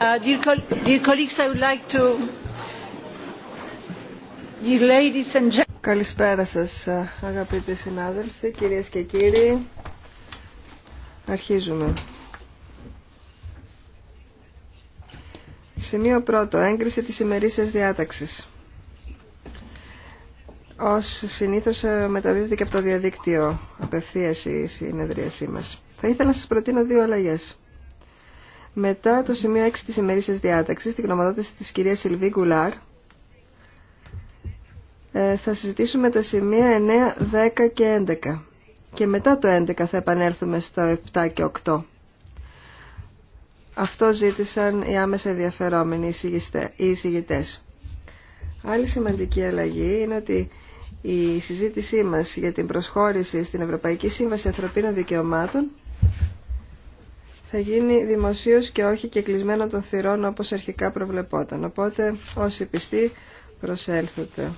Uh, Καλησπέρα σας ε, αγαπητοί συνάδελφοι, κυρίες και κύριοι. Αρχίζουμε. Σημείο πρώτο, έγκριση της ημερήσιας διάταξης. Ως συνήθως ε, μεταδίδεται και από το διαδίκτυο απευθείας η συνεδρίασή μας. Θα ήθελα να σας προτείνω δύο αλλαγές. Μετά το σημείο 6 της ημερήσιας διάταξης, την γνωμοδότηση της κυρίας Σιλβί Γκουλάρ, ε, θα συζητήσουμε τα σημεία 9, 10 και 11. Και μετά το 11 θα επανέλθουμε στο 7 και 8. Αυτό ζήτησαν οι άμεσα ενδιαφερόμενοι οι εισηγητές. Άλλη σημαντική αλλαγή είναι ότι η συζήτησή μας για την προσχώρηση στην Ευρωπαϊκή Σύμβαση Ανθρωπίνων Δικαιωμάτων θα γίνει δημοσίω και όχι και κλεισμένο των θυρών όπως αρχικά προβλεπόταν. Οπότε όσοι πιστοί προσέλθετε.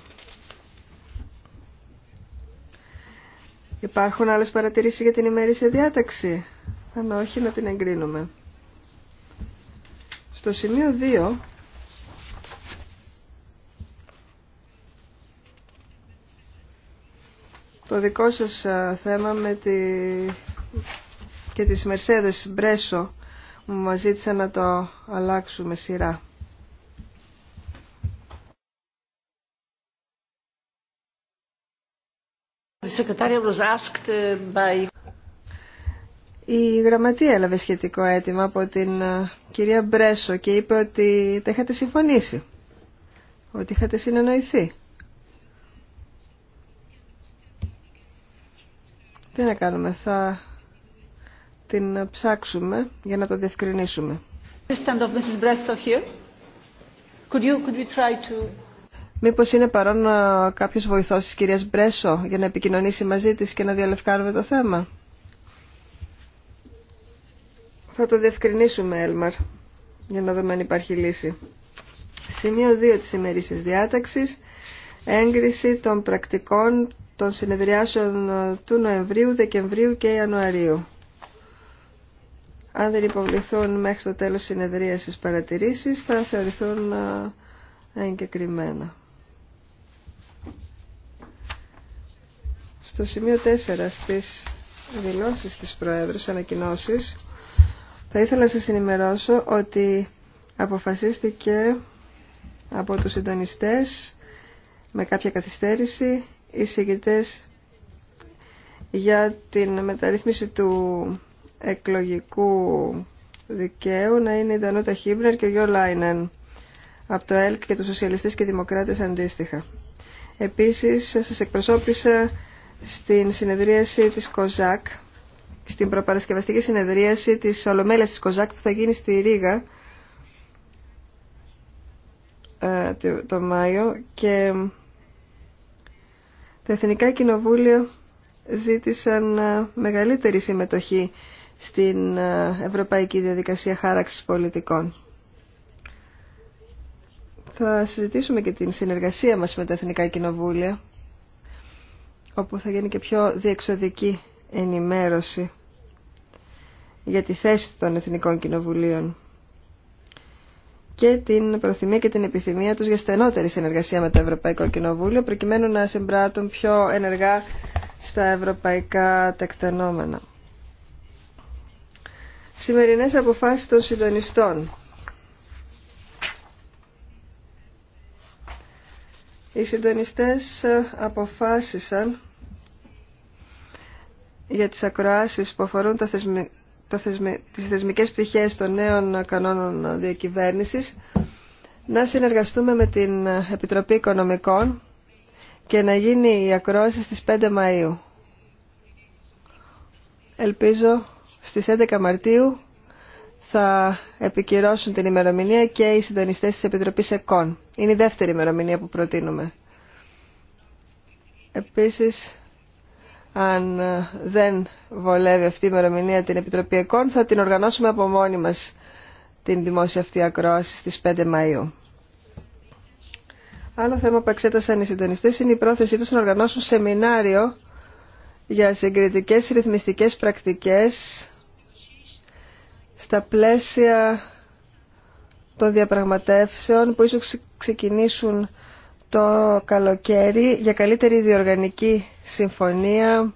Υπάρχουν άλλες παρατηρήσεις για την ημερήσια διάταξη. Αν όχι να την εγκρίνουμε. Στο σημείο 2... Το δικό σας θέμα με τη και της Mercedes Μπρέσο μου ζήτησαν να το αλλάξουμε σειρά. Uh, Η γραμματεία έλαβε σχετικό αίτημα από την uh, κυρία Μπρέσο και είπε ότι τα είχατε συμφωνήσει, ότι είχατε συνεννοηθεί. Τι να κάνουμε, θα την ψάξουμε για να το διευκρινίσουμε. Μήπως είναι παρόν ε, κάποιος βοηθός της κυρίας Μπρέσο για να επικοινωνήσει μαζί της και να διαλευκάνουμε το θέμα. Θα το διευκρινίσουμε, Έλμαρ, για να δούμε αν υπάρχει λύση. Σημείο 2 της ημερήσιας διάταξης. Έγκριση των πρακτικών των συνεδριάσεων ε, του Νοεμβρίου, Δεκεμβρίου και Ιανουαρίου. Αν δεν υποβληθούν μέχρι το τέλος συνεδρίασης παρατηρήσεις θα θεωρηθούν εγκεκριμένα. Στο σημείο 4 στις δηλώσεις της Προέδρου, ανακοινώσει, θα ήθελα να σας ενημερώσω ότι αποφασίστηκε από τους συντονιστές με κάποια καθυστέρηση οι για την μεταρρύθμιση του εκλογικού δικαίου να είναι η Ντανούτα Χίμπνερ και ο Γιώργο Λάινεν από το ΕΛΚ και του Σοσιαλιστές και Δημοκράτες αντίστοιχα. Επίσης σα εκπροσώπησα στην συνεδρίαση της ΚΟΖΑΚ, στην προπαρασκευαστική συνεδρίαση της Ολομέλεια της ΚΟΖΑΚ που θα γίνει στη Ρήγα ε, το Μάιο και τα Εθνικά Κοινοβούλια ζήτησαν ε, μεγαλύτερη συμμετοχή στην ε, ευρωπαϊκή διαδικασία χάραξης πολιτικών. Θα συζητήσουμε και την συνεργασία μας με τα Εθνικά Κοινοβούλια, όπου θα γίνει και πιο διεξοδική ενημέρωση για τη θέση των Εθνικών Κοινοβουλίων και την προθυμία και την επιθυμία τους για στενότερη συνεργασία με το Ευρωπαϊκό Κοινοβούλιο προκειμένου να συμπράττουν πιο ενεργά στα ευρωπαϊκά τεκτενόμενα σημερινές αποφάσεις των συντονιστών. Οι συντονιστές ε, αποφάσισαν για τις ακροάσεις που αφορούν τα θεσμι... τις θεσμικές πτυχές των νέων κανόνων διακυβέρνησης να συνεργαστούμε με την Επιτροπή Οικονομικών και να γίνει η ακρόαση στις 5 Μαΐου. Ελπίζω στις 11 Μαρτίου θα επικυρώσουν την ημερομηνία και οι συντονιστές της Επιτροπής ΕΚΟΝ. Είναι η δεύτερη ημερομηνία που προτείνουμε. Επίσης, αν δεν βολεύει αυτή η ημερομηνία την Επιτροπή ΕΚΟΝ, θα την οργανώσουμε από μόνοι μας την δημόσια αυτή ακρόαση στις 5 Μαΐου. Άλλο θέμα που εξέτασαν οι συντονιστές είναι η πρόθεσή τους να οργανώσουν σεμινάριο για συγκριτικές ρυθμιστικές πρακτικές στα πλαίσια των διαπραγματεύσεων που ίσως ξεκινήσουν το καλοκαίρι για καλύτερη διοργανική συμφωνία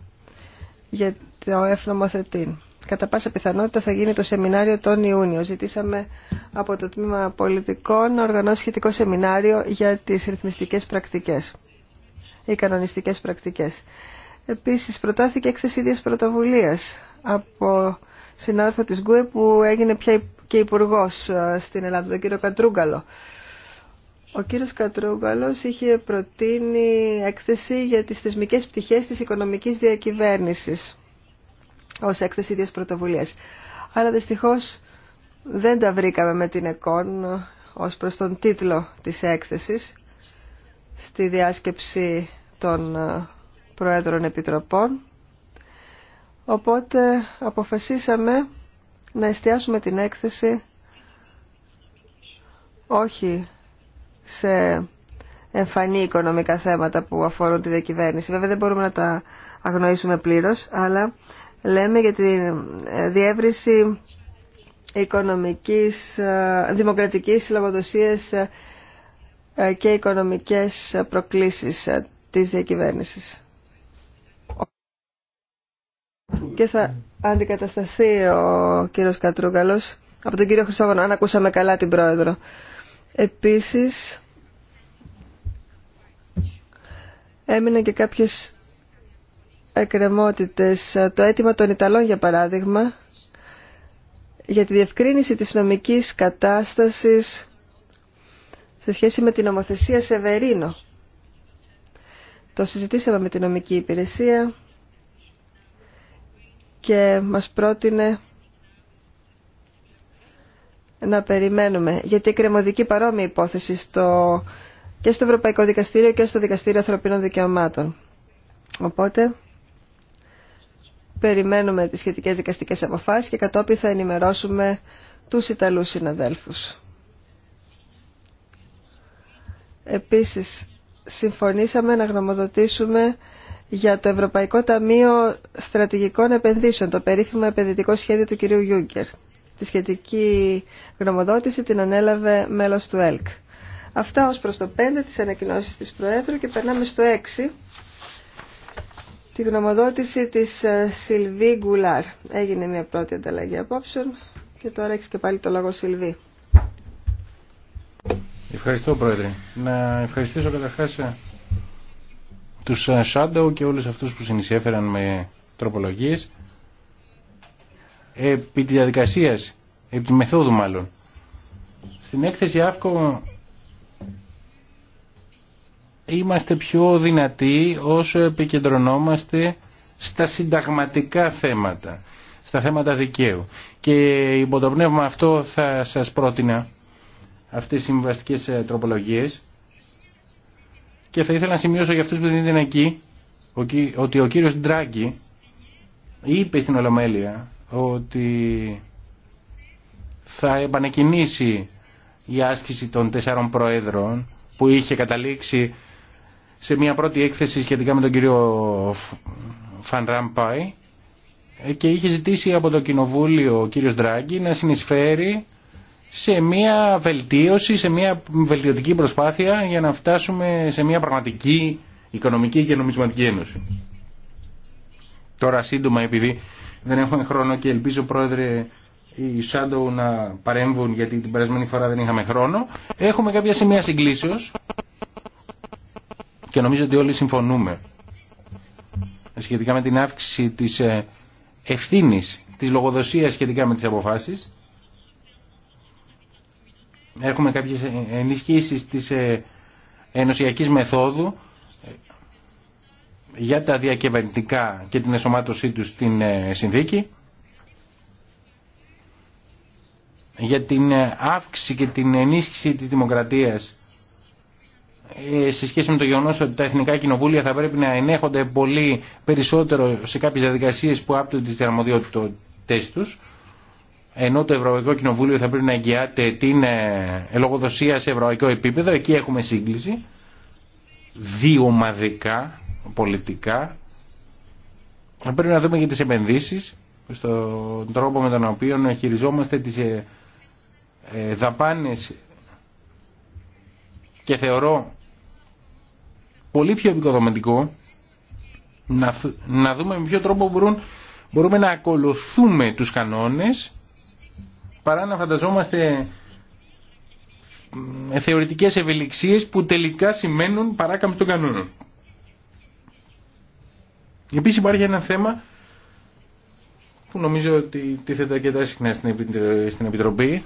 για το εφνομοθετήν. Κατά πάσα πιθανότητα θα γίνει το σεμινάριο τον Ιούνιο. Ζητήσαμε από το Τμήμα Πολιτικών να οργανώσει σχετικό σεμινάριο για τις ρυθμιστικές πρακτικές ή κανονιστικές πρακτικές. Επίσης προτάθηκε έκθεση πρωτοβουλίας από συνάδελφο της Γκουε που έγινε πια και υπουργό ε, στην Ελλάδα, τον κύριο Κατρούγκαλο. Ο κύριος Κατρούγκαλος είχε προτείνει έκθεση για τις θεσμικές πτυχές της οικονομικής διακυβέρνησης ως έκθεση ίδιας πρωτοβουλίας. Αλλά δυστυχώς δεν τα βρήκαμε με την ΕΚΟΝ ε, ως προς τον τίτλο της έκθεσης στη διάσκεψη των ε, Προέδρων Επιτροπών Οπότε αποφασίσαμε να εστιάσουμε την έκθεση όχι σε εμφανή οικονομικά θέματα που αφορούν τη διακυβέρνηση. Βέβαια δεν μπορούμε να τα αγνοήσουμε πλήρως, αλλά λέμε για τη διεύρυνση οικονομικής, δημοκρατικής λογοδοσίας ε, και οικονομικές προκλήσεις ε, της διακυβέρνησης. και θα αντικατασταθεί ο κύριος Κατρούγκαλος από τον κύριο Χρυσόγωνο, αν ακούσαμε καλά την πρόεδρο. Επίσης, έμειναν και κάποιες εκκρεμότητες. Το αίτημα των Ιταλών, για παράδειγμα, για τη διευκρίνηση της νομικής κατάστασης σε σχέση με την νομοθεσία Σεβερίνο. Το συζητήσαμε με την νομική υπηρεσία και μας πρότεινε να περιμένουμε. Γιατί κρεμοδική παρόμοια υπόθεση στο, και στο Ευρωπαϊκό Δικαστήριο και στο Δικαστήριο Ανθρωπίνων Δικαιωμάτων. Οπότε περιμένουμε τις σχετικές δικαστικές αποφάσεις και κατόπιν θα ενημερώσουμε τους Ιταλούς συναδέλφους. Επίσης, συμφωνήσαμε να γνωμοδοτήσουμε για το Ευρωπαϊκό Ταμείο Στρατηγικών Επενδύσεων, το περίφημο επενδυτικό σχέδιο του κυρίου Γιούγκερ. Τη σχετική γνωμοδότηση την ανέλαβε μέλος του ΕΛΚ. Αυτά ως προς το 5 της ανακοινώσεις της Προέδρου και περνάμε στο 6 τη γνωμοδότηση της ε, Σιλβί Γκουλάρ. Έγινε μια πρώτη ανταλλαγή απόψεων και τώρα έχει και πάλι το λόγο Σιλβί. Ευχαριστώ Πρόεδρε. Να ευχαριστήσω καταρχάς ε, τους ε, Shadow και όλους αυτούς που συνεισέφεραν με τροπολογίες επί τη διαδικασίας, επί τη μεθόδου μάλλον. Στην έκθεση ΑΦΚΟ είμαστε πιο δυνατοί όσο επικεντρωνόμαστε στα συνταγματικά θέματα, στα θέματα δικαίου. Και υπό το πνεύμα αυτό θα σας πρότεινα αυτές τις συμβαστικές ε, τροπολογίες και θα ήθελα να σημειώσω για αυτούς που δεν ήταν εκεί ότι ο κύριος Ντράγκη είπε στην Ολομέλεια ότι θα επανεκκινήσει η άσκηση των τεσσάρων προέδρων που είχε καταλήξει σε μια πρώτη έκθεση σχετικά με τον κύριο Φαν ε, και είχε ζητήσει από το κοινοβούλιο ο κύριος Ντράγκη να συνεισφέρει σε μια βελτίωση, σε μια βελτιωτική προσπάθεια για να φτάσουμε σε μια πραγματική οικονομική και νομισματική ένωση. Τώρα σύντομα επειδή δεν έχουμε χρόνο και ελπίζω πρόεδρε οι Σάντο να παρέμβουν γιατί την περασμένη φορά δεν είχαμε χρόνο έχουμε κάποια σημεία συγκλήσεως και νομίζω ότι όλοι συμφωνούμε σχετικά με την αύξηση της ε, ευθύνης της λογοδοσίας σχετικά με τις αποφάσεις έχουμε κάποιες ενισχύσεις της ε, ενωσιακής μεθόδου ε, για τα διακυβερνητικά και την εσωμάτωσή τους στην ε, συνθήκη για την αύξηση και την ενίσχυση της δημοκρατίας σε σχέση με το γεγονό ότι τα εθνικά κοινοβούλια θα πρέπει να ενέχονται πολύ περισσότερο σε κάποιες διαδικασίες που άπτουν τις θερμοδιότητες τους ενώ το Ευρωπαϊκό Κοινοβούλιο θα πρέπει να εγγυάται την ε, λογοδοσία σε ευρωπαϊκό επίπεδο, εκεί έχουμε σύγκληση, διομαδικά, πολιτικά. Πρέπει να δούμε για τις επενδύσεις, στον τρόπο με τον οποίο χειριζόμαστε τις ε, ε, δαπάνες και θεωρώ πολύ πιο επικοδομητικό να, δούμε με ποιο τρόπο μπορούμε να ακολουθούμε τους κανόνες παρά να φανταζόμαστε θεωρητικές ευελιξίες που τελικά σημαίνουν παράκαμψη των κανόνων. Επίσης υπάρχει ένα θέμα που νομίζω ότι τίθεται αρκετά συχνά στην Επιτροπή,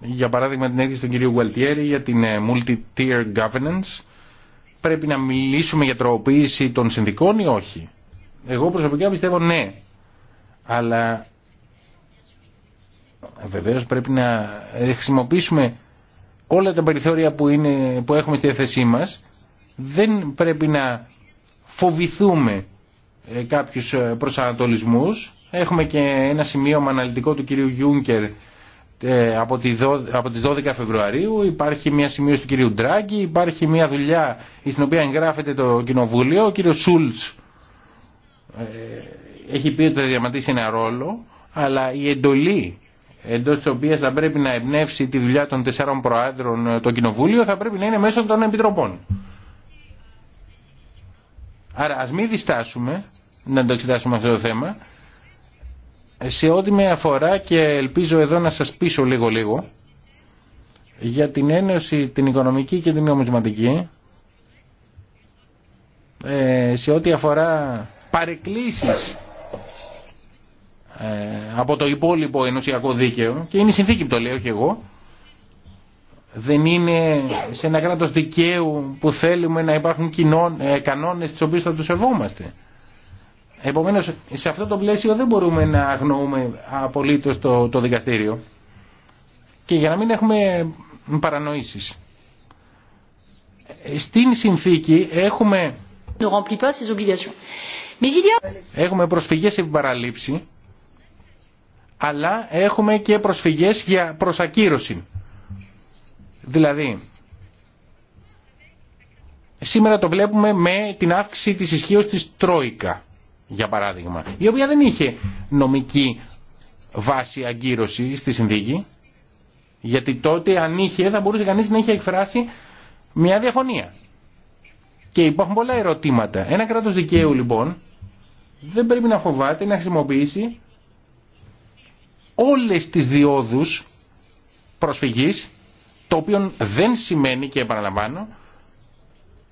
για παράδειγμα την έκθεση του κυρίου Γουαλτιέρη για την ε, multi-tier governance, πρέπει να μιλήσουμε για τροποποίηση των συνδικών ή όχι. Εγώ προσωπικά πιστεύω ναι, αλλά Βεβαίω πρέπει να χρησιμοποιήσουμε όλα τα περιθώρια που, είναι, που έχουμε στη θέση μας. Δεν πρέπει να φοβηθούμε ε, κάποιους ε, προσανατολισμούς. Έχουμε και ένα σημείωμα αναλυτικό του κυρίου Γιούνκερ ε, από, τι τις 12 Φεβρουαρίου, υπάρχει μια σημείωση του κυρίου Ντράγκη, υπάρχει μια δουλειά στην οποία εγγράφεται το Κοινοβούλιο, ο κύριος Σούλτς έχει πει ότι θα διαματήσει ένα ρόλο, αλλά η εντολή Εντό τη οποία θα πρέπει να εμπνεύσει τη δουλειά των τεσσάρων προάδρων ε, το κοινοβούλιο θα πρέπει να είναι μέσω των επιτροπών. Άρα ας μην διστάσουμε να το εξετάσουμε αυτό το θέμα σε ό,τι με αφορά και ελπίζω εδώ να σας πείσω λίγο λίγο για την ένωση την οικονομική και την νομισματική ε, σε ό,τι αφορά παρεκκλήσεις ε, από το υπόλοιπο ενωσιακό δίκαιο και είναι η συνθήκη που το λέω και εγώ δεν είναι σε ένα κράτος δικαίου που θέλουμε να υπάρχουν κοινών, ε, κανόνες τις οποίες θα τους σεβόμαστε. Επομένως, σε αυτό το πλαίσιο δεν μπορούμε να αγνοούμε απολύτως το, το δικαστήριο και για να μην έχουμε παρανοήσεις. Ε, στην συνθήκη έχουμε, έχουμε προσφυγές σε παραλήψη αλλά έχουμε και προσφυγές για προσακύρωση. Δηλαδή, σήμερα το βλέπουμε με την αύξηση της ισχύω της Τρόικα, για παράδειγμα, η οποία δεν είχε νομική βάση αγκύρωση στη συνθήκη, γιατί τότε αν είχε θα μπορούσε κανείς να είχε εκφράσει μια διαφωνία. Και υπάρχουν πολλά ερωτήματα. Ένα κράτος δικαίου λοιπόν δεν πρέπει να φοβάται να χρησιμοποιήσει όλες τις διόδους προσφυγής, το οποίο δεν σημαίνει και επαναλαμβάνω,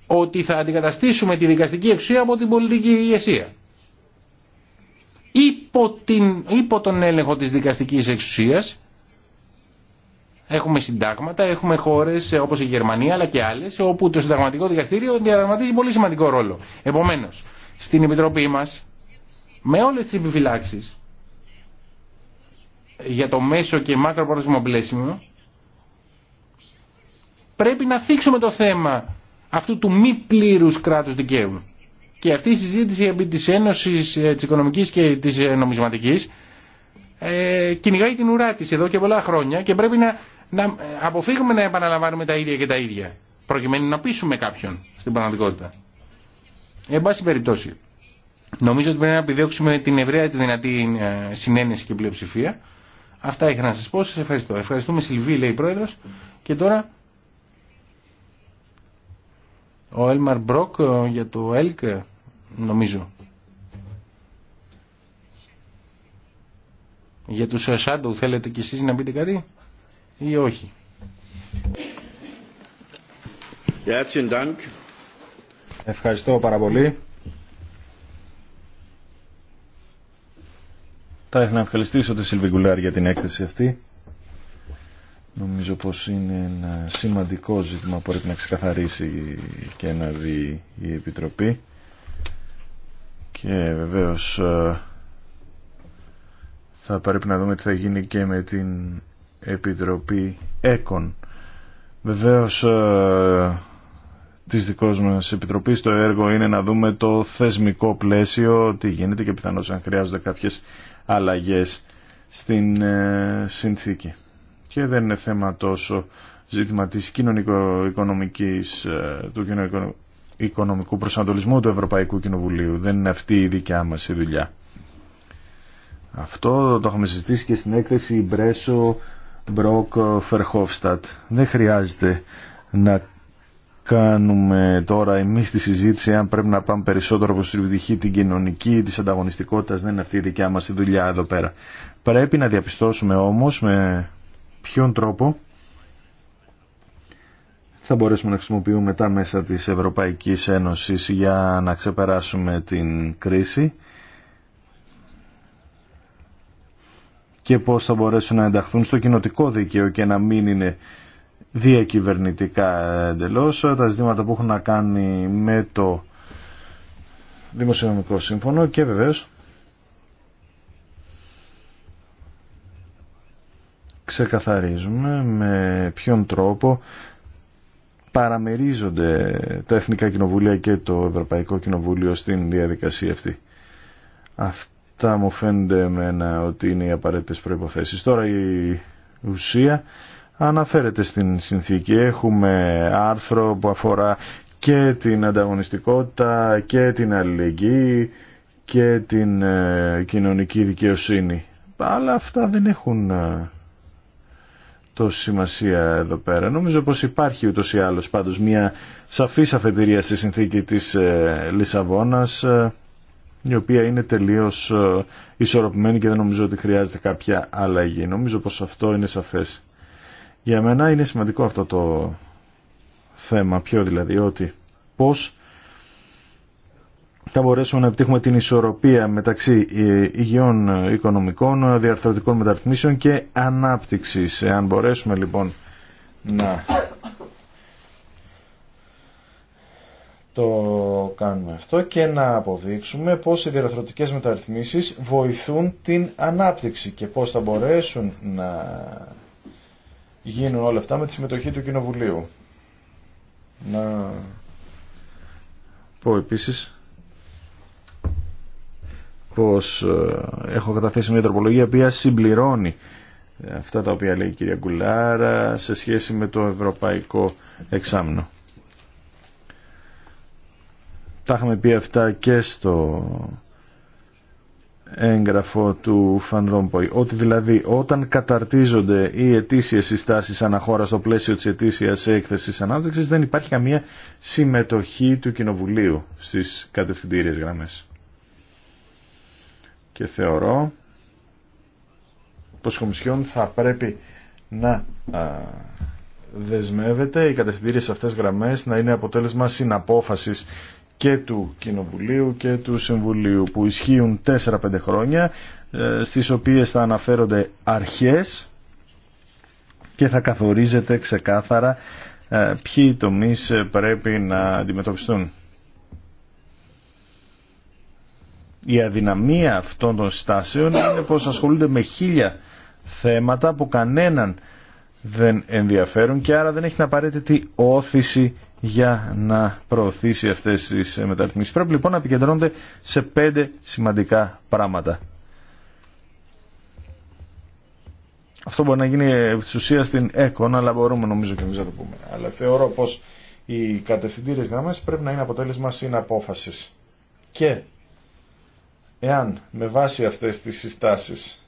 ότι θα αντικαταστήσουμε τη δικαστική εξουσία από την πολιτική ηγεσία. Υπό, την, υπό τον έλεγχο της δικαστικής εξουσίας έχουμε συντάγματα, έχουμε χώρες όπως η Γερμανία αλλά και άλλες όπου το συνταγματικό δικαστήριο διαδραματίζει πολύ σημαντικό ρόλο. Επομένως, στην Επιτροπή μας με όλες τις επιφυλάξεις για το μέσο και μάκρο πρόθεσμο πλαίσιο, πρέπει να θίξουμε το θέμα αυτού του μη πλήρους κράτους δικαίου. Και αυτή η συζήτηση επί της Ένωσης ε, της Οικονομικής και της ε, Νομισματικής ε, κυνηγάει την ουρά της εδώ και πολλά χρόνια και πρέπει να, να αποφύγουμε να επαναλαμβάνουμε τα ίδια και τα ίδια προκειμένου να πείσουμε κάποιον στην πραγματικότητα. Εν πάση περιπτώσει, νομίζω ότι πρέπει να επιδιώξουμε την ευρέα τη δυνατή ε, συνένεση και πλειοψηφία Αυτά είχα να σα πω. Σα ευχαριστώ. Ευχαριστούμε Σιλβί, λέει η Πρόεδρος. Και τώρα ο Έλμαρ Μπρόκ ε, για το ΕΛΚ, ε, νομίζω. Για τους Σάντου ε, θέλετε κι εσείς να πείτε κάτι ή όχι. Ευχαριστώ πάρα πολύ. Θα ήθελα να ευχαριστήσω τη Σιλβί Γκουλάρ για την έκθεση αυτή. Νομίζω πως είναι ένα σημαντικό ζήτημα που πρέπει να ξεκαθαρίσει και να δει η Επιτροπή. Και βεβαίως ε, θα πρέπει να δούμε τι θα γίνει και με την Επιτροπή ΕΚΟΝ. Βεβαίως ε, της δικός μας Επιτροπής το έργο είναι να δούμε το θεσμικό πλαίσιο, τι γίνεται και πιθανώς αν χρειάζονται κάποιες αλλαγές στην ε, συνθήκη. Και δεν είναι θέμα τόσο ζήτημα της κοινωνικο-οικονομικής, ε, του κοινωνικο-οικονομικού προσανατολισμού του Ευρωπαϊκού Κοινοβουλίου. Δεν είναι αυτή η δικιά μας η δουλειά. Αυτό το έχουμε συζητήσει και στην έκθεση Μπρέσο Μπροκ Φερχόφστατ. Δεν χρειάζεται να κάνουμε τώρα εμείς τη συζήτηση αν πρέπει να πάμε περισσότερο προς την πτυχή την κοινωνική, της ανταγωνιστικότητας, δεν είναι αυτή η δικιά μας η δουλειά εδώ πέρα. Πρέπει να διαπιστώσουμε όμως με ποιον τρόπο θα μπορέσουμε να χρησιμοποιούμε τα μέσα της Ευρωπαϊκής Ένωσης για να ξεπεράσουμε την κρίση και πώς θα μπορέσουν να ενταχθούν στο κοινοτικό δίκαιο και να μην είναι διακυβερνητικά εντελώ, τα ζητήματα που έχουν να κάνει με το Δημοσιονομικό Σύμφωνο και βεβαίω. ξεκαθαρίζουμε με ποιον τρόπο παραμερίζονται τα Εθνικά Κοινοβούλια και το Ευρωπαϊκό Κοινοβούλιο στην διαδικασία αυτή. Αυτά μου φαίνονται εμένα ότι είναι οι απαραίτητες προϋποθέσεις. Τώρα η ουσία αναφέρεται στην συνθήκη. Έχουμε άρθρο που αφορά και την ανταγωνιστικότητα και την αλληλεγγύη και την ε, κοινωνική δικαιοσύνη. Αλλά αυτά δεν έχουν ε, τόση σημασία εδώ πέρα. Νομίζω πως υπάρχει ούτως ή άλλως πάντως μια σαφής αφετηρία στη συνθήκη της ε, Λισαβόνας η οποία είναι τελείως ισορροπημένη και δεν νομίζω ότι χρειάζεται κάποια αλλαγή. Νομίζω πως αυτό είναι σαφές. Για μένα είναι σημαντικό αυτό το θέμα, πιο δηλαδή, ότι πώς θα μπορέσουμε να επιτύχουμε την ισορροπία μεταξύ ε, υγιών οικονομικών, διαρθρωτικών μεταρρυθμίσεων και ανάπτυξης. Αν μπορέσουμε λοιπόν να το κάνουμε αυτό και να αποδείξουμε πώς οι διαρθρωτικές μεταρρυθμίσεις βοηθούν την ανάπτυξη και πώς θα μπορέσουν να γίνουν όλα αυτά με τη συμμετοχή του Κοινοβουλίου. Να πω επίσης πως ε, έχω καταθέσει μια τροπολογία που συμπληρώνει αυτά τα οποία λέει η κυρία Γκουλάρα σε σχέση με το ευρωπαϊκό εξάμεινο. Τα είχαμε πει αυτά και στο έγγραφο του Φανδόμποη. Ότι δηλαδή όταν καταρτίζονται οι ετήσιες συστάσει αναχώρα στο πλαίσιο της ετήσιας έκθεσης ανάπτυξη δεν υπάρχει καμία συμμετοχή του Κοινοβουλίου στις κατευθυντήριες γραμμές. Και θεωρώ πως η Κομισιόν θα πρέπει να δεσμεύεται οι κατευθυντήριε αυτές γραμμές να είναι αποτέλεσμα συναπόφασης και του Κοινοβουλίου και του Συμβουλίου που ισχύουν 4-5 χρόνια ε, στις οποίες θα αναφέρονται αρχές και θα καθορίζεται ξεκάθαρα ε, ποιοι τομείς πρέπει να αντιμετωπιστούν. Η αδυναμία αυτών των στάσεων είναι πως ασχολούνται με χίλια θέματα που κανέναν δεν ενδιαφέρουν και άρα δεν έχει την απαραίτητη όθηση για να προωθήσει αυτές τις μεταρρυθμίσεις. Πρέπει λοιπόν να επικεντρώνονται σε πέντε σημαντικά πράγματα. Αυτό μπορεί να γίνει επί στην έκονα, αλλά μπορούμε νομίζω και εμείς να το πούμε. Αλλά θεωρώ πως οι κατευθυντήρες γραμμές πρέπει να είναι αποτέλεσμα συναπόφασης. Και εάν με βάση αυτές τις συστάσεις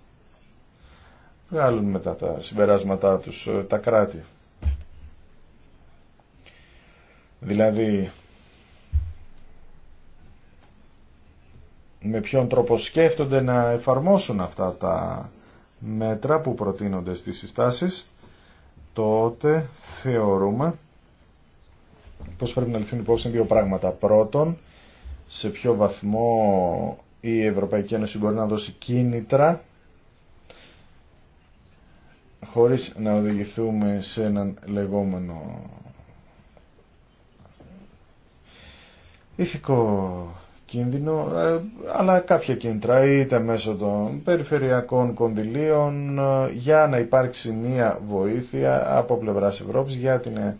βγάλουν μετά τα συμπεράσματά τους ε, τα κράτη Δηλαδή, με ποιον τρόπο σκέφτονται να εφαρμόσουν αυτά τα μέτρα που προτείνονται στις συστάσεις, τότε θεωρούμε πως πρέπει να λυθούν υπόψη δύο πράγματα. Πρώτον, σε ποιο βαθμό η Ευρωπαϊκή Ένωση μπορεί να δώσει κίνητρα χωρίς να οδηγηθούμε σε έναν λεγόμενο ηθικό κίνδυνο, ε, αλλά κάποια κίνητρα είτε μέσω των περιφερειακών κονδυλίων ε, για να υπάρξει μία βοήθεια από πλευράς Ευρώπης για την ε,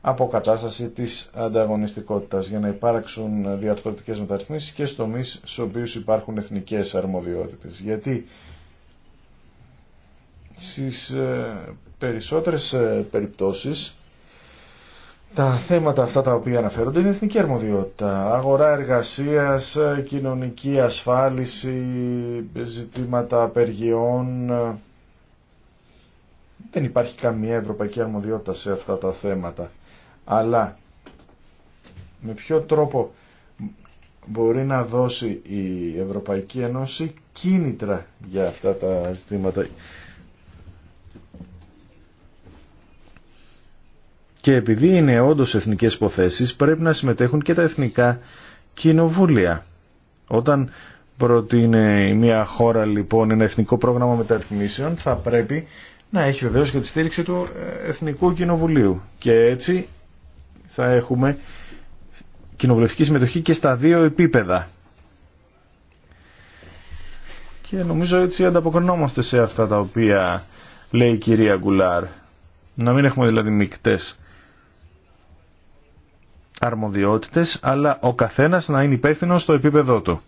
αποκατάσταση της ανταγωνιστικότητας για να υπάρξουν διαρθρωτικές μεταρρυθμίσεις και στο μης στους οποίους υπάρχουν εθνικές αρμοδιότητες. Γιατί στις περισσότερες περιπτώσεις τα θέματα αυτά τα οποία αναφέρονται είναι εθνική αρμοδιότητα. Αγορά εργασίας, κοινωνική ασφάλιση, ζητήματα απεργιών. Δεν υπάρχει καμία ευρωπαϊκή αρμοδιότητα σε αυτά τα θέματα. Αλλά με ποιο τρόπο μπορεί να δώσει η Ευρωπαϊκή Ένωση κίνητρα για αυτά τα ζητήματα. Και επειδή είναι όντω εθνικές υποθέσεις πρέπει να συμμετέχουν και τα εθνικά κοινοβούλια. Όταν προτείνει μια χώρα λοιπόν ένα εθνικό πρόγραμμα μεταρρυθμίσεων θα πρέπει να έχει βεβαίως και τη στήριξη του ε, Εθνικού Κοινοβουλίου. Και έτσι θα έχουμε κοινοβουλευτική συμμετοχή και στα δύο επίπεδα. Και νομίζω έτσι ανταποκρινόμαστε σε αυτά τα οποία λέει η κυρία Γκουλάρ. Να μην έχουμε δηλαδή μικτές αρμοδιότητες, αλλά ο καθένας να είναι υπεύθυνος στο επίπεδό του.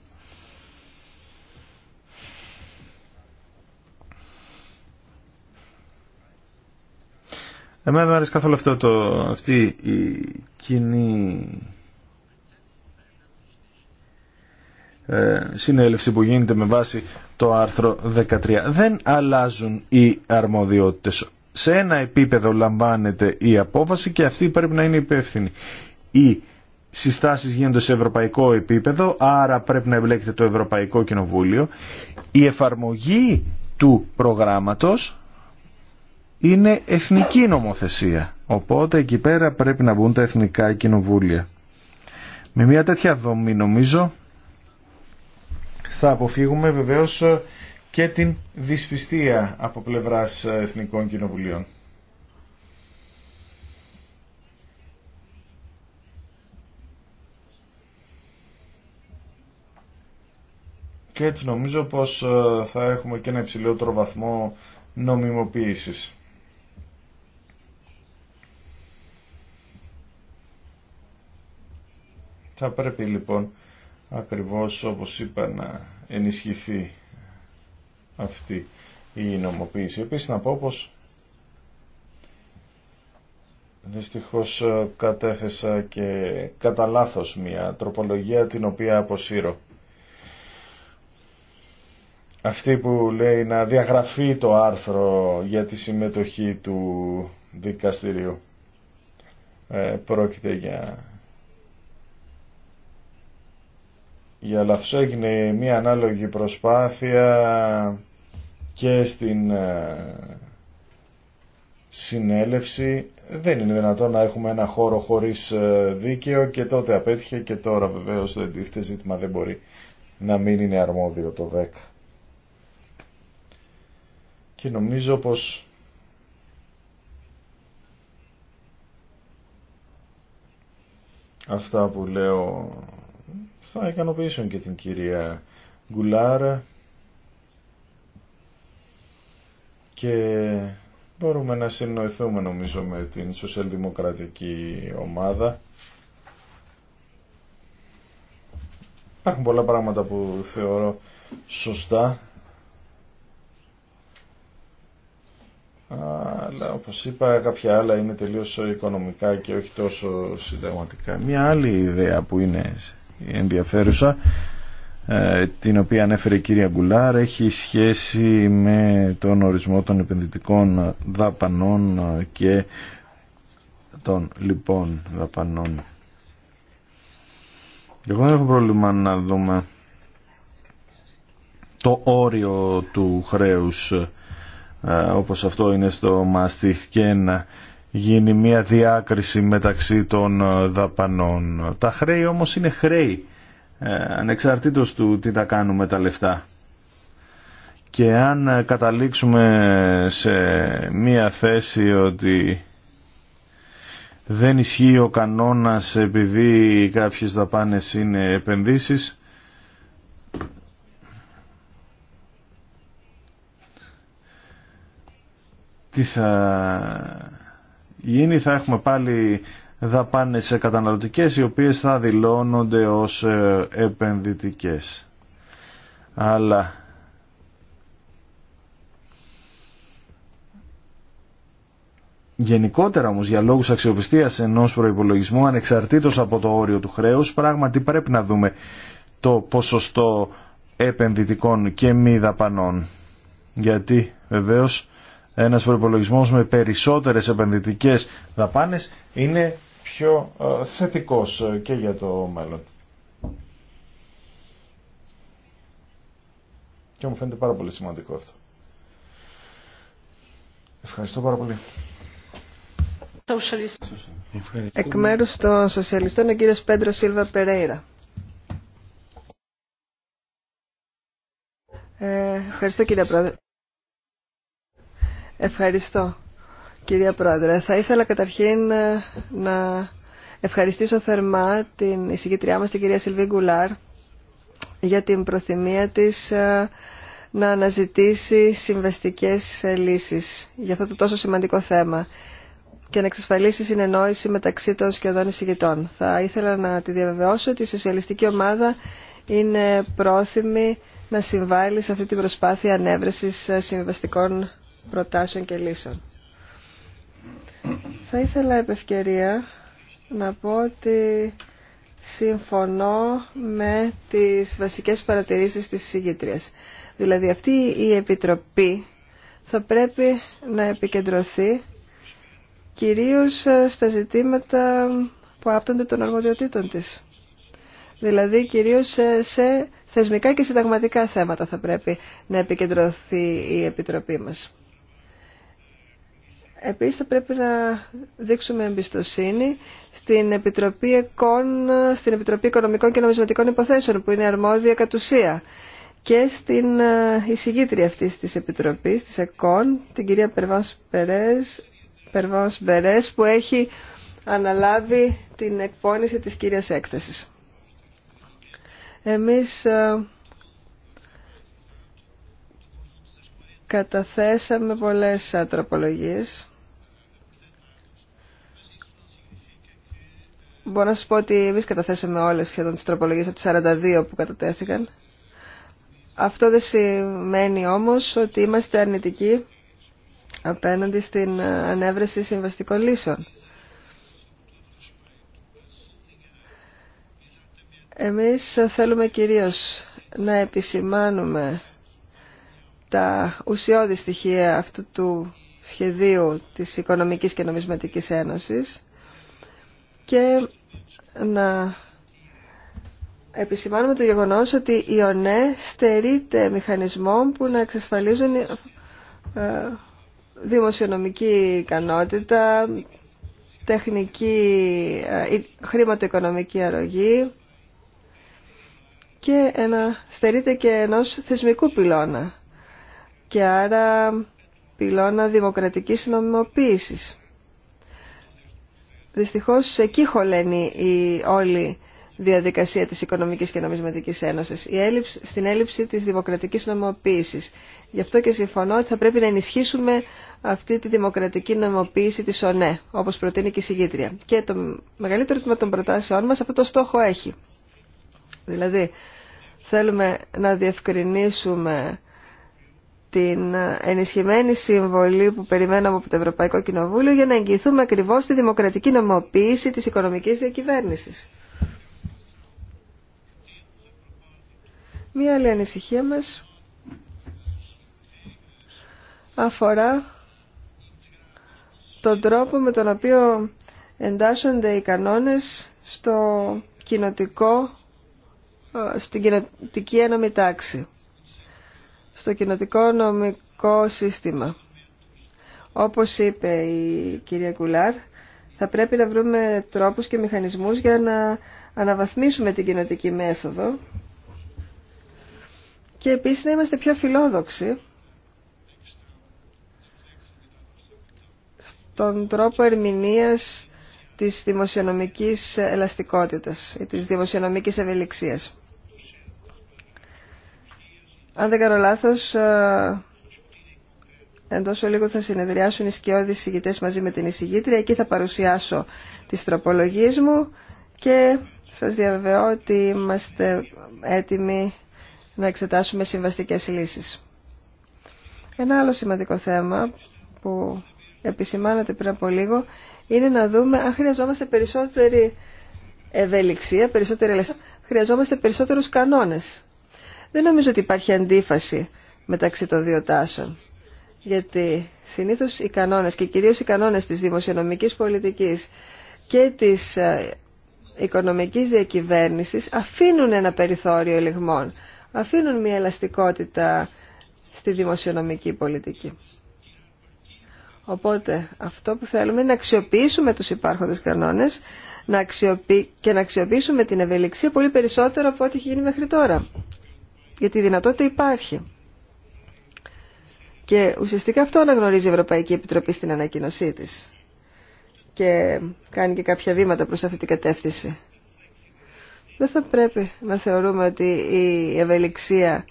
Εμένα δεν αρέσει καθόλου αυτό το, αυτή η κοινή ε, συνέλευση που γίνεται με βάση το άρθρο 13. Δεν αλλάζουν οι αρμοδιότητες. Σε ένα επίπεδο λαμβάνεται η απόφαση και αυτή πρέπει να είναι υπεύθυνη οι συστάσεις γίνονται σε ευρωπαϊκό επίπεδο, άρα πρέπει να εμπλέκεται το Ευρωπαϊκό Κοινοβούλιο. Η εφαρμογή του προγράμματος είναι εθνική νομοθεσία, οπότε εκεί πέρα πρέπει να μπουν τα εθνικά κοινοβούλια. Με μια τέτοια δομή νομίζω θα αποφύγουμε βεβαίως και την δυσπιστία από πλευράς εθνικών κοινοβουλίων. και έτσι νομίζω πως ε, θα έχουμε και ένα υψηλότερο βαθμό νομιμοποίησης. Θα πρέπει λοιπόν ακριβώς όπως είπα να ενισχυθεί αυτή η νομοποίηση. Επίσης να πω πως δυστυχώς ε, κατέθεσα και κατά λάθο μια τροπολογία την οποία αποσύρω αυτή που λέει να διαγραφεί το άρθρο για τη συμμετοχή του δικαστηρίου. Ε, πρόκειται για... Για έγινε μια ανάλογη προσπάθεια και στην ε, συνέλευση. Δεν είναι δυνατόν να έχουμε ένα χώρο χωρίς ε, δίκαιο και τότε απέτυχε και τώρα βεβαίως το ζήτημα δεν μπορεί να μην είναι αρμόδιο το 10 και νομίζω πως αυτά που λέω θα ικανοποιήσουν και την κυρία Γκουλάρα και μπορούμε να συνοηθούμε νομίζω με την σοσιαλδημοκρατική ομάδα. Υπάρχουν πολλά πράγματα που θεωρώ σωστά αλλά όπως είπα κάποια άλλα είναι τελείως οικονομικά και όχι τόσο συνταγματικά. Μια άλλη ιδέα που είναι ενδιαφέρουσα ε, την οποία ανέφερε η κυρία Γκουλάρ έχει σχέση με τον ορισμό των επενδυτικών δαπανών και των λοιπόν δαπανών. Εγώ δεν έχω πρόβλημα να δούμε το όριο του χρέους όπως αυτό είναι στο Μαστίχ και να γίνει μια διάκριση μεταξύ των ε, δαπανών. Τα χρέη όμως είναι χρέη, ε, ανεξαρτήτως του τι τα κάνουμε τα λεφτά. Και αν ε, καταλήξουμε σε μια θέση ότι δεν ισχύει ο κανόνας επειδή κάποιες δαπάνες είναι επενδύσεις, τι θα γίνει, θα έχουμε πάλι δαπάνες καταναλωτικές οι οποίες θα δηλώνονται ως ε, επενδυτικές. Αλλά Γενικότερα όμω για λόγους αξιοπιστίας ενός προϋπολογισμού ανεξαρτήτως από το όριο του χρέους πράγματι πρέπει να δούμε το ποσοστό επενδυτικών και μη δαπανών γιατί βεβαίως ένας προπολογισμό με περισσότερες επενδυτικές δαπάνες είναι πιο ε, θετικός ε, και για το μέλλον. Και μου φαίνεται πάρα πολύ σημαντικό αυτό. Ευχαριστώ πάρα πολύ. Εκ μέρους των σοσιαλιστών ο κύριος Πέντρο Σίλβα Περέιρα. Ε, ευχαριστώ κύριε Πρόεδρε. Ευχαριστώ, κυρία Πρόεδρε. Θα ήθελα καταρχήν ε, να ευχαριστήσω θερμά την εισηγητριά μας, την κυρία Σιλβί Γκουλάρ, για την προθυμία της ε, να αναζητήσει συμβαστικές ε, λύσεις για αυτό το τόσο σημαντικό θέμα και να εξασφαλίσει συνεννόηση μεταξύ των σχεδόν εισηγητών. Θα ήθελα να τη διαβεβαιώσω ότι η σοσιαλιστική ομάδα είναι πρόθυμη να συμβάλλει σε αυτή την προσπάθεια ανέβρεσης συμβαστικών προτάσεων και λύσεων. Θα ήθελα επ' να πω ότι συμφωνώ με τις βασικές παρατηρήσεις της συγκεντρίας. Δηλαδή αυτή η Επιτροπή θα πρέπει να επικεντρωθεί κυρίως στα ζητήματα που άπτονται των αρμοδιοτήτων της. Δηλαδή κυρίως σε θεσμικά και συνταγματικά θέματα θα πρέπει να επικεντρωθεί η Επιτροπή μας. Επίσης θα πρέπει να δείξουμε εμπιστοσύνη στην Επιτροπή, Εκών, στην Επιτροπή Οικονομικών και Νομισματικών Υποθέσεων που είναι αρμόδια κατ' ουσία και στην ε, εισηγήτρια αυτής της Επιτροπής, της ΕΚΟΝ, την κυρία Περβάνς Περές, Μπερές που έχει αναλάβει την εκπόνηση της κυρίας έκθεσης. Εμείς ε, Καταθέσαμε πολλές τροπολογίες. Μπορώ να σας πω ότι εμείς καταθέσαμε όλες σχεδόν τις τροπολογίες από τις 42 που κατατέθηκαν. Αυτό δεν σημαίνει όμως ότι είμαστε αρνητικοί απέναντι στην ε, ανέβρεση συμβαστικών λύσεων. Εμείς θέλουμε κυρίως να επισημάνουμε τα ουσιώδη στοιχεία αυτού του σχεδίου της Οικονομικής και Νομισματικής Ένωσης και να επισημάνουμε το γεγονός ότι η ΟΝΕ στερείται μηχανισμών που να εξασφαλίζουν ε, δημοσιονομική ικανότητα, τεχνική, ε, χρηματοοικονομική αρρωγή και ένα, στερείται και ενός θεσμικού πυλώνα και άρα πυλώνα δημοκρατικής νομιμοποίησης. Δυστυχώς εκεί χωλαίνει η όλη διαδικασία της Οικονομικής και Νομισματικής Ένωσης, η έλλειψη, στην έλλειψη της δημοκρατικής νομιμοποίησης. Γι' αυτό και συμφωνώ ότι θα πρέπει να ενισχύσουμε αυτή τη δημοκρατική νομιμοποίηση της ΟΝΕ, όπως προτείνει και η συγγήτρια. Και το μεγαλύτερο τμήμα των προτάσεών μας αυτό το στόχο έχει. Δηλαδή, θέλουμε να διευκρινίσουμε την ενισχυμένη συμβολή που περιμέναμε από το Ευρωπαϊκό Κοινοβούλιο για να εγγυηθούμε ακριβώς τη δημοκρατική νομοποίηση της οικονομικής διακυβέρνησης. Μία άλλη ανησυχία μας αφορά τον τρόπο με τον οποίο εντάσσονται οι κανόνες στο κοινοτικό, ε, στην κοινοτική ένωμη τάξη στο κοινοτικό νομικό σύστημα. Όπως είπε η κυρία Κουλάρ, θα πρέπει να βρούμε τρόπους και μηχανισμούς για να αναβαθμίσουμε την κοινοτική μέθοδο και επίσης να είμαστε πιο φιλόδοξοι στον τρόπο ερμηνείας της δημοσιονομικής ελαστικότητας ή της δημοσιονομικής ευελιξίας. Αν δεν κάνω λάθος, ε, εντός ολίγου θα συνεδριάσουν οι σκιώδεις συγητές μαζί με την εισηγήτρια. Εκεί θα παρουσιάσω τις τροπολογίες μου και σας διαβεβαιώ ότι είμαστε έτοιμοι να εξετάσουμε συμβαστικές λύσεις. Ένα άλλο σημαντικό θέμα που επισημάνατε πριν από λίγο είναι να δούμε αν χρειαζόμαστε περισσότερη ευελιξία, περισσότερη ελευθερία, χρειαζόμαστε περισσότερους κανόνες. Δεν νομίζω ότι υπάρχει αντίφαση μεταξύ των δύο τάσεων. Γιατί συνήθως οι κανόνες και κυρίως οι κανόνες της δημοσιονομικής πολιτικής και της ε, οικονομικής διακυβέρνησης αφήνουν ένα περιθώριο ελιγμών, αφήνουν μια ελαστικότητα στη δημοσιονομική πολιτική. Οπότε αυτό που θέλουμε είναι να αξιοποιήσουμε τους υπάρχοντες κανόνες να και να αξιοποιήσουμε την ευελιξία πολύ περισσότερο από ό,τι έχει γίνει μέχρι τώρα γιατί η δυνατότητα υπάρχει. Και ουσιαστικά αυτό αναγνωρίζει η Ευρωπαϊκή Επιτροπή στην ανακοίνωσή της και κάνει και κάποια βήματα προς αυτή την κατεύθυνση. Δεν θα πρέπει να θεωρούμε ότι η ευελιξία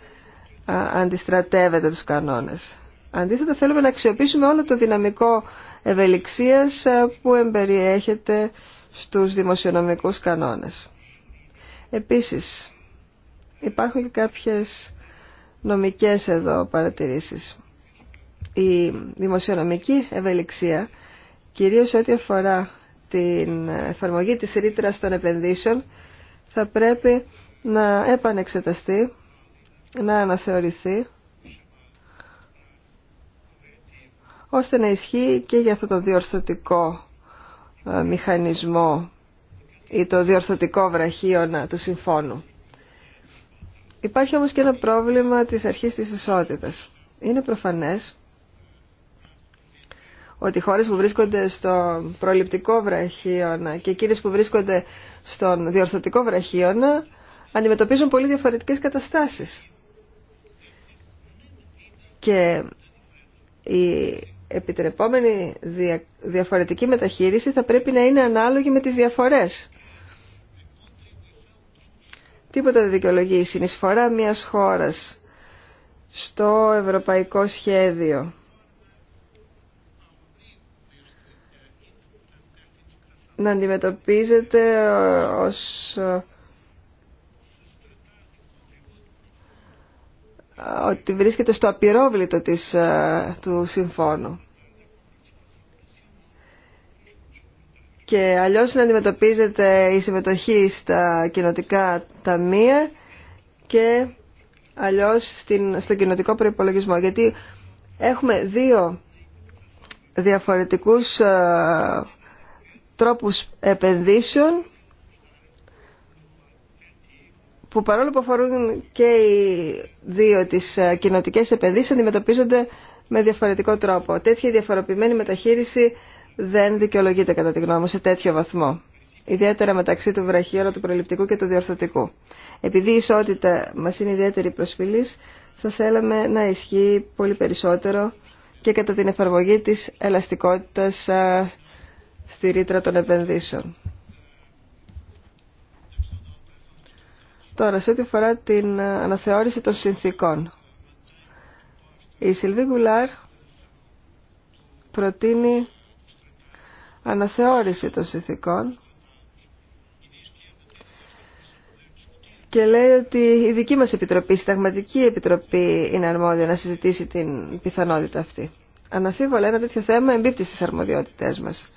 αντιστρατεύεται τους κανόνες. Αντίθετα θέλουμε να αξιοποιήσουμε όλο το δυναμικό ευελιξίας που εμπεριέχεται στους δημοσιονομικούς κανόνες. Επίσης, Υπάρχουν και κάποιες νομικές εδώ παρατηρήσεις. Η δημοσιονομική ευελιξία, κυρίως ό,τι αφορά την εφαρμογή της ρήτρα των επενδύσεων, θα πρέπει να επανεξεταστεί, να αναθεωρηθεί, ώστε να ισχύει και για αυτό το διορθωτικό ε, μηχανισμό ή το διορθωτικό βραχίωνα του συμφώνου. Υπάρχει όμως και ένα πρόβλημα της αρχής της ισότητας. Είναι προφανές ότι οι χώρες που βρίσκονται στο προληπτικό βραχίωνα και εκείνες που βρίσκονται στον διορθωτικό βραχίωνα αντιμετωπίζουν πολύ διαφορετικές καταστάσεις. Και η επιτρεπόμενη διαφορετική μεταχείριση θα πρέπει να είναι ανάλογη με τις διαφορές Τίποτα δεν δικαιολογεί η συνεισφορά μιας χώρας στο ευρωπαϊκό σχέδιο. να αντιμετωπίζεται ως ε, ότι βρίσκεται στο απειρόβλητο της, ε, του συμφώνου. και αλλιώς να αντιμετωπίζεται η συμμετοχή στα κοινοτικά ταμεία και αλλιώς στην, στο κοινοτικό προϋπολογισμό. Γιατί έχουμε δύο διαφορετικούς ε, τρόπους επενδύσεων που παρόλο που αφορούν και οι δύο τις ε, κοινοτικές επενδύσεις αντιμετωπίζονται με διαφορετικό τρόπο. Τέτοια διαφοροποιημένη μεταχείριση δεν δικαιολογείται κατά τη γνώμη μου σε τέτοιο βαθμό. Ιδιαίτερα μεταξύ του βραχίωρα, του προληπτικού και του διορθωτικού. Επειδή η ισότητα μα είναι ιδιαίτερη προσφυλή, θα θέλαμε να ισχύει πολύ περισσότερο και κατά την εφαρμογή της ελαστικότητας στη ρήτρα των επενδύσεων. Τώρα, σε ό,τι αφορά την αναθεώρηση των συνθήκων. Η Σιλβί Γκουλάρ προτείνει αναθεώρηση των συνθήκων και λέει ότι η δική μας επιτροπή, η συνταγματική επιτροπή είναι αρμόδια να συζητήσει την πιθανότητα αυτή. Αναφίβολα ένα τέτοιο θέμα εμπίπτει στις αρμοδιότητές μας.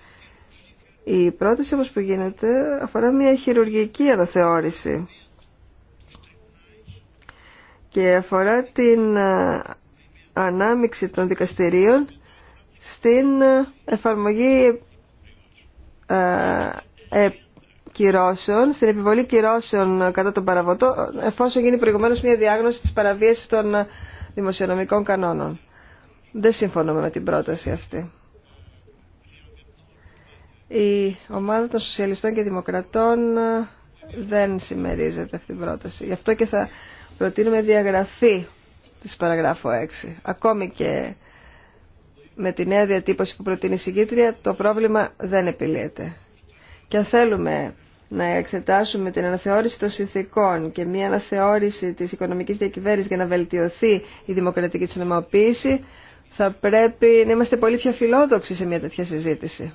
Η πρόταση όμως που γίνεται αφορά μια χειρουργική αναθεώρηση και αφορά την ε, ανάμιξη των δικαστηρίων στην ε, εφαρμογή ε, ε, κυρώσεων, στην επιβολή κυρώσεων κατά τον παραβοτό, εφόσον γίνει προηγουμένω μια διάγνωση της παραβίασης των ε, δημοσιονομικών κανόνων. Δεν συμφωνούμε με την πρόταση αυτή. Η ομάδα των Σοσιαλιστών και Δημοκρατών ε, δεν συμμερίζεται αυτή την πρόταση. Γι' αυτό και θα προτείνουμε διαγραφή της παραγράφου 6. Ακόμη και με τη νέα διατύπωση που προτείνει η συγκήτρια το πρόβλημα δεν επιλύεται. Και αν θέλουμε να εξετάσουμε την αναθεώρηση των συνθήκων και μια αναθεώρηση της οικονομικής διακυβέρνησης για να βελτιωθεί η δημοκρατική νομοποίηση, θα πρέπει να είμαστε πολύ πιο φιλόδοξοι σε μια τέτοια συζήτηση.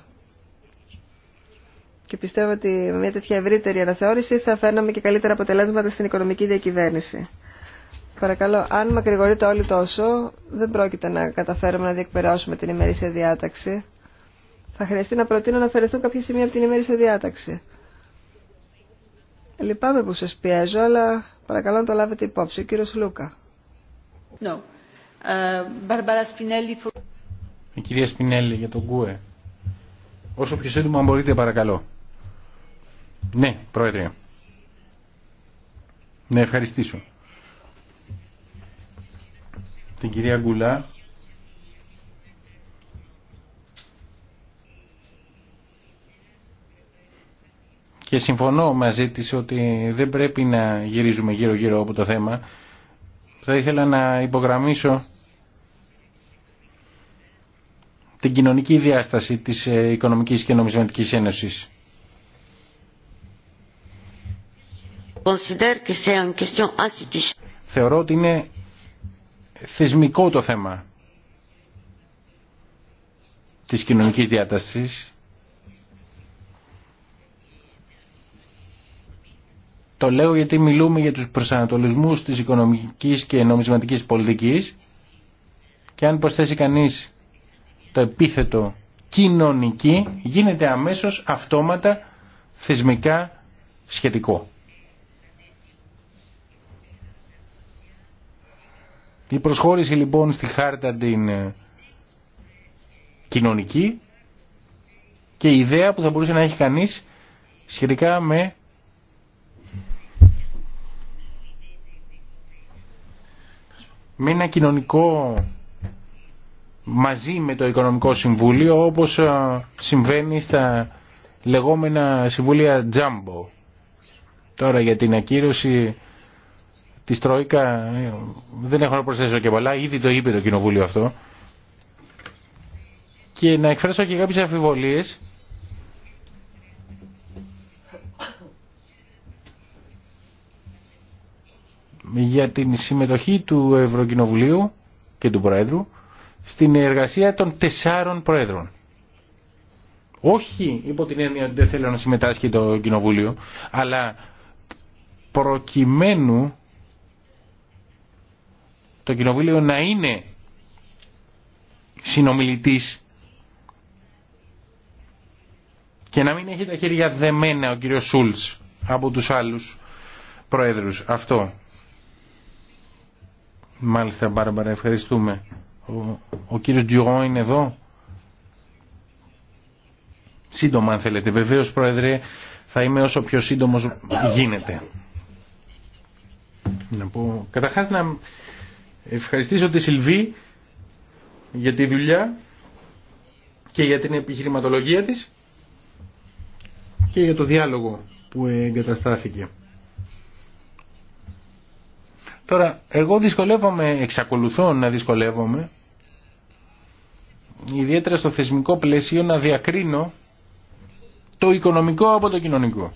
Και πιστεύω ότι με μια τέτοια ευρύτερη αναθεώρηση θα φέρναμε και καλύτερα αποτελέσματα στην οικονομική διακυβέρνηση. Παρακαλώ, αν μακρηγορείτε όλοι τόσο, δεν πρόκειται να καταφέρουμε να διεκπαιρεώσουμε την ημερήσια διάταξη. Θα χρειαστεί να προτείνω να αφαιρεθούν κάποια σημεία από την ημερήσια διάταξη. Λυπάμαι που σας πιέζω, αλλά παρακαλώ να το λάβετε υπόψη. Ο κύριος Λούκα. No. Uh, Η κυρία Σπινέλη για τον ΚΟΕ. Όσο πιο σύντομα μπορείτε, παρακαλώ. Ναι, πρόεδρε. Ναι, ευχαριστήσω την κυρία Γκουλά και συμφωνώ μαζί της ότι δεν πρέπει να γυρίζουμε γύρω-γύρω από το θέμα. Θα ήθελα να υπογραμμίσω την κοινωνική διάσταση της ε, Οικονομικής και Νομισματικής Ένωσης. Θεωρώ ότι είναι θεσμικό το θέμα της κοινωνικής διάτασης. Το λέω γιατί μιλούμε για τους προσανατολισμούς της οικονομικής και νομισματικής πολιτικής και αν προσθέσει κανείς το επίθετο κοινωνική γίνεται αμέσως αυτόματα θεσμικά σχετικό. Η προσχώρηση λοιπόν στη χάρτα την ε, κοινωνική και η ιδέα που θα μπορούσε να έχει κανείς σχετικά με με ένα κοινωνικό μαζί με το Οικονομικό Συμβούλιο όπως ε, συμβαίνει στα λεγόμενα συμβούλια τζάμπο. Τώρα για την ακύρωση Τη Τρόικα ε, δεν έχω να προσθέσω και πολλά, ήδη το είπε το Κοινοβούλιο αυτό και να εκφράσω και κάποιες αμφιβολίες για την συμμετοχή του Ευρωκοινοβουλίου και του Πρόεδρου στην εργασία των τεσσάρων Πρόεδρων. Όχι υπό την έννοια ότι δεν θέλω να συμμετάσχει το Κοινοβούλιο, αλλά προκειμένου το Κοινοβούλιο να είναι συνομιλητής και να μην έχει τα χέρια δεμένα ο κύριος Σούλτς από τους άλλους πρόεδρους. Αυτό. Μάλιστα Μπάρμπαρα, ευχαριστούμε. Ο, ο κύριος Ντιουγό είναι εδώ. Σύντομα αν θέλετε. Βεβαίως πρόεδρε θα είμαι όσο πιο σύντομος γίνεται. Να πω, καταρχάς να Ευχαριστήσω τη Σιλβή για τη δουλειά και για την επιχειρηματολογία της και για το διάλογο που εγκαταστάθηκε. Τώρα, εγώ δυσκολεύομαι, εξακολουθώ να δυσκολεύομαι, ιδιαίτερα στο θεσμικό πλαίσιο να διακρίνω το οικονομικό από το κοινωνικό.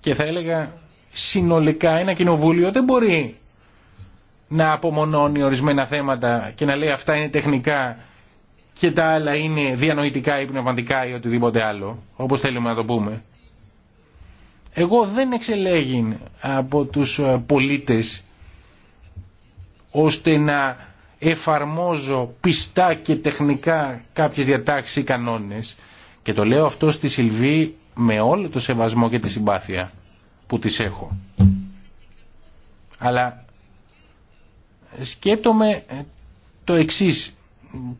Και θα έλεγα συνολικά ένα κοινοβούλιο δεν μπορεί να απομονώνει ορισμένα θέματα και να λέει αυτά είναι τεχνικά και τα άλλα είναι διανοητικά ή πνευματικά ή οτιδήποτε άλλο, όπως θέλουμε να το πούμε. Εγώ δεν εξελέγει από τους πολίτες ώστε να εφαρμόζω πιστά και τεχνικά κάποιες διατάξεις ή κανόνες και το λέω αυτό στη Σιλβή με όλο το σεβασμό και τη συμπάθεια που τις έχω. Αλλά σκέπτομαι ε, το εξής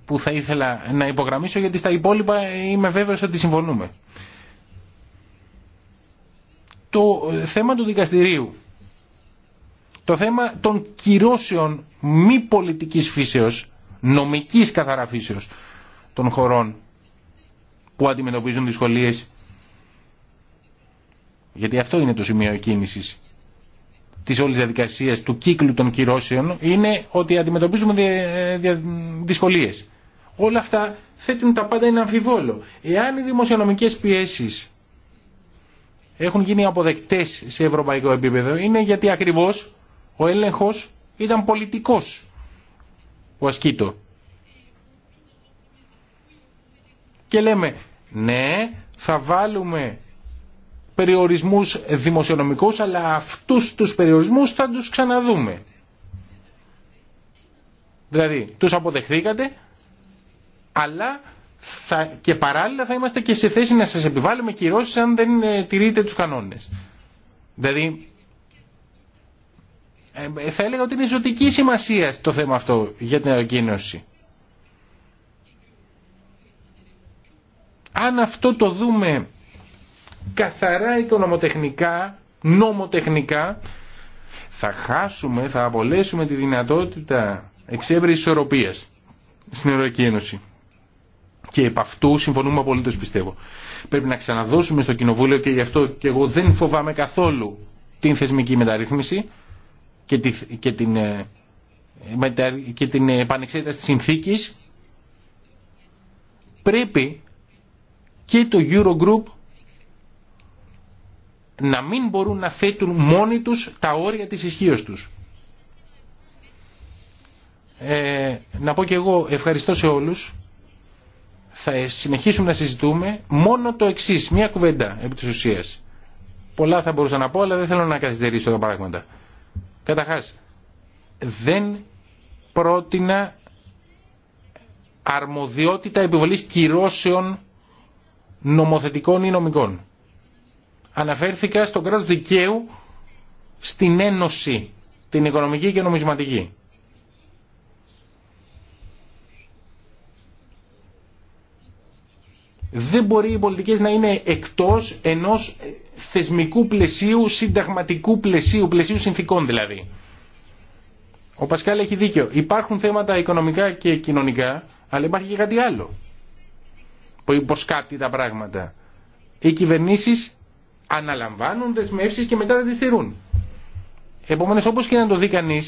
που θα ήθελα να υπογραμμίσω γιατί στα υπόλοιπα είμαι βέβαιος ότι συμφωνούμε. Το ε, θέμα του δικαστηρίου, το θέμα των κυρώσεων μη πολιτικής φύσεως, νομικής φύσεως των χωρών που αντιμετωπίζουν δυσκολίες γιατί αυτό είναι το σημείο κίνησης τη όλη διαδικασία, του κύκλου των κυρώσεων, είναι ότι αντιμετωπίζουμε δυσκολίες. Όλα αυτά θέτουν τα πάντα ένα αμφιβόλο. Εάν οι δημοσιονομικές πιέσεις έχουν γίνει αποδεκτές σε ευρωπαϊκό επίπεδο, είναι γιατί ακριβώς ο έλεγχο ήταν πολιτικός ο Ασκήτο. Και λέμε, ναι, θα βάλουμε περιορισμούς δημοσιονομικούς, αλλά αυτούς τους περιορισμούς θα τους ξαναδούμε. Δηλαδή, τους αποδεχθήκατε, αλλά θα, και παράλληλα θα είμαστε και σε θέση να σας επιβάλλουμε κυρώσεις αν δεν ε, τηρείτε τους κανόνες. Δηλαδή, ε, θα έλεγα ότι είναι ζωτική σημασία το θέμα αυτό για την ανακοίνωση. Αν αυτό το δούμε καθαρά οικονομοτεχνικά, νομοτεχνικά, θα χάσουμε, θα απολέσουμε τη δυνατότητα εξέβρεση ισορροπίας στην Ευρωπαϊκή Ένωση. Και επ' αυτού συμφωνούμε απολύτως πιστεύω. Πρέπει να ξαναδώσουμε στο Κοινοβούλιο και γι' αυτό και εγώ δεν φοβάμαι καθόλου την θεσμική μεταρρύθμιση και, τη, και την, ε, και την επανεξέταση της συνθήκης. Πρέπει και το Eurogroup να μην μπορούν να θέτουν μόνοι τους τα όρια της ισχύω τους. Ε, να πω και εγώ ευχαριστώ σε όλους. Θα συνεχίσουμε να συζητούμε μόνο το εξής, μία κουβέντα επί της ουσίας. Πολλά θα μπορούσα να πω, αλλά δεν θέλω να καθυστερήσω τα πράγματα. Καταρχάς, δεν πρότεινα αρμοδιότητα επιβολής κυρώσεων νομοθετικών ή νομικών αναφέρθηκα στον κράτο δικαίου στην Ένωση, την Οικονομική και Νομισματική. Δεν μπορεί οι πολιτικές να είναι εκτός ενός θεσμικού πλαισίου, συνταγματικού πλαισίου, πλαισίου συνθήκων δηλαδή. Ο Πασκάλ έχει δίκιο. Υπάρχουν θέματα οικονομικά και κοινωνικά, αλλά υπάρχει και κάτι άλλο που υποσκάπτει τα πράγματα. Οι κυβερνήσεις αναλαμβάνουν δεσμεύσει και μετά δεν τι τηρούν. Επομένω, όπω και να το δει κανεί,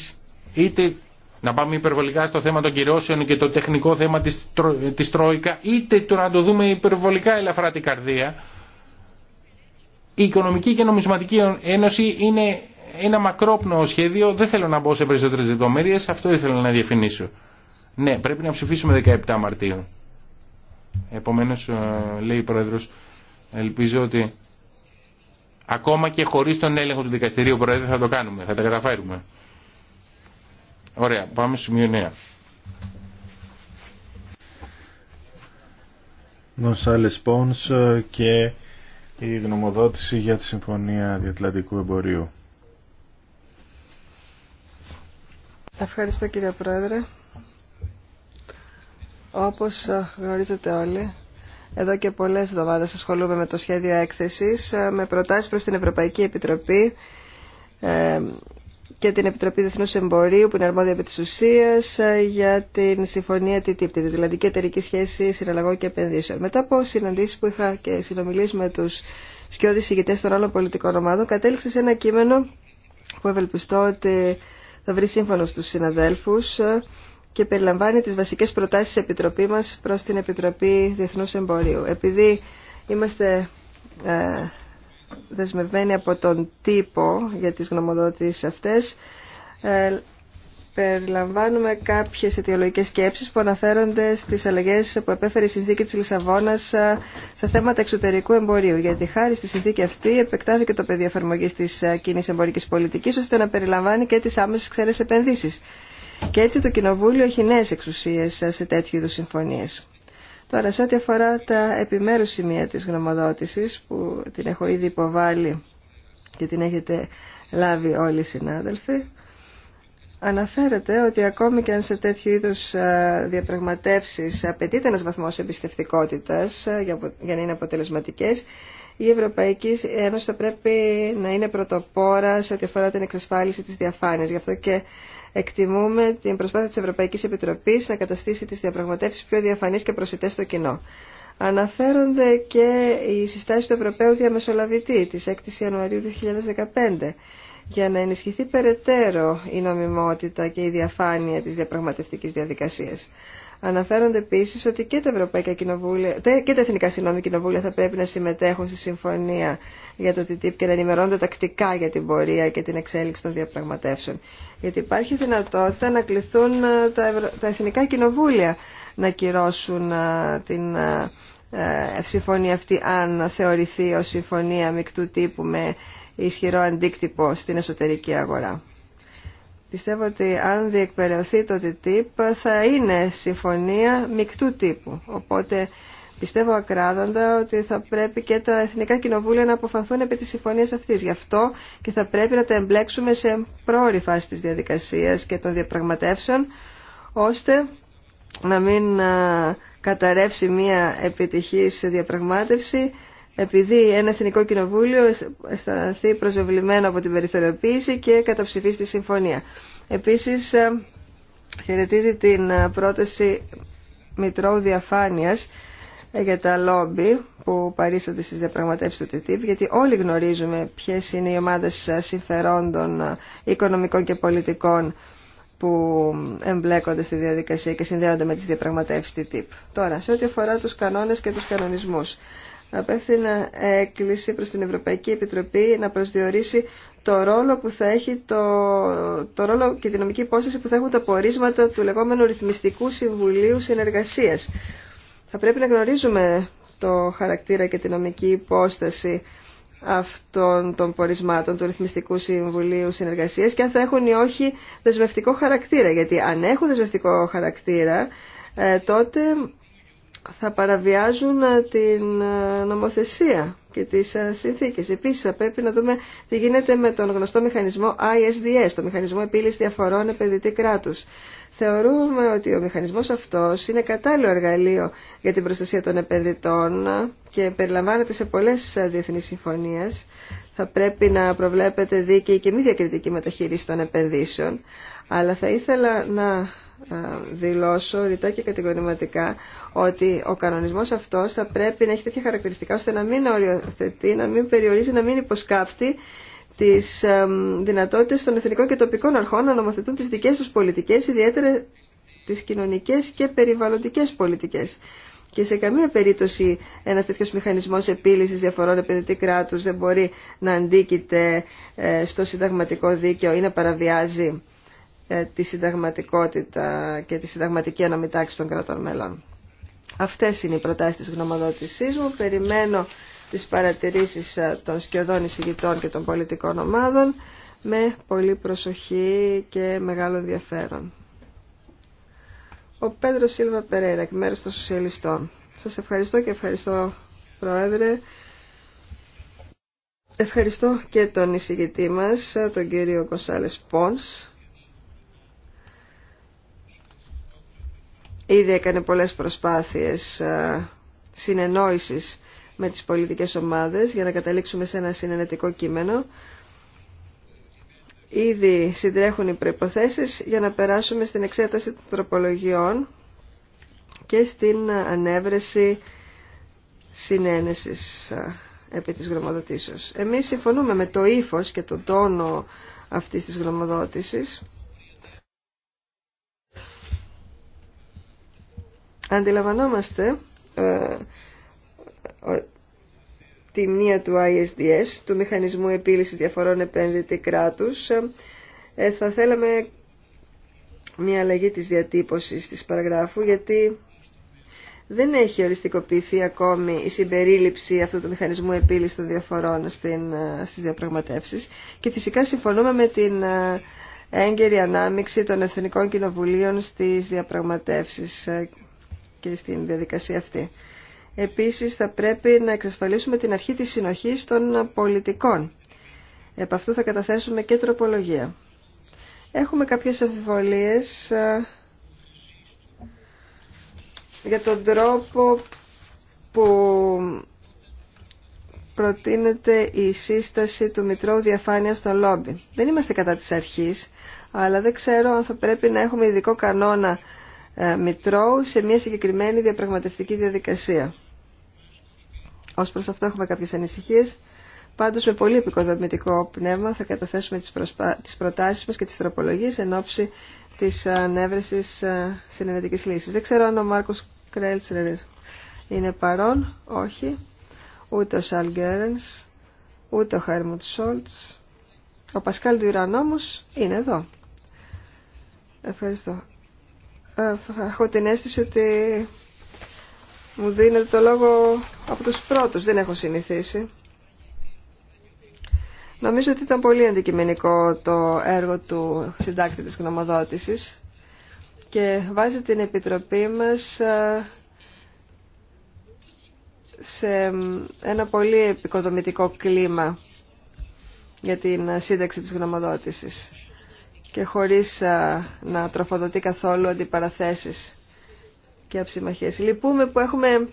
είτε να πάμε υπερβολικά στο θέμα των κυρώσεων και το τεχνικό θέμα της, της Τρόικα, είτε το να το δούμε υπερβολικά ελαφρά την καρδία, η Οικονομική και Νομισματική Ένωση είναι ένα μακρόπνοο σχέδιο, δεν θέλω να μπω σε περισσότερες λεπτομέρειε, αυτό ήθελα να διαφημίσω. Ναι, πρέπει να ψηφίσουμε 17 Μαρτίου. Επομένως, ε, λέει η Πρόεδρος, ελπίζω ότι Ακόμα και χωρίς τον έλεγχο του δικαστηρίου, Πρόεδρε, θα το κάνουμε, θα τα καταφέρουμε. Ωραία, πάμε στο σημείο 9. Γκονσάλες Πόνς ε, και η γνωμοδότηση για τη Συμφωνία Διατλαντικού Εμπορίου. Ευχαριστώ κύριε Πρόεδρε. Όπως ε, γνωρίζετε όλοι, εδώ και πολλές εβδομάδες ασχολούμαι με το σχέδιο έκθεσης, ε, με προτάσεις προς την Ευρωπαϊκή Επιτροπή ε, και την Επιτροπή Διεθνού Εμπορίου που είναι αρμόδια επί τη ουσία ε, για την Συμφωνία TTIP, τη και Εταιρική Σχέση Συναλλαγών και Επενδύσεων. Μετά από συναντήσεις που είχα και συνομιλήσει με τους σκιώδεις ηγητές των άλλων πολιτικών ομάδων, κατέληξε σε ένα κείμενο που ευελπιστώ ότι θα βρει σύμφωνο στους συναδέλφους και περιλαμβάνει τις βασικές προτάσεις της Επιτροπή μας προς την Επιτροπή Διεθνούς Εμπορίου. Επειδή είμαστε ε, δεσμευμένοι από τον τύπο για τις γνωμοδότησεις αυτές, ε, περιλαμβάνουμε κάποιες αιτιολογικές σκέψεις που αναφέρονται στις αλλαγές που επέφερε η συνθήκη της Λισαβόνας ε, σε θέματα εξωτερικού εμπορίου. Γιατί χάρη στη συνθήκη αυτή επεκτάθηκε το πεδίο εφαρμογής της κοινή εμπορικής πολιτικής ώστε να περιλαμβάνει και τις άμεσες ξένες επενδύσεις. Και έτσι το Κοινοβούλιο έχει νέε εξουσίες σε τέτοιου είδου συμφωνίες. Τώρα, σε ό,τι αφορά τα επιμέρου σημεία της γνωμοδότηση, που την έχω ήδη υποβάλει και την έχετε λάβει όλοι οι συνάδελφοι, αναφέρεται ότι ακόμη και αν σε τέτοιου είδου διαπραγματεύσεις απαιτείται ένα βαθμό εμπιστευτικότητα για να είναι αποτελεσματικέ, η Ευρωπαϊκή Ένωση θα πρέπει να είναι πρωτοπόρα σε ό,τι αφορά την εξασφάλιση τη διαφάνεια. Γι' αυτό και εκτιμούμε την προσπάθεια της Ευρωπαϊκής Επιτροπής να καταστήσει τις διαπραγματεύσεις πιο διαφανείς και προσιτές στο κοινό. Αναφέρονται και οι συστάσεις του Ευρωπαίου Διαμεσολαβητή της 6 Ιανουαρίου 2015 για να ενισχυθεί περαιτέρω η νομιμότητα και η διαφάνεια της διαπραγματευτικής διαδικασίας. Αναφέρονται επίση ότι και τα, Ευρωπαϊκά κοινοβούλια, και τα Εθνικά Συγνώμη Κοινοβούλια θα πρέπει να συμμετέχουν στη συμφωνία για το TTIP και να ενημερώνονται τακτικά για την πορεία και την εξέλιξη των διαπραγματεύσεων. Γιατί υπάρχει δυνατότητα να κληθούν ε, τα, τα Εθνικά Κοινοβούλια να κυρώσουν ε, την ε, συμφωνία αυτή αν θεωρηθεί ως συμφωνία μεικτού τύπου με ισχυρό αντίκτυπο στην εσωτερική αγορά. Πιστεύω ότι αν διεκπαιρεωθεί το TTIP θα είναι συμφωνία μεικτού τύπου. Οπότε πιστεύω ακράδαντα ότι θα πρέπει και τα εθνικά κοινοβούλια να αποφανθούν επί της συμφωνίας αυτής. Γι' αυτό και θα πρέπει να τα εμπλέξουμε σε πρόορη φάση της διαδικασίας και των διαπραγματεύσεων, ώστε να μην καταρρεύσει μια επιτυχής διαπραγμάτευση επειδή ένα εθνικό κοινοβούλιο αισθανθεί προσβεβλημένο από την περιθωριοποίηση και καταψηφίσει τη συμφωνία. Επίσης, ε, χαιρετίζει την ε, πρόταση Μητρώου Διαφάνειας ε, για τα λόμπι που παρίσταται στις διαπραγματεύσεις του TTIP, γιατί όλοι γνωρίζουμε ποιες είναι οι ομάδες συμφερόντων οικονομικών και πολιτικών που εμπλέκονται στη διαδικασία και συνδέονται με τις διαπραγματεύσεις TTIP. Τώρα, σε ό,τι αφορά τους κανόνες και τους κανονισμούς απέθυνα έκκληση προς την Ευρωπαϊκή Επιτροπή να προσδιορίσει το ρόλο που θα έχει το, το ρόλο και τη νομική υπόσταση που θα έχουν τα πορίσματα του λεγόμενου Ρυθμιστικού Συμβουλίου Συνεργασίας. Θα πρέπει να γνωρίζουμε το χαρακτήρα και τη νομική υπόσταση αυτών των πορισμάτων του Ρυθμιστικού Συμβουλίου Συνεργασίας και αν θα έχουν ή όχι δεσμευτικό χαρακτήρα. Γιατί αν έχουν δεσμευτικό χαρακτήρα, ε, τότε θα παραβιάζουν ε, την ε, νομοθεσία και τις ε, συνθήκες. Επίσης θα πρέπει να δούμε τι γίνεται με τον γνωστό μηχανισμό ISDS, το Μηχανισμό Επίλυσης Διαφορών Επενδυτή Κράτους. Θεωρούμε ότι ο μηχανισμός αυτός είναι κατάλληλο εργαλείο για την προστασία των επενδυτών και περιλαμβάνεται σε πολλές διεθνείς συμφωνίες. Θα πρέπει να προβλέπεται δίκαιη και μη διακριτική μεταχείριση των επενδύσεων. Αλλά θα ήθελα να δηλώσω ρητά και κατηγορηματικά ότι ο κανονισμός αυτός θα πρέπει να έχει τέτοια χαρακτηριστικά ώστε να μην οριοθετεί, να μην περιορίζει, να μην υποσκάφτει τις δυνατότητες των εθνικών και τοπικών αρχών να νομοθετούν τις δικές τους πολιτικές, ιδιαίτερα τις κοινωνικές και περιβαλλοντικές πολιτικές. Και σε καμία περίπτωση ένας τέτοιος μηχανισμός επίλυσης διαφορών επενδυτή κράτους δεν μπορεί να αντίκειται ε, στο συνταγματικό δίκαιο ή να παραβιάζει ε, τη συνταγματικότητα και τη συνταγματική αναμετάξη των κρατών μέλων. Αυτές είναι οι προτάσεις της γνωμοδότησής μου. Περιμένω τις παρατηρήσεις ε, των σκιωδών εισηγητών και των πολιτικών ομάδων με πολύ προσοχή και μεγάλο ενδιαφέρον. Ο Πέντρο Σίλβα Περέρα, εκ μέρους των Σοσιαλιστών. Σας ευχαριστώ και ευχαριστώ, Πρόεδρε. Ευχαριστώ και τον εισηγητή μας, τον κύριο Κωνσάλες Πόνς, ήδη έκανε πολλές προσπάθειες ε, συνενόησης με τις πολιτικές ομάδες για να καταλήξουμε σε ένα συνενετικό κείμενο. Ήδη συντρέχουν οι προϋποθέσεις για να περάσουμε στην εξέταση των τροπολογιών και στην ανέβρεση συνένεσης ε, επί της γνωμοδοτήσεως. Εμείς συμφωνούμε με το ύφος και τον τόνο αυτής της γνωμοδότησης Αντιλαμβανόμαστε ε, τη μία του ISDS, του Μηχανισμού Επίλυσης Διαφορών Επένδυτη Κράτους. Ε, ε, θα θέλαμε μια αλλαγή της διατύπωσης της παραγράφου, γιατί δεν έχει οριστικοποιηθεί ακόμη η συμπερίληψη αυτού του μηχανισμού επίλυσης των διαφορών στην, στις διαπραγματεύσεις και φυσικά συμφωνούμε με την έγκαιρη ανάμειξη των Εθνικών Κοινοβουλίων στις διαπραγματεύσεις και στην διαδικασία αυτή. Επίσης θα πρέπει να εξασφαλίσουμε την αρχή της συνοχής των πολιτικών. Επ' αυτού θα καταθέσουμε και τροπολογία. Έχουμε κάποιες αμφιβολίες ε, για τον τρόπο που προτείνεται η σύσταση του Μητρώου Διαφάνειας στο λόμπι. Δεν είμαστε κατά της αρχής, αλλά δεν ξέρω αν θα πρέπει να έχουμε ειδικό κανόνα ε, Μητρώου σε μια συγκεκριμένη διαπραγματευτική διαδικασία. Ως προς αυτό έχουμε κάποιες ανησυχίες. Πάντως με πολύ επικοδομητικό πνεύμα θα καταθέσουμε τις, προσπα... τις προτάσεις μας και τις τροπολογίες εν ώψη της ανέβρεσης ε, συνενετικής λύσης. Δεν ξέρω αν ο Μάρκος Κρέλτσερ είναι παρόν, όχι, ούτε ο Σαλ ούτε ο Σόλτς. Ο Πασκάλ Ντουιραν είναι εδώ. Ευχαριστώ. Ε, έχω την αίσθηση ότι μου δίνεται το λόγο από τους πρώτους. Δεν έχω συνηθίσει. Νομίζω ότι ήταν πολύ αντικειμενικό το έργο του συντάκτη της γνωμοδότησης και βάζει την Επιτροπή μας ε, σε ένα πολύ επικοδομητικό κλίμα για την σύνταξη της γνωμοδότησης και χωρίς να τροφοδοτεί καθόλου αντιπαραθέσεις και αψημαχίες. Λυπούμε που έχουμε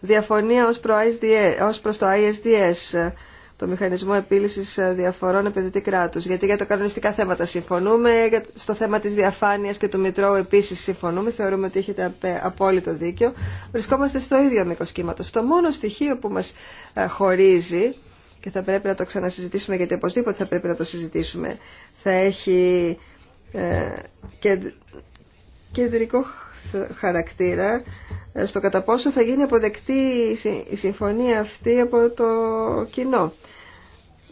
διαφωνία ως, προ ISDS, ως προς το ISDS, το Μηχανισμό Επίλυσης Διαφορών Επενδυτή κράτου. γιατί για τα κανονιστικά θέματα συμφωνούμε, στο θέμα της διαφάνειας και του Μητρώου επίσης συμφωνούμε, θεωρούμε ότι έχετε απόλυτο δίκιο. Βρισκόμαστε στο ίδιο μήκος κύματος. Το μόνο στοιχείο που μας ε, χωρίζει και θα πρέπει να το ξανασυζητήσουμε γιατί οπωσδήποτε θα πρέπει να το συζητήσουμε θα έχει ε, κεντρικό χαρακτήρα ε, στο κατά πόσο θα γίνει αποδεκτή η συμφωνία αυτή από το κοινό.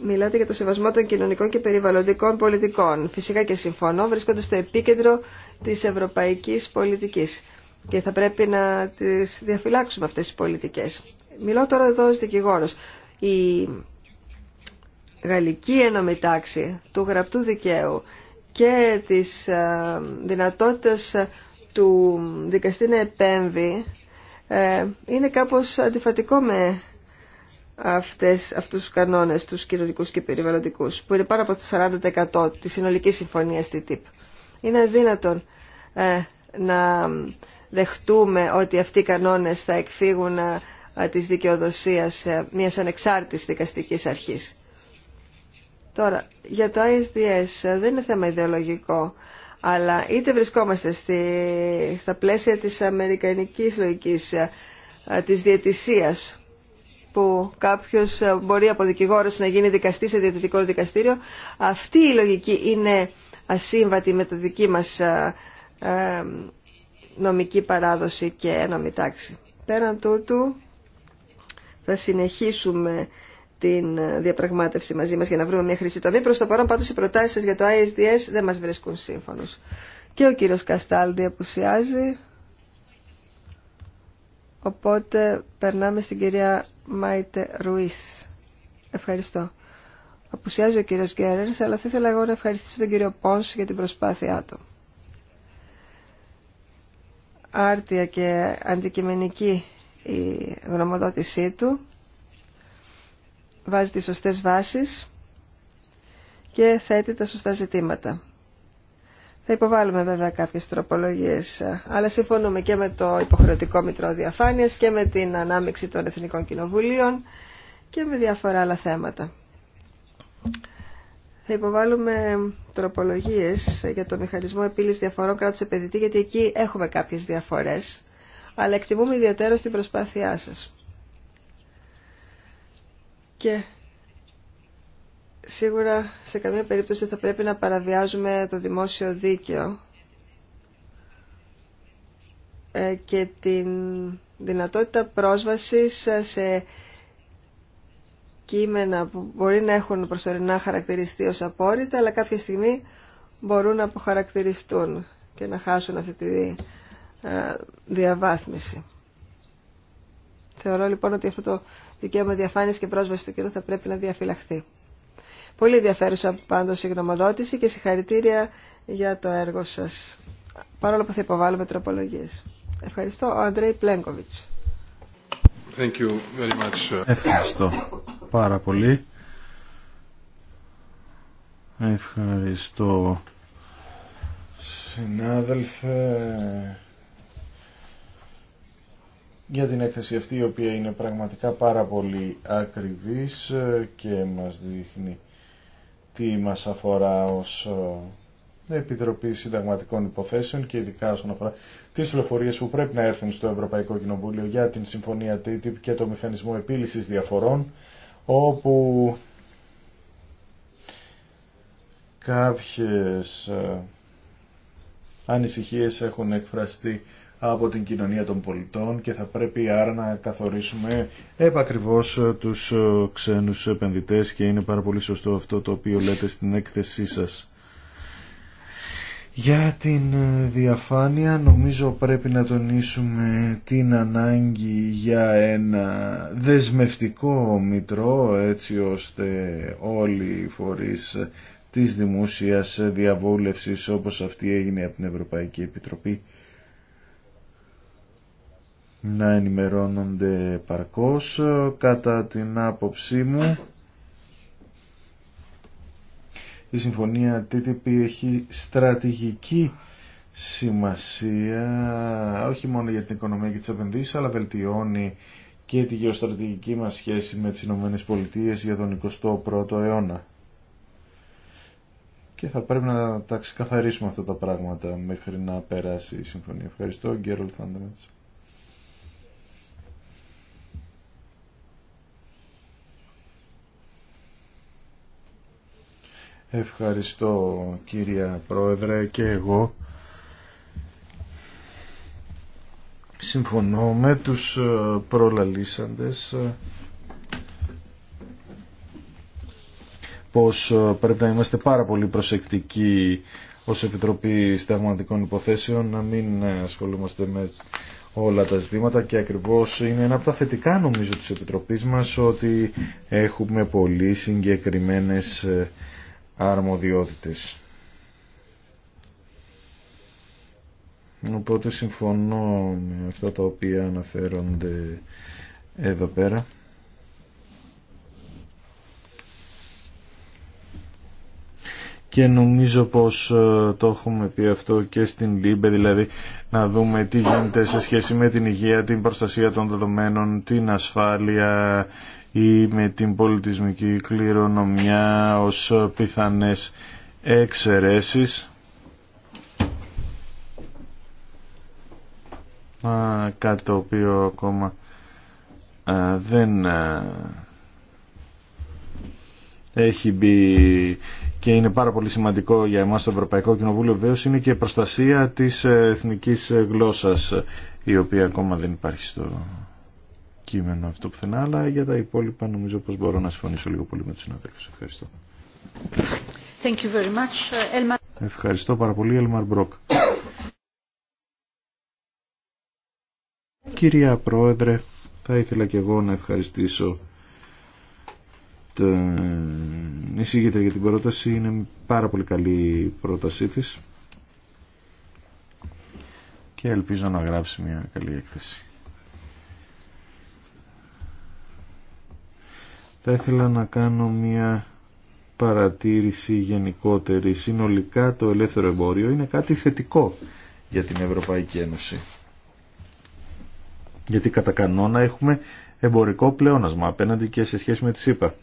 Μιλάτε για το σεβασμό των κοινωνικών και περιβαλλοντικών πολιτικών. Φυσικά και συμφωνώ, βρίσκονται στο επίκεντρο της ευρωπαϊκής πολιτικής και θα πρέπει να τις διαφυλάξουμε αυτές τις πολιτικές. Μιλώ τώρα εδώ ως δικηγόρος γαλλική ένωμη του γραπτού δικαίου και της ε, δυνατότητας του δικαστή να επέμβει ε, είναι κάπως αντιφατικό με αυτές, αυτούς τους κανόνες τους κοινωνικούς και περιβαλλοντικούς που είναι πάνω από το 40% της συνολικής συμφωνίας TTIP. Είναι δύνατον ε, να δεχτούμε ότι αυτοί οι κανόνες θα εκφύγουν ε, της δικαιοδοσίας μιας ανεξάρτητης δικαστικής αρχής. Τώρα, για το ISDS ε, δεν είναι θέμα ιδεολογικό, αλλά είτε βρισκόμαστε στη, στα πλαίσια της αμερικανικής λογικής, ε, ε, της διαιτησίας, που κάποιος μπορεί από δικηγόρος να γίνει δικαστή σε διαιτητικό δικαστήριο, αυτή η λογική είναι ασύμβατη με το δική μας νομική παράδοση και ένομη τάξη. Πέραν τούτου θα συνεχίσουμε την διαπραγμάτευση μαζί μας για να βρούμε μια χρήση τομή. Προς το παρόν πάντως οι προτάσεις για το ISDS δεν μας βρίσκουν σύμφωνος. Και ο κύριος Καστάλντι απουσιάζει. Οπότε περνάμε στην κυρία Μάιτε Ρουίς. Ευχαριστώ. Απουσιάζει ο κύριος Γκέρερς, αλλά θα ήθελα εγώ να ευχαριστήσω τον κύριο Πόνς για την προσπάθειά του. Άρτια και αντικειμενική η γνωμοδότησή του βάζει τις σωστές βάσεις και θέτει τα σωστά ζητήματα. Θα υποβάλουμε βέβαια κάποιες τροπολογίες, ε, αλλά συμφωνούμε και με το υποχρεωτικό Μητρό Διαφάνειας και με την ανάμειξη των Εθνικών Κοινοβουλίων και με διάφορα άλλα θέματα. Θα υποβάλουμε τροπολογίες για το μηχανισμό επίλυσης διαφορών κράτους επενδυτή, γιατί εκεί έχουμε κάποιες διαφορές, αλλά εκτιμούμε ιδιαίτερα στην προσπάθειά σας και σίγουρα σε καμία περίπτωση θα πρέπει να παραβιάζουμε το δημόσιο δίκαιο ε, και την δυνατότητα πρόσβασης σε κείμενα που μπορεί να έχουν προσωρινά χαρακτηριστεί ως απόρριτα, αλλά κάποια στιγμή μπορούν να αποχαρακτηριστούν και να χάσουν αυτή τη ε, διαβάθμιση. Θεωρώ λοιπόν ότι αυτό το δικαίωμα διαφάνειας και πρόσβαση του κοινού θα πρέπει να διαφυλαχθεί. Πολύ ενδιαφέρουσα πάντω η γνωμοδότηση και συγχαρητήρια για το έργο σας. Παρόλο που θα υποβάλουμε τροπολογίε. Ευχαριστώ. Ο Αντρέι Πλέγκοβιτ. Ευχαριστώ πάρα πολύ. Ευχαριστώ συνάδελφε για την έκθεση αυτή η οποία είναι πραγματικά πάρα πολύ ακριβής ε, και μας δείχνει τι μας αφορά ως ε, Επιτροπή Συνταγματικών Υποθέσεων και ειδικά όσον αφορά τις πληροφορίες που πρέπει να έρθουν στο Ευρωπαϊκό Κοινοβούλιο για την Συμφωνία TTIP και το Μηχανισμό Επίλυσης Διαφορών όπου κάποιες ε, ανησυχίες έχουν εκφραστεί από την κοινωνία των πολιτών και θα πρέπει άρα να καθορίσουμε επακριβώς ε, τους ε, ξένους επενδυτές και είναι πάρα πολύ σωστό αυτό το οποίο λέτε στην έκθεσή σας. Για την ε, διαφάνεια νομίζω πρέπει να τονίσουμε την ανάγκη για ένα δεσμευτικό μητρό έτσι ώστε όλοι οι φορείς της δημόσιας διαβούλευσης όπως αυτή έγινε από την Ευρωπαϊκή Επιτροπή να ενημερώνονται παρκώς. Κατά την άποψή μου, η συμφωνία TTIP έχει στρατηγική σημασία, όχι μόνο για την οικονομία και τις επενδύσεις, αλλά βελτιώνει και τη γεωστρατηγική μας σχέση με τις Ηνωμένες Πολιτείες για τον 21ο αιώνα. Και θα πρέπει να τα ξεκαθαρίσουμε αυτά τα πράγματα μέχρι να περάσει η συμφωνία. Ευχαριστώ, Γκέρολ Θάντερντς. Ευχαριστώ κυρία Πρόεδρε και εγώ συμφωνώ με τους ε, προλαλήσαντες ε, πως ε, πρέπει να είμαστε πάρα πολύ προσεκτικοί ως Επιτροπή Σταγματικών Υποθέσεων να μην ασχολούμαστε με όλα τα ζητήματα και ακριβώς είναι ένα από τα θετικά νομίζω της Επιτροπής μας ότι έχουμε πολύ συγκεκριμένες αρμοδιότητες. Οπότε συμφωνώ με αυτά τα οποία αναφέρονται εδώ πέρα. και νομίζω πως ε, το έχουμε πει αυτό και στην ΛΥΜΠΕ, δηλαδή να δούμε τι γίνεται σε σχέση με την υγεία, την προστασία των δεδομένων, την ασφάλεια ή με την πολιτισμική κληρονομιά ως πιθανές εξαιρέσεις. κάτι το οποίο ακόμα δεν έχει μπει και είναι πάρα πολύ σημαντικό για εμάς το Ευρωπαϊκό Κοινοβούλιο βέβαια είναι και προστασία της ε, εθνικής γλώσσας η οποία ακόμα δεν υπάρχει στο κείμενο αυτό πουθενά, αλλά για τα υπόλοιπα νομίζω πως μπορώ να συμφωνήσω λίγο πολύ με τους συναδέλφους. Ευχαριστώ. Thank you very much. Uh, Ευχαριστώ πάρα πολύ, Ελμαρ Μπρόκ. Κυρία Πρόεδρε, θα ήθελα και εγώ να ευχαριστήσω την εισηγήτρια για την πρόταση. Είναι πάρα πολύ καλή η πρότασή της και ελπίζω να γράψει μια καλή έκθεση. Θα ήθελα να κάνω μια παρατήρηση γενικότερη. Συνολικά το ελεύθερο εμπόριο είναι κάτι θετικό για την Ευρωπαϊκή Ένωση. Γιατί κατά κανόνα έχουμε εμπορικό πλεόνασμα απέναντι και σε σχέση με τη ΣΥΠΑ.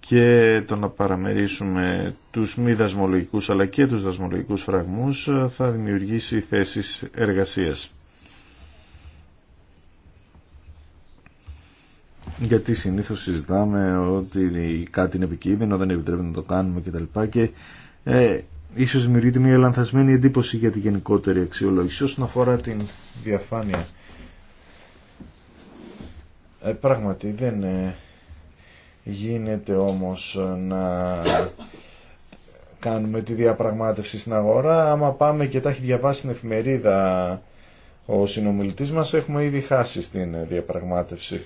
Και το να παραμερίσουμε τους μη δασμολογικούς αλλά και τους δασμολογικούς φραγμούς θα δημιουργήσει θέσεις εργασίας. γιατί συνήθως συζητάμε ότι κάτι είναι επικίνδυνο, δεν επιτρέπεται να το κάνουμε κτλ. Και ε, ίσως δημιουργείται μια λανθασμένη εντύπωση για τη γενικότερη αξιολόγηση όσον αφορά την διαφάνεια. Ε, πράγματι δεν ε, γίνεται όμως να κάνουμε τη διαπραγμάτευση στην αγορά. Άμα πάμε και τα έχει διαβάσει στην εφημερίδα ο συνομιλητής μας έχουμε ήδη χάσει στην ε, διαπραγμάτευση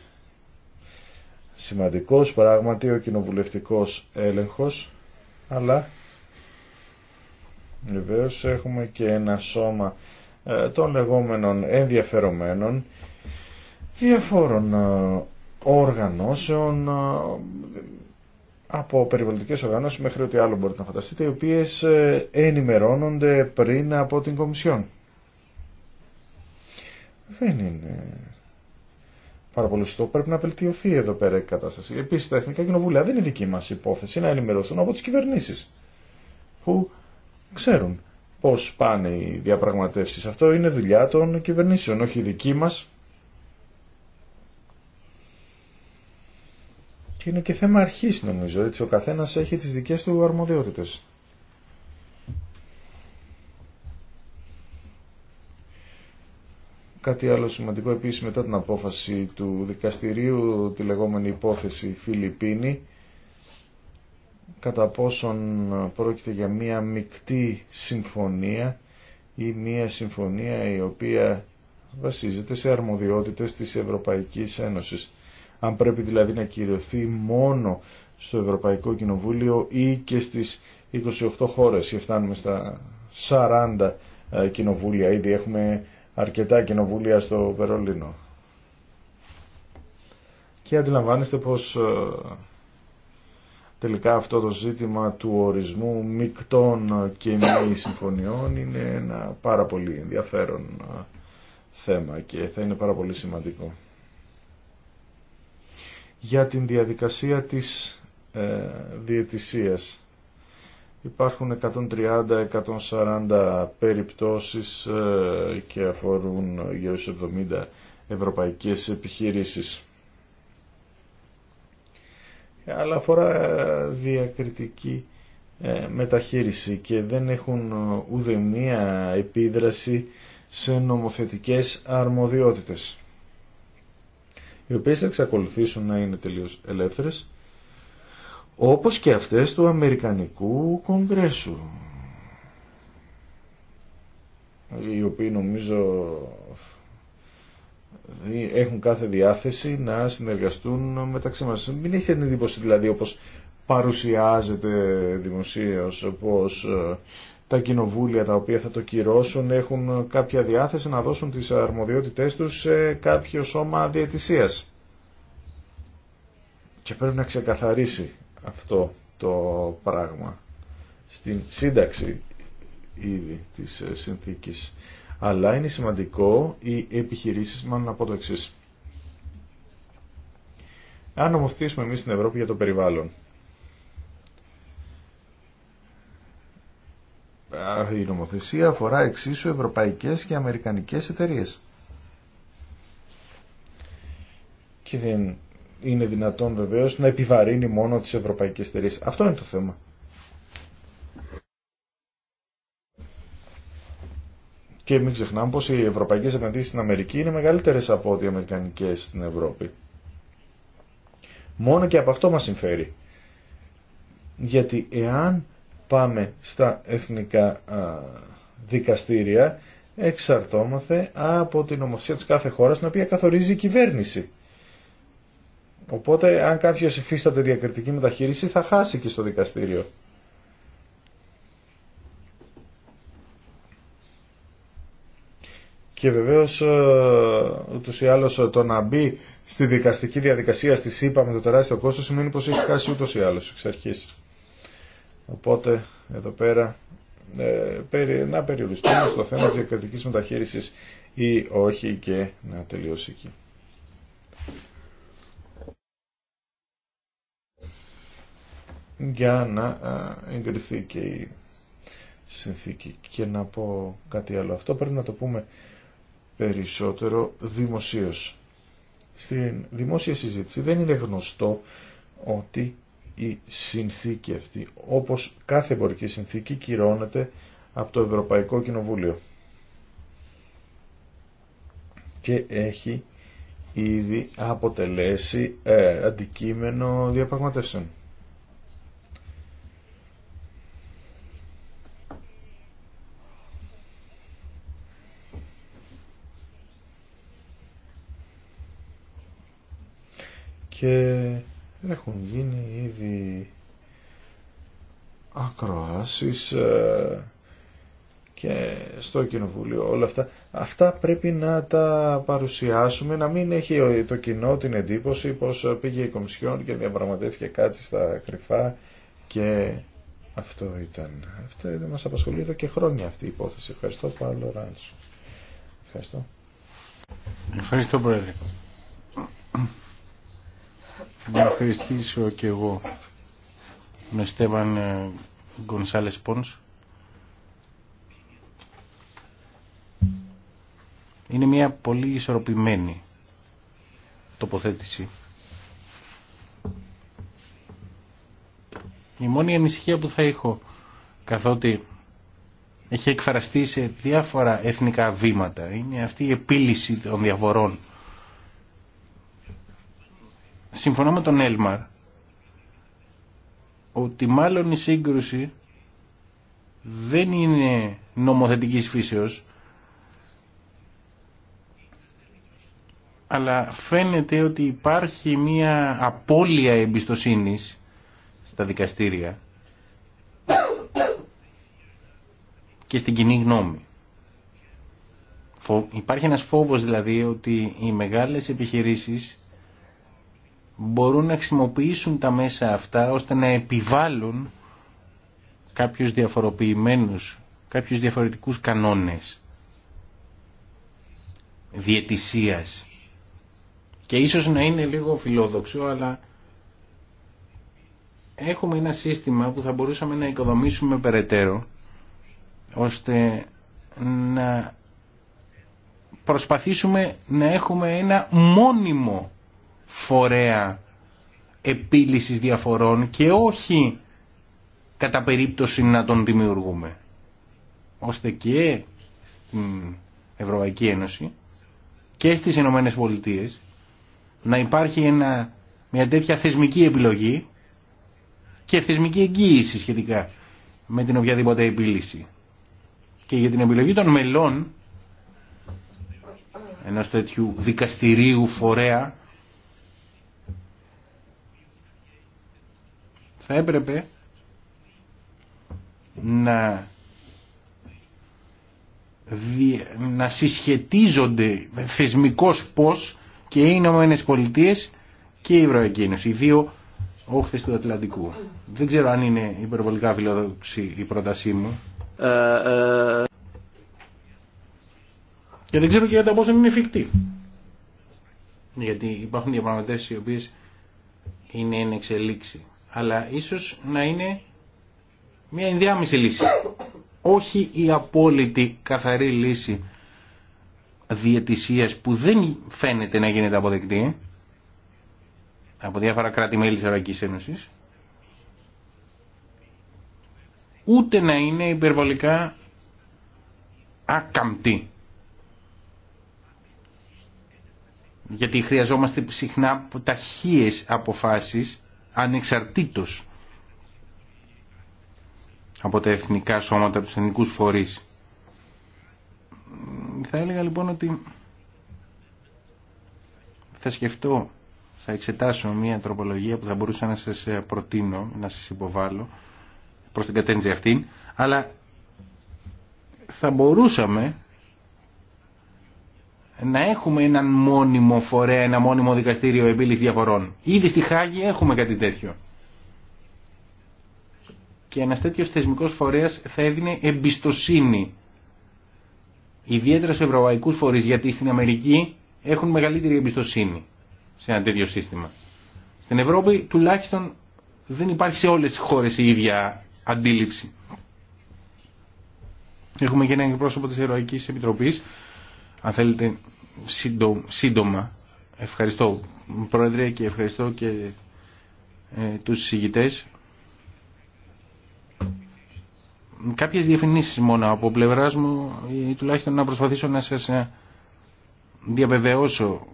σημαντικός πράγματι ο κοινοβουλευτικός έλεγχος, αλλά βεβαίω έχουμε και ένα σώμα ε, των λεγόμενων ενδιαφερομένων διαφόρων ε, οργανώσεων ε, από περιβαλλοντικές οργανώσεις μέχρι ό,τι άλλο μπορείτε να φανταστείτε οι οποίες ενημερώνονται πριν από την Κομισιόν. Δεν είναι πάρα Πρέπει να βελτιωθεί εδώ πέρα η κατάσταση. Επίση, τα εθνικά κοινοβούλια δεν είναι δική μα υπόθεση να ενημερωθούν από τι κυβερνήσει που ξέρουν πώ πάνε οι διαπραγματεύσει. Αυτό είναι δουλειά των κυβερνήσεων, όχι δική μα. Και είναι και θέμα αρχής νομίζω, έτσι ο καθένας έχει τις δικές του αρμοδιότητες. Κάτι άλλο σημαντικό επίσης μετά την απόφαση του δικαστηρίου, τη λεγόμενη υπόθεση Φιλιππίνη, κατά πόσον πρόκειται για μία μεικτή συμφωνία ή μία συμφωνία η οποία βασίζεται σε αρμοδιότητες της Ευρωπαϊκής Ένωσης. Αν πρέπει δηλαδή να κυριωθεί μόνο στο Ευρωπαϊκό Κοινοβούλιο ή και στις 28 χώρες και φτάνουμε στα 40 ε, κοινοβούλια. Ήδη έχουμε αρκετά κοινοβούλια στο Περολίνο. Και αντιλαμβάνεστε πως ε, τελικά αυτό το ζήτημα του ορισμού μεικτών και μη συμφωνιών είναι ένα πάρα πολύ ενδιαφέρον ε, θέμα και θα είναι πάρα πολύ σημαντικό. Για την διαδικασία της ε, Υπάρχουν 130-140 περιπτώσεις ε, και αφορούν γύρω στους 70 ευρωπαϊκές επιχειρήσεις. Αλλά αφορά ε, διακριτική ε, μεταχείριση και δεν έχουν ούτε μία επίδραση σε νομοθετικές αρμοδιότητες οι οποίες θα εξακολουθήσουν να είναι τελείως ελεύθερες όπως και αυτές του Αμερικανικού Κογκρέσου οι οποίοι νομίζω έχουν κάθε διάθεση να συνεργαστούν μεταξύ μας. Μην έχετε την εντύπωση δηλαδή όπως παρουσιάζεται δημοσίως, πως ε, τα κοινοβούλια τα οποία θα το κυρώσουν έχουν κάποια διάθεση να δώσουν τις αρμοδιότητές τους σε κάποιο σώμα διαιτησίας. Και πρέπει να ξεκαθαρίσει αυτό το πράγμα στην σύνταξη ήδη της ε, συνθήκης. Αλλά είναι σημαντικό οι επιχειρήσεις, μάλλον πω το εξή. Αν νομοθετήσουμε εμείς στην Ευρώπη για το περιβάλλον, η νομοθεσία αφορά εξίσου ευρωπαϊκές και αμερικανικές εταιρείες. Και δεν είναι δυνατόν βεβαίω να επιβαρύνει μόνο τις ευρωπαϊκές εταιρείε. Αυτό είναι το θέμα. Και μην ξεχνάμε πως οι ευρωπαϊκές επενδύσεις στην Αμερική είναι μεγαλύτερες από ό,τι οι αμερικανικές στην Ευρώπη. Μόνο και από αυτό μας συμφέρει. Γιατί εάν πάμε στα εθνικά δικαστήρια εξαρτώμαστε από την ομοθεσία της κάθε χώρας την οποία καθορίζει η κυβέρνηση. Οπότε αν κάποιος υφίσταται διακριτική μεταχείριση θα χάσει και στο δικαστήριο. Και βεβαίω ε, ούτω ή άλλω, ε, το να μπει στη δικαστική διαδικασία στη ΣΥΠΑ με το τεράστιο κόστος σημαίνει πως έχει χάσει ούτω ή άλλω εξ αρχής. Οπότε εδώ πέρα ε, να περιοριστούμε στο θέμα της διακριτικής μεταχείρισης ή όχι και να τελειώσει εκεί. για να εγκριθεί και η συνθήκη. Και να πω κάτι άλλο. Αυτό πρέπει να το πούμε περισσότερο δημοσίως. Στην δημόσια συζήτηση δεν είναι γνωστό ότι η συνθήκη αυτή, όπως κάθε εμπορική συνθήκη, κυρώνεται από το Ευρωπαϊκό Κοινοβούλιο. Και έχει ήδη αποτελέσει ε, αντικείμενο διαπραγματεύσεων. και έχουν γίνει ήδη ακροάσεις ε, και στο κοινοβούλιο όλα αυτά. Αυτά πρέπει να τα παρουσιάσουμε, να μην έχει το κοινό την εντύπωση πως πήγε η Κομισιόν και διαπραγματεύτηκε κάτι στα κρυφά και αυτό ήταν. Αυτό δεν μας απασχολεί εδώ και χρόνια αυτή η υπόθεση. Ευχαριστώ πάλι, Ράντσο. Ευχαριστώ. Ευχαριστώ Πρόεδρε να ευχαριστήσω και εγώ τον Στέβαν ε, Γκονσάλες Πόνς. Είναι μια πολύ ισορροπημένη τοποθέτηση. Η μόνη ανησυχία που θα έχω καθότι έχει εκφραστεί σε διάφορα εθνικά βήματα είναι αυτή η επίλυση των διαφορών συμφωνώ με τον Έλμαρ ότι μάλλον η σύγκρουση δεν είναι νομοθετικής φύσεως αλλά φαίνεται ότι υπάρχει μια απώλεια εμπιστοσύνης στα δικαστήρια και στην κοινή γνώμη. Υπάρχει ένας φόβος δηλαδή ότι οι μεγάλες επιχειρήσεις μπορούν να χρησιμοποιήσουν τα μέσα αυτά ώστε να επιβάλλουν κάποιους διαφοροποιημένους, κάποιους διαφορετικούς κανόνες διαιτησίας. Και ίσως να είναι λίγο φιλόδοξο, αλλά έχουμε ένα σύστημα που θα μπορούσαμε να οικοδομήσουμε περαιτέρω, ώστε να προσπαθήσουμε να έχουμε ένα μόνιμο φορέα επίλυσης διαφορών και όχι κατά περίπτωση να τον δημιουργούμε. Ώστε και στην Ευρωπαϊκή Ένωση και στις Ηνωμένες Πολιτείες να υπάρχει μια τέτοια θεσμική επιλογή και θεσμική εγγύηση σχετικά με την οποιαδήποτε επίλυση. Και για την επιλογή των μελών ενός τέτοιου δικαστηρίου φορέα θα έπρεπε να, να συσχετίζονται θεσμικός πώς και οι Ηνωμένε Πολιτείε και η Ευρωπαϊκή οι δύο όχθες του Ατλαντικού. Δεν ξέρω αν είναι υπερβολικά φιλόδοξη η πρότασή μου. Ε, ε. Και δεν ξέρω και κατά πόσο είναι εφικτή. Γιατί υπάρχουν διαπραγματεύσεις οι οποίες είναι εν εξελίξη αλλά ίσως να είναι μια ενδιάμεση λύση. Όχι η απόλυτη καθαρή λύση διαιτησίας που δεν φαίνεται να γίνεται αποδεκτή από διάφορα κράτη-μέλη της Ευρωπαϊκής Ένωσης ούτε να είναι υπερβολικά άκαμπτη. Γιατί χρειαζόμαστε συχνά ταχύες αποφάσεις ανεξαρτήτως από τα εθνικά σώματα, από τους εθνικούς φορείς. Θα έλεγα λοιπόν ότι θα σκεφτώ, θα εξετάσω μια τροπολογία που θα μπορούσα να σας προτείνω, να σας υποβάλω προς την κατένιση αυτήν, αλλά θα μπορούσαμε να έχουμε έναν μόνιμο φορέα, ένα μόνιμο δικαστήριο επίλυση διαφορών. Ήδη στη Χάγη έχουμε κάτι τέτοιο. Και ένα τέτοιο θεσμικός φορέας θα έδινε εμπιστοσύνη. Ιδιαίτερα σε ευρωπαϊκούς φορείς, γιατί στην Αμερική έχουν μεγαλύτερη εμπιστοσύνη σε ένα τέτοιο σύστημα. Στην Ευρώπη τουλάχιστον δεν υπάρχει σε όλες τις χώρες η ίδια αντίληψη. Έχουμε και έναν πρόσωπο της Ευρωπαϊκή Επιτροπής αν θέλετε σύντομα. Ευχαριστώ Πρόεδρε και ευχαριστώ και ε, τους συζητητές. Κάποιες διευθυνήσεις μόνο από πλευράς μου ή τουλάχιστον να προσπαθήσω να σας ε, διαβεβαιώσω.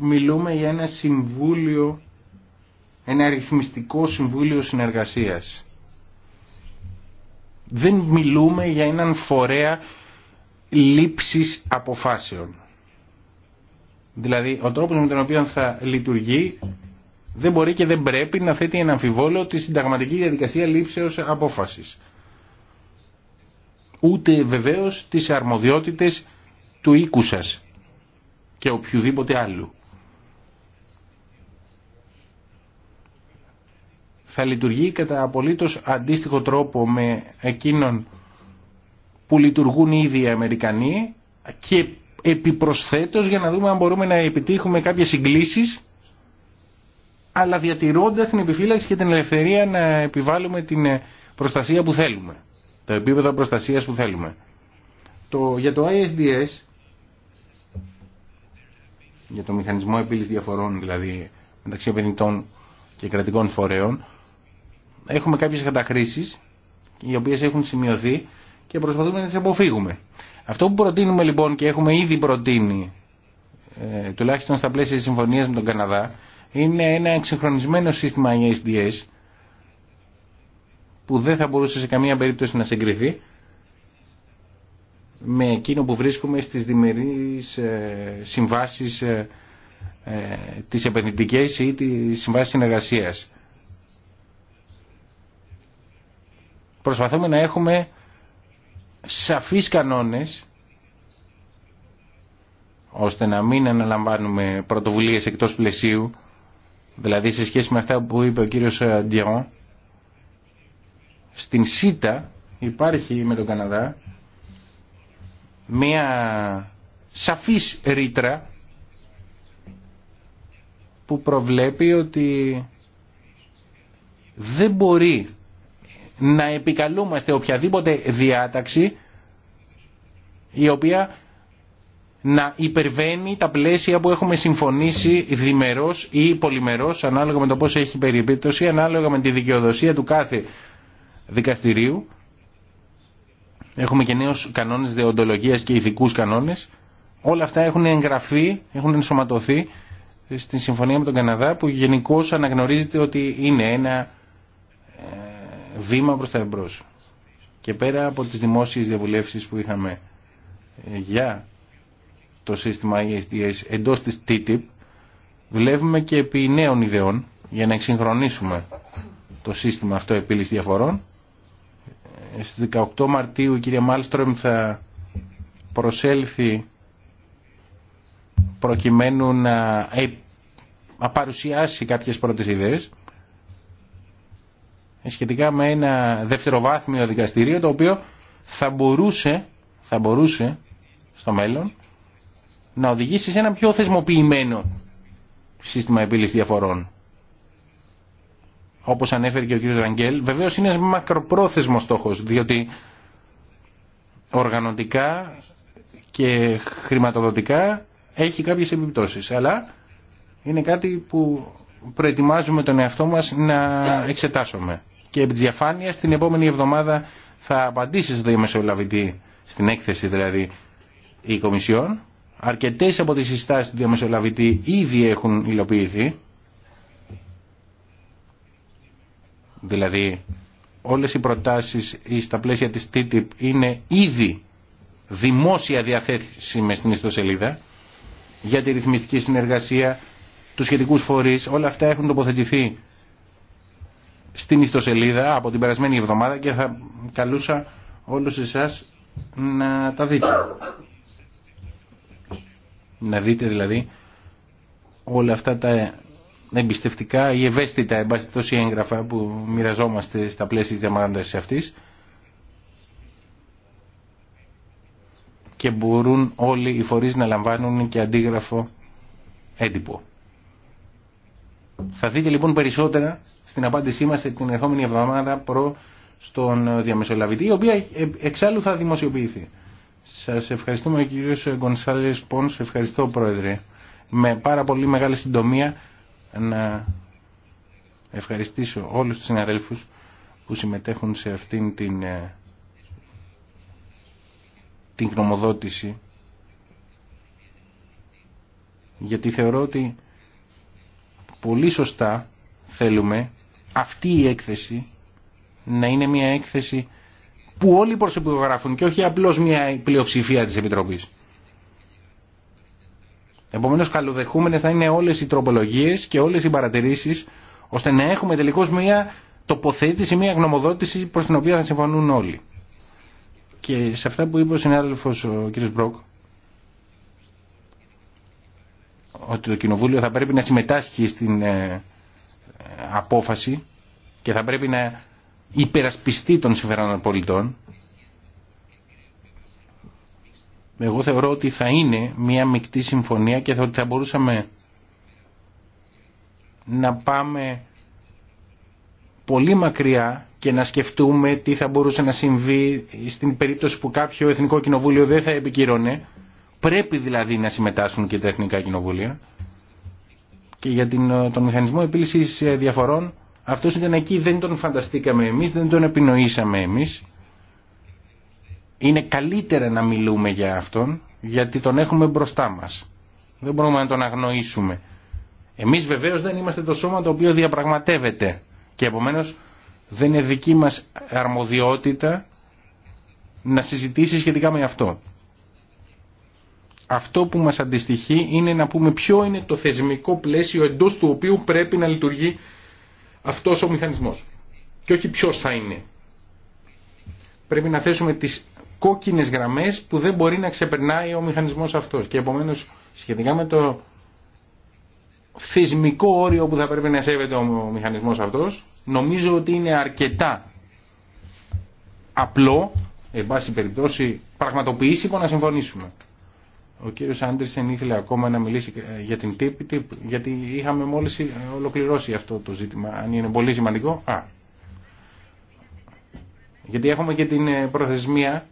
Μιλούμε για ένα συμβούλιο, ένα αριθμιστικό συμβούλιο συνεργασίας δεν μιλούμε για έναν φορέα λήψης αποφάσεων. Δηλαδή, ο τρόπος με τον οποίο θα λειτουργεί δεν μπορεί και δεν πρέπει να θέτει ένα αμφιβόλο τη συνταγματική διαδικασία λήψεως απόφασης. Ούτε βεβαίως τις αρμοδιότητες του οίκου σας και οποιοδήποτε άλλου. θα λειτουργεί κατά απολύτως αντίστοιχο τρόπο με εκείνον που λειτουργούν ήδη οι Αμερικανοί και επιπροσθέτως για να δούμε αν μπορούμε να επιτύχουμε κάποιες συγκλήσεις αλλά διατηρώντας την επιφύλαξη και την ελευθερία να επιβάλλουμε την προστασία που θέλουμε. Το επίπεδο προστασίας που θέλουμε. Το, για το ISDS, για το μηχανισμό επίλυσης διαφορών δηλαδή μεταξύ επενδυτών και κρατικών φορέων, έχουμε κάποιες κατακρίσεις οι οποίες έχουν σημειωθεί και προσπαθούμε να τις αποφύγουμε. Αυτό που προτείνουμε λοιπόν και έχουμε ήδη προτείνει ε, τουλάχιστον στα πλαίσια της συμφωνίας με τον Καναδά είναι ένα εξυγχρονισμένο σύστημα ISDS που δεν θα μπορούσε σε καμία περίπτωση να συγκριθεί με εκείνο που βρίσκουμε στις διμερείς ε, συμβάσεις ε, ε, τις επενδυτικές ή τις συμβάσεις συνεργασίας. Προσπαθούμε να έχουμε σαφείς κανόνες ώστε να μην αναλαμβάνουμε πρωτοβουλίες εκτός πλαισίου δηλαδή σε σχέση με αυτά που είπε ο κύριος Ντιόν ε, στην ΣΥΤΑ υπάρχει με τον Καναδά μια σαφής ρήτρα που προβλέπει ότι δεν μπορεί να επικαλούμαστε οποιαδήποτε διάταξη η οποία να υπερβαίνει τα πλαίσια που έχουμε συμφωνήσει διμερός ή πολυμερός ανάλογα με το πώς έχει περιπτώσει, ανάλογα με τη δικαιοδοσία του κάθε δικαστηρίου. Έχουμε και νέους κανόνες δεοντολογίας και ηθικούς κανόνες. Όλα αυτά έχουν εγγραφεί, έχουν ενσωματωθεί στην συμφωνία με τον Καναδά που γενικώ αναγνωρίζεται ότι είναι ένα ε, βήμα προς τα εμπρός. Και πέρα από τις δημόσιες διαβουλεύσεις που είχαμε ε, για το σύστημα ESDS εντός της TTIP, βλέπουμε και επί νέων ιδεών για να εξυγχρονίσουμε το σύστημα αυτό επίλυση διαφορών. Ε, στις 18 Μαρτίου η κυρία Μάλστρομ θα προσέλθει προκειμένου να ε, παρουσιάσει κάποιες πρώτες ιδέες ε, σχετικά με ένα δευτεροβάθμιο δικαστηρίο το οποίο θα μπορούσε, θα μπορούσε στο μέλλον να οδηγήσει σε ένα πιο θεσμοποιημένο σύστημα επίλυσης διαφορών. Όπως ανέφερε και ο κ. Ραγγέλ, βεβαίως είναι ένας μακροπρόθεσμος στόχος, διότι οργανωτικά και χρηματοδοτικά έχει κάποιες επιπτώσεις, αλλά είναι κάτι που προετοιμάζουμε τον εαυτό μας να εξετάσουμε και επί της διαφάνειας την επόμενη εβδομάδα θα απαντήσει στο διαμεσολαβητή, στην έκθεση δηλαδή η Κομισιόν. Αρκετές από τις συστάσεις του διαμεσολαβητή ήδη έχουν υλοποιηθεί. Δηλαδή όλες οι προτάσεις στα πλαίσια της TTIP είναι ήδη δημόσια διαθέσιμες στην ιστοσελίδα για τη ρυθμιστική συνεργασία, τους σχετικούς φορείς, όλα αυτά έχουν τοποθετηθεί στην ιστοσελίδα από την περασμένη εβδομάδα και θα καλούσα όλους εσάς να τα δείτε. Να δείτε δηλαδή όλα αυτά τα εμπιστευτικά ή ευαίσθητα εμπάσχετος έγγραφα που μοιραζόμαστε στα πλαίσια της διαμαράντασης αυτής και μπορούν όλοι οι φορείς να λαμβάνουν και αντίγραφο έντυπο. Θα δείτε λοιπόν περισσότερα στην απάντησή μας την ερχόμενη εβδομάδα προ στον διαμεσολαβητή, η οποία εξάλλου θα δημοσιοποιηθεί. Σας ευχαριστούμε ο κύριος Πον. Πόνς, ευχαριστώ πρόεδρε. Με πάρα πολύ μεγάλη συντομία να ευχαριστήσω όλους τους συναδέλφους που συμμετέχουν σε αυτήν την, ε, την γνωμοδότηση γιατί θεωρώ ότι πολύ σωστά θέλουμε αυτή η έκθεση να είναι μια έκθεση που όλοι προσωπικογράφουν και όχι απλώς μια πλειοψηφία της Επιτροπής. Επομένως καλοδεχούμενες θα είναι όλες οι τροπολογίες και όλες οι παρατηρήσεις ώστε να έχουμε τελικώς μια τοποθέτηση, μια γνωμοδότηση προς την οποία θα συμφωνούν όλοι. Και σε αυτά που είπε ο συνάδελφος ο κ. Μπρόκ ότι το Κοινοβούλιο θα πρέπει να συμμετάσχει στην ε, ε, απόφαση και θα πρέπει να υπερασπιστεί των συμφερόντων πολιτών. Εγώ θεωρώ ότι θα είναι μια μεικτή συμφωνία και ότι θα μπορούσαμε να πάμε πολύ μακριά και να σκεφτούμε τι θα μπορούσε να συμβεί στην περίπτωση που κάποιο εθνικό κοινοβούλιο δεν θα επικυρώνε. Πρέπει δηλαδή να συμμετάσχουν και τα εθνικά κοινοβούλια. Και για τον μηχανισμό επίλυσης διαφορών αυτός ήταν εκεί, δεν τον φανταστήκαμε εμείς, δεν τον επινοήσαμε εμείς. Είναι καλύτερα να μιλούμε για αυτόν, γιατί τον έχουμε μπροστά μας. Δεν μπορούμε να τον αγνοήσουμε. Εμείς βεβαίως δεν είμαστε το σώμα το οποίο διαπραγματεύεται και επομένως δεν είναι δική μας αρμοδιότητα να συζητήσει σχετικά με αυτό. Αυτό που μας αντιστοιχεί είναι να πούμε ποιο είναι το θεσμικό πλαίσιο εντός του οποίου πρέπει να λειτουργεί αυτός ο μηχανισμός και όχι ποιος θα είναι. Πρέπει να θέσουμε τις κόκκινες γραμμές που δεν μπορεί να ξεπερνάει ο μηχανισμός αυτός και επομένως σχετικά με το θεσμικό όριο που θα πρέπει να σέβεται ο μηχανισμός αυτός νομίζω ότι είναι αρκετά απλό, εν πάση περιπτώσει πραγματοποιήσιμο να συμφωνήσουμε. Ο κύριος Άντρισεν ήθελε ακόμα να μιλήσει ε, για την τύπη, γιατί είχαμε μόλις ε, ολοκληρώσει αυτό το ζήτημα, αν είναι πολύ σημαντικό. Α. Γιατί έχουμε και την ε, προθεσμία,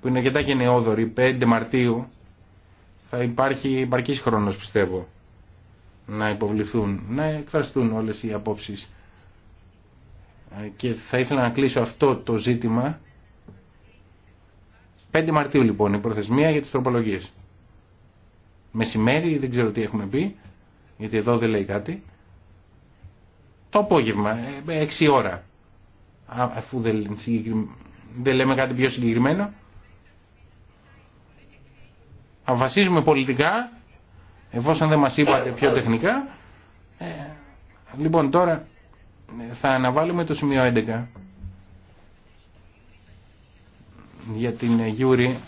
που είναι αρκετά γενναιόδορη, 5 Μαρτίου, θα υπάρχει υπαρκής χρόνος πιστεύω να υποβληθούν, να εκφραστούν όλες οι απόψεις. Και θα ήθελα να κλείσω αυτό το ζήτημα. 5 Μαρτίου λοιπόν η προθεσμία για τις τροπολογίες μεσημέρι, δεν ξέρω τι έχουμε πει, γιατί εδώ δεν λέει κάτι. Το απόγευμα, 6 ε, ώρα, αφού δεν, δεν λέμε κάτι πιο συγκεκριμένο. Αποφασίζουμε πολιτικά, εφόσον δεν μας είπατε πιο τεχνικά. Ε, λοιπόν, τώρα ε, θα αναβάλουμε το σημείο 11 για την ε, Γιούρη.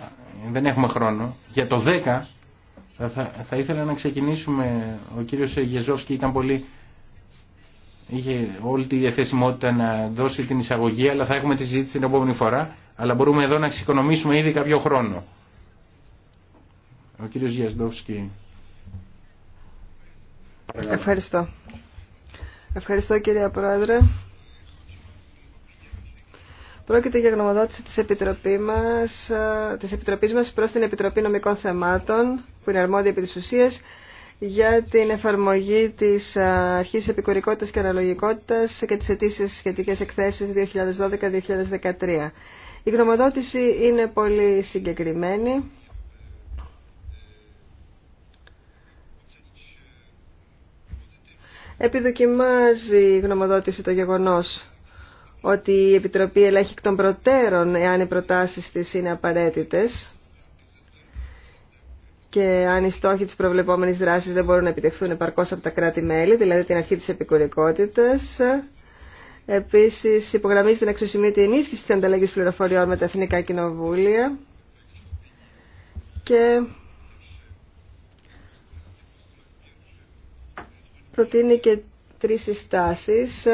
Δεν έχουμε χρόνο. Για το 10 ε, θα, θα ήθελα να ξεκινήσουμε. Ο κύριος Γεζόφσκι ήταν πολύ... Είχε όλη τη διαθεσιμότητα να δώσει την εισαγωγή, αλλά θα έχουμε τη συζήτηση την επόμενη φορά. Αλλά μπορούμε εδώ να ξεκονομήσουμε ήδη κάποιο χρόνο. Ο κύριος Γεζόφσκι. Ευχαριστώ. Ευχαριστώ κύριε Πρόεδρε. Πρόκειται για γνωμοδότηση της, Επιτροπή μας, ε, της Επιτροπής μας προς την Επιτροπή Νομικών Θεμάτων, που είναι αρμόδια επί της ουσίας, για την εφαρμογή της ε, Αρχής Επικορικότητας και Αναλογικότητας και τις αιτήσεις σχετικές εκθέσεις 2012-2013. Η γνωμοδότηση είναι πολύ συγκεκριμένη. Επιδοκιμάζει η γνωμοδότηση το γεγονός ότι η Επιτροπή ελέγχει εκ των προτέρων εάν οι προτάσεις της είναι απαραίτητες και αν οι στόχοι της προβλεπόμενης δράσης δεν μπορούν να επιτευχθούν επαρκώς από τα κράτη-μέλη, δηλαδή την αρχή της επικουρικότητας. Επίσης, υπογραμμίζει την αξιοσημείωτη ενίσχυση της ανταλλαγής πληροφοριών με τα Εθνικά Κοινοβούλια και προτείνει και τρεις συστάσεις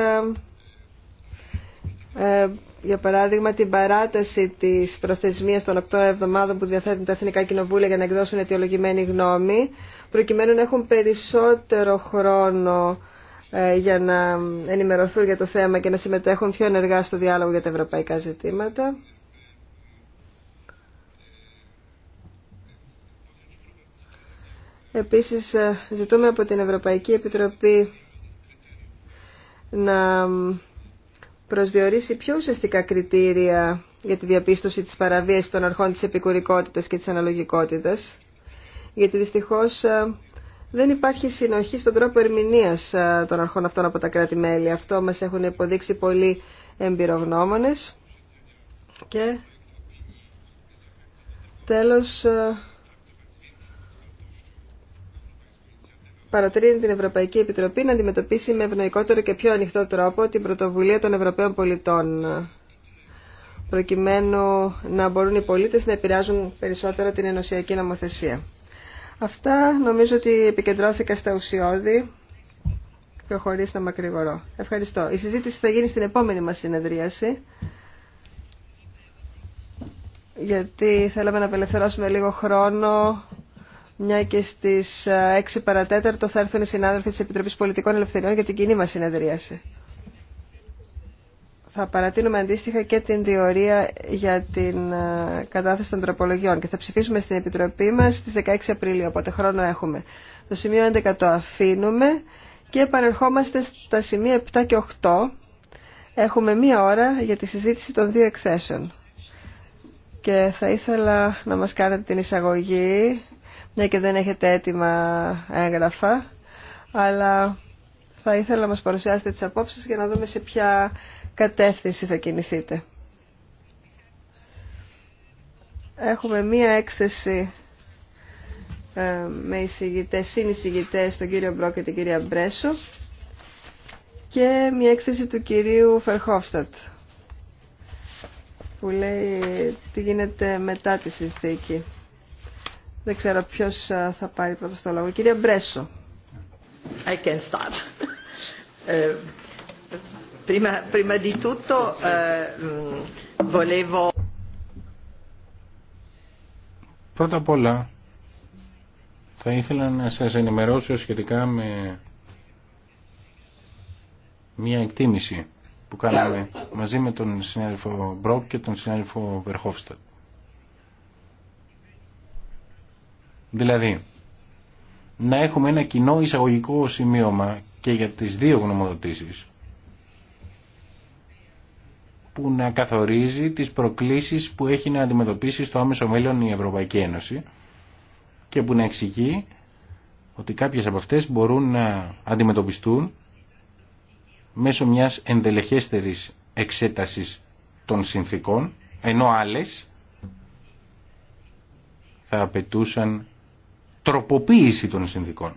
ε, για παράδειγμα την παράταση της προθεσμίας των 8 εβδομάδων που διαθέτουν τα Εθνικά Κοινοβούλια για να εκδώσουν αιτιολογημένη γνώμη, προκειμένου να έχουν περισσότερο χρόνο ε, για να ενημερωθούν για το θέμα και να συμμετέχουν πιο ενεργά στο διάλογο για τα ευρωπαϊκά ζητήματα. Επίσης ε, ζητούμε από την Ευρωπαϊκή Επιτροπή να προσδιορίσει πιο ουσιαστικά κριτήρια για τη διαπίστωση της παραβίασης των αρχών της επικουρικότητας και της αναλογικότητας, γιατί δυστυχώς ε, δεν υπάρχει συνοχή στον τρόπο ερμηνείας ε, των αρχών αυτών από τα κράτη-μέλη. Αυτό μας έχουν υποδείξει πολλοί εμπειρογνώμονες. Και τέλος ε, παρατρύνει την Ευρωπαϊκή Επιτροπή να αντιμετωπίσει με ευνοϊκότερο και πιο ανοιχτό τρόπο την πρωτοβουλία των Ευρωπαίων πολιτών προκειμένου να μπορούν οι πολίτες να επηρεάζουν περισσότερο την ενωσιακή νομοθεσία. Αυτά νομίζω ότι επικεντρώθηκα στα ουσιώδη και χωρίς να μακρηγορώ. Ευχαριστώ. Η συζήτηση θα γίνει στην επόμενη μας συνεδρίαση γιατί θέλαμε να απελευθερώσουμε λίγο χρόνο μια και στι 6 ε, παρατέταρτο θα έρθουν οι συνάδελφοι τη Επιτροπή Πολιτικών Ελευθεριών για την κοινή μα συνεδρίαση. Θα παρατείνουμε αντίστοιχα και την διορία για την ε, κατάθεση των τροπολογιών και θα ψηφίσουμε στην Επιτροπή μα στις 16 Απριλίου, οπότε χρόνο έχουμε. Το σημείο 11 το αφήνουμε και επανερχόμαστε στα σημεία 7 και 8. Έχουμε μία ώρα για τη συζήτηση των δύο εκθέσεων. Και θα ήθελα να μας κάνετε την εισαγωγή μια ναι, και δεν έχετε έτοιμα έγγραφα, αλλά θα ήθελα να μας παρουσιάσετε τις απόψεις για να δούμε σε ποια κατεύθυνση θα κινηθείτε. Έχουμε μία έκθεση ε, με εισηγητές, συνεισηγητές, τον κύριο Μπρό και την κυρία Μπρέσο και μία έκθεση του κυρίου Φερχόφστατ που λέει τι γίνεται μετά τη συνθήκη. Δεν ξέρω ποιος ε, θα πάρει πρώτα στο λόγο. Κυρία Μπρέσο. I can start. prima, ε, di tutto ε, Πρώτα απ' όλα θα ήθελα να σας ενημερώσω σχετικά με μία εκτίμηση που κάναμε μαζί με τον συνάδελφο Μπρόκ και τον συνάδελφο Βερχόφστατ. Δηλαδή, να έχουμε ένα κοινό εισαγωγικό σημείωμα και για τις δύο γνωμοδοτήσεις που να καθορίζει τις προκλήσεις που έχει να αντιμετωπίσει στο άμεσο μέλλον η Ευρωπαϊκή Ένωση και που να εξηγεί ότι κάποιες από αυτές μπορούν να αντιμετωπιστούν μέσω μιας εντελεχέστερης εξέτασης των συνθήκων, ενώ άλλες θα απαιτούσαν τροποποίηση των συνδικών.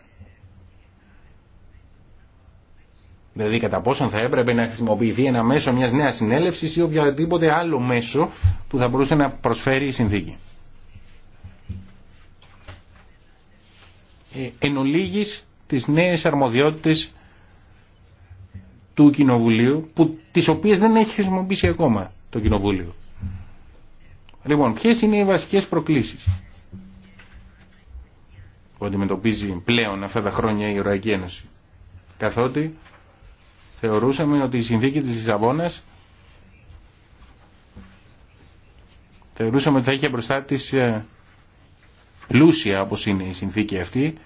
Δηλαδή κατά πόσον θα έπρεπε να χρησιμοποιηθεί ένα μέσο μιας νέας συνέλευσης ή οποιαδήποτε άλλο μέσο που θα μπορούσε να προσφέρει η συνθήκη. Ε, εν ολίγης τις νέες αρμοδιότητες του Κοινοβουλίου που, τις οποίες δεν έχει χρησιμοποιήσει ακόμα το Κοινοβούλιο. Λοιπόν, ποιες είναι οι βασικές προκλήσεις που αντιμετωπίζει πλέον αυτά τα χρόνια η Ευρωπαϊκή Ένωση. Καθότι θεωρούσαμε ότι η συνθήκη της Λισαβόνας θεωρούσαμε ότι θα είχε μπροστά της ε, λούσια όπως είναι η συνθήκη αυτή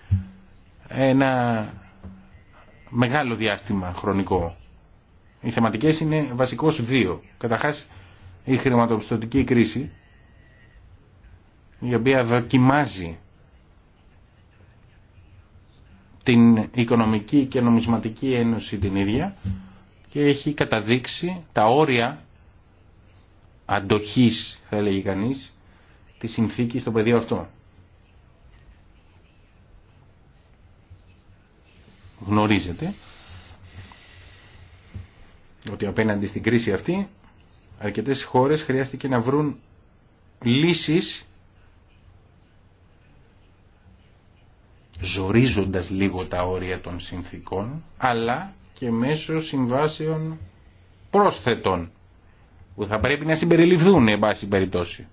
ένα μεγάλο διάστημα χρονικό. Οι θεματικές είναι βασικώς δύο. Καταρχάς η χρηματοπιστωτική κρίση η οποία δοκιμάζει την Οικονομική και Νομισματική Ένωση την ίδια και έχει καταδείξει τα όρια αντοχής, θα έλεγε κανείς, τη συνθήκη στο πεδίο αυτό. Γνωρίζετε ότι απέναντι στην κρίση αυτή αρκετές χώρες χρειάστηκε να βρουν λύσεις ζορίζοντας λίγο τα όρια των συνθήκων, αλλά και μέσω συμβάσεων πρόσθετων, που θα πρέπει να συμπεριληφθούν, εν πάση περιπτώσει.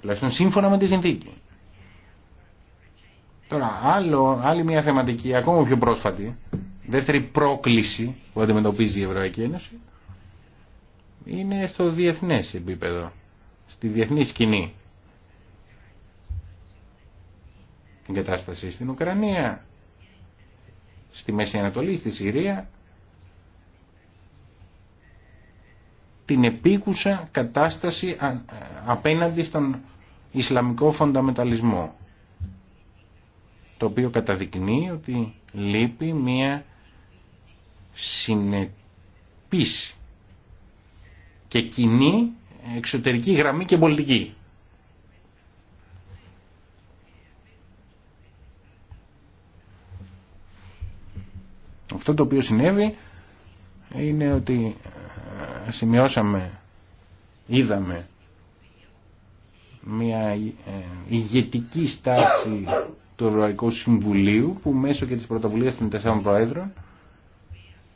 Τουλάχιστον σύμφωνα με τη συνθήκη. Τώρα, άλλο, άλλη μια θεματική, ακόμα πιο πρόσφατη, δεύτερη πρόκληση που αντιμετωπίζει η Ευρωπαϊκή Ένωση, είναι στο διεθνές επίπεδο, στη διεθνή σκηνή. την κατάσταση στην Ουκρανία, στη Μέση Ανατολή, στη Συρία, την επίκουσα κατάσταση απέναντι στον Ισλαμικό φονταμεταλισμό το οποίο καταδεικνύει ότι λείπει μία συνεπής και κοινή εξωτερική γραμμή και πολιτική. Αυτό το οποίο συνέβη είναι ότι ε, σημειώσαμε, είδαμε μια ε, ηγετική στάση του Ευρωπαϊκού Συμβουλίου που μέσω και της πρωτοβουλίας των τεσσάρων προέδρων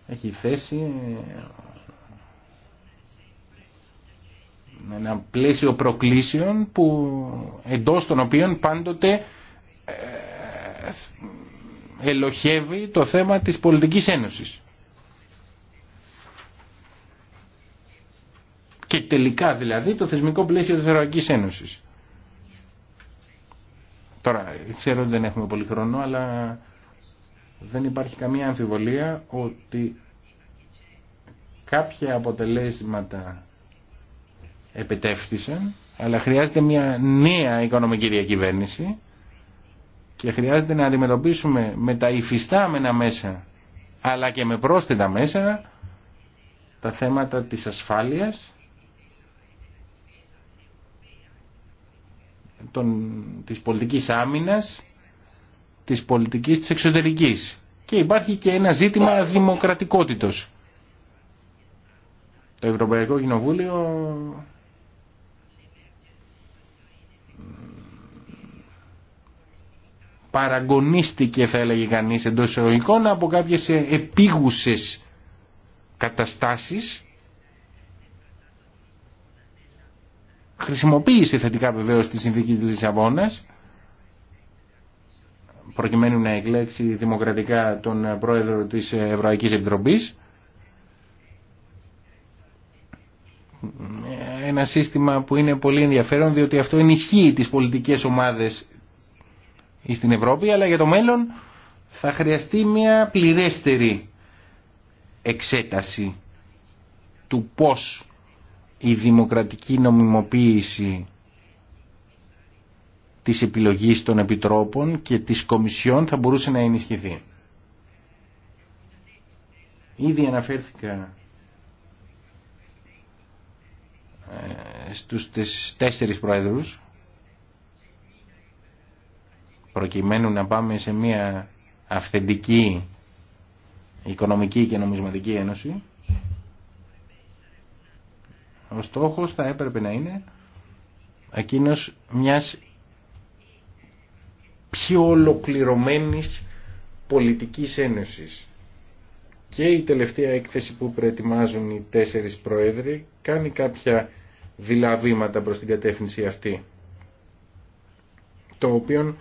έχει θέσει ε, ένα πλαίσιο προκλήσεων που εντός των οποίων πάντοτε ελοχεύει το θέμα της πολιτικής ένωσης. Και τελικά δηλαδή το θεσμικό πλαίσιο της Ευρωπαϊκής Ένωσης. Τώρα, ξέρω ότι δεν έχουμε πολύ χρόνο, αλλά δεν υπάρχει καμία αμφιβολία ότι κάποια αποτελέσματα επιτεύχθησαν, αλλά χρειάζεται μια νέα οικονομική διακυβέρνηση και χρειάζεται να αντιμετωπίσουμε με τα υφιστάμενα μέσα αλλά και με πρόσθετα μέσα τα θέματα της ασφάλειας των, της πολιτικής άμυνας της πολιτικής της εξωτερικής και υπάρχει και ένα ζήτημα δημοκρατικότητος το Ευρωπαϊκό Κοινοβούλιο παραγωνίστηκε θα έλεγε κανείς εντός εισαγωγικών από κάποιες ε, επίγουσες καταστάσεις χρησιμοποίησε θετικά βεβαίως τη συνθήκη της Λισαβόνας προκειμένου να εκλέξει δημοκρατικά τον πρόεδρο της Ευρωπαϊκής Επιτροπής ένα σύστημα που είναι πολύ ενδιαφέρον διότι αυτό ενισχύει τις πολιτικές ομάδες στην Ευρώπη, αλλά για το μέλλον θα χρειαστεί μια πληρέστερη εξέταση του πώς η δημοκρατική νομιμοποίηση της επιλογής των επιτρόπων και της Κομισιόν θα μπορούσε να ενισχυθεί. Ήδη αναφέρθηκα ε, στους τέσσερις πρόεδρους προκειμένου να πάμε σε μια αυθεντική οικονομική και νομισματική ένωση ο στόχος θα έπρεπε να είναι εκείνος μιας πιο ολοκληρωμένης πολιτικής ένωσης. Και η τελευταία έκθεση που προετοιμάζουν οι τέσσερις πρόεδροι κάνει κάποια δειλά βήματα προς την κατεύθυνση αυτή, το οποίο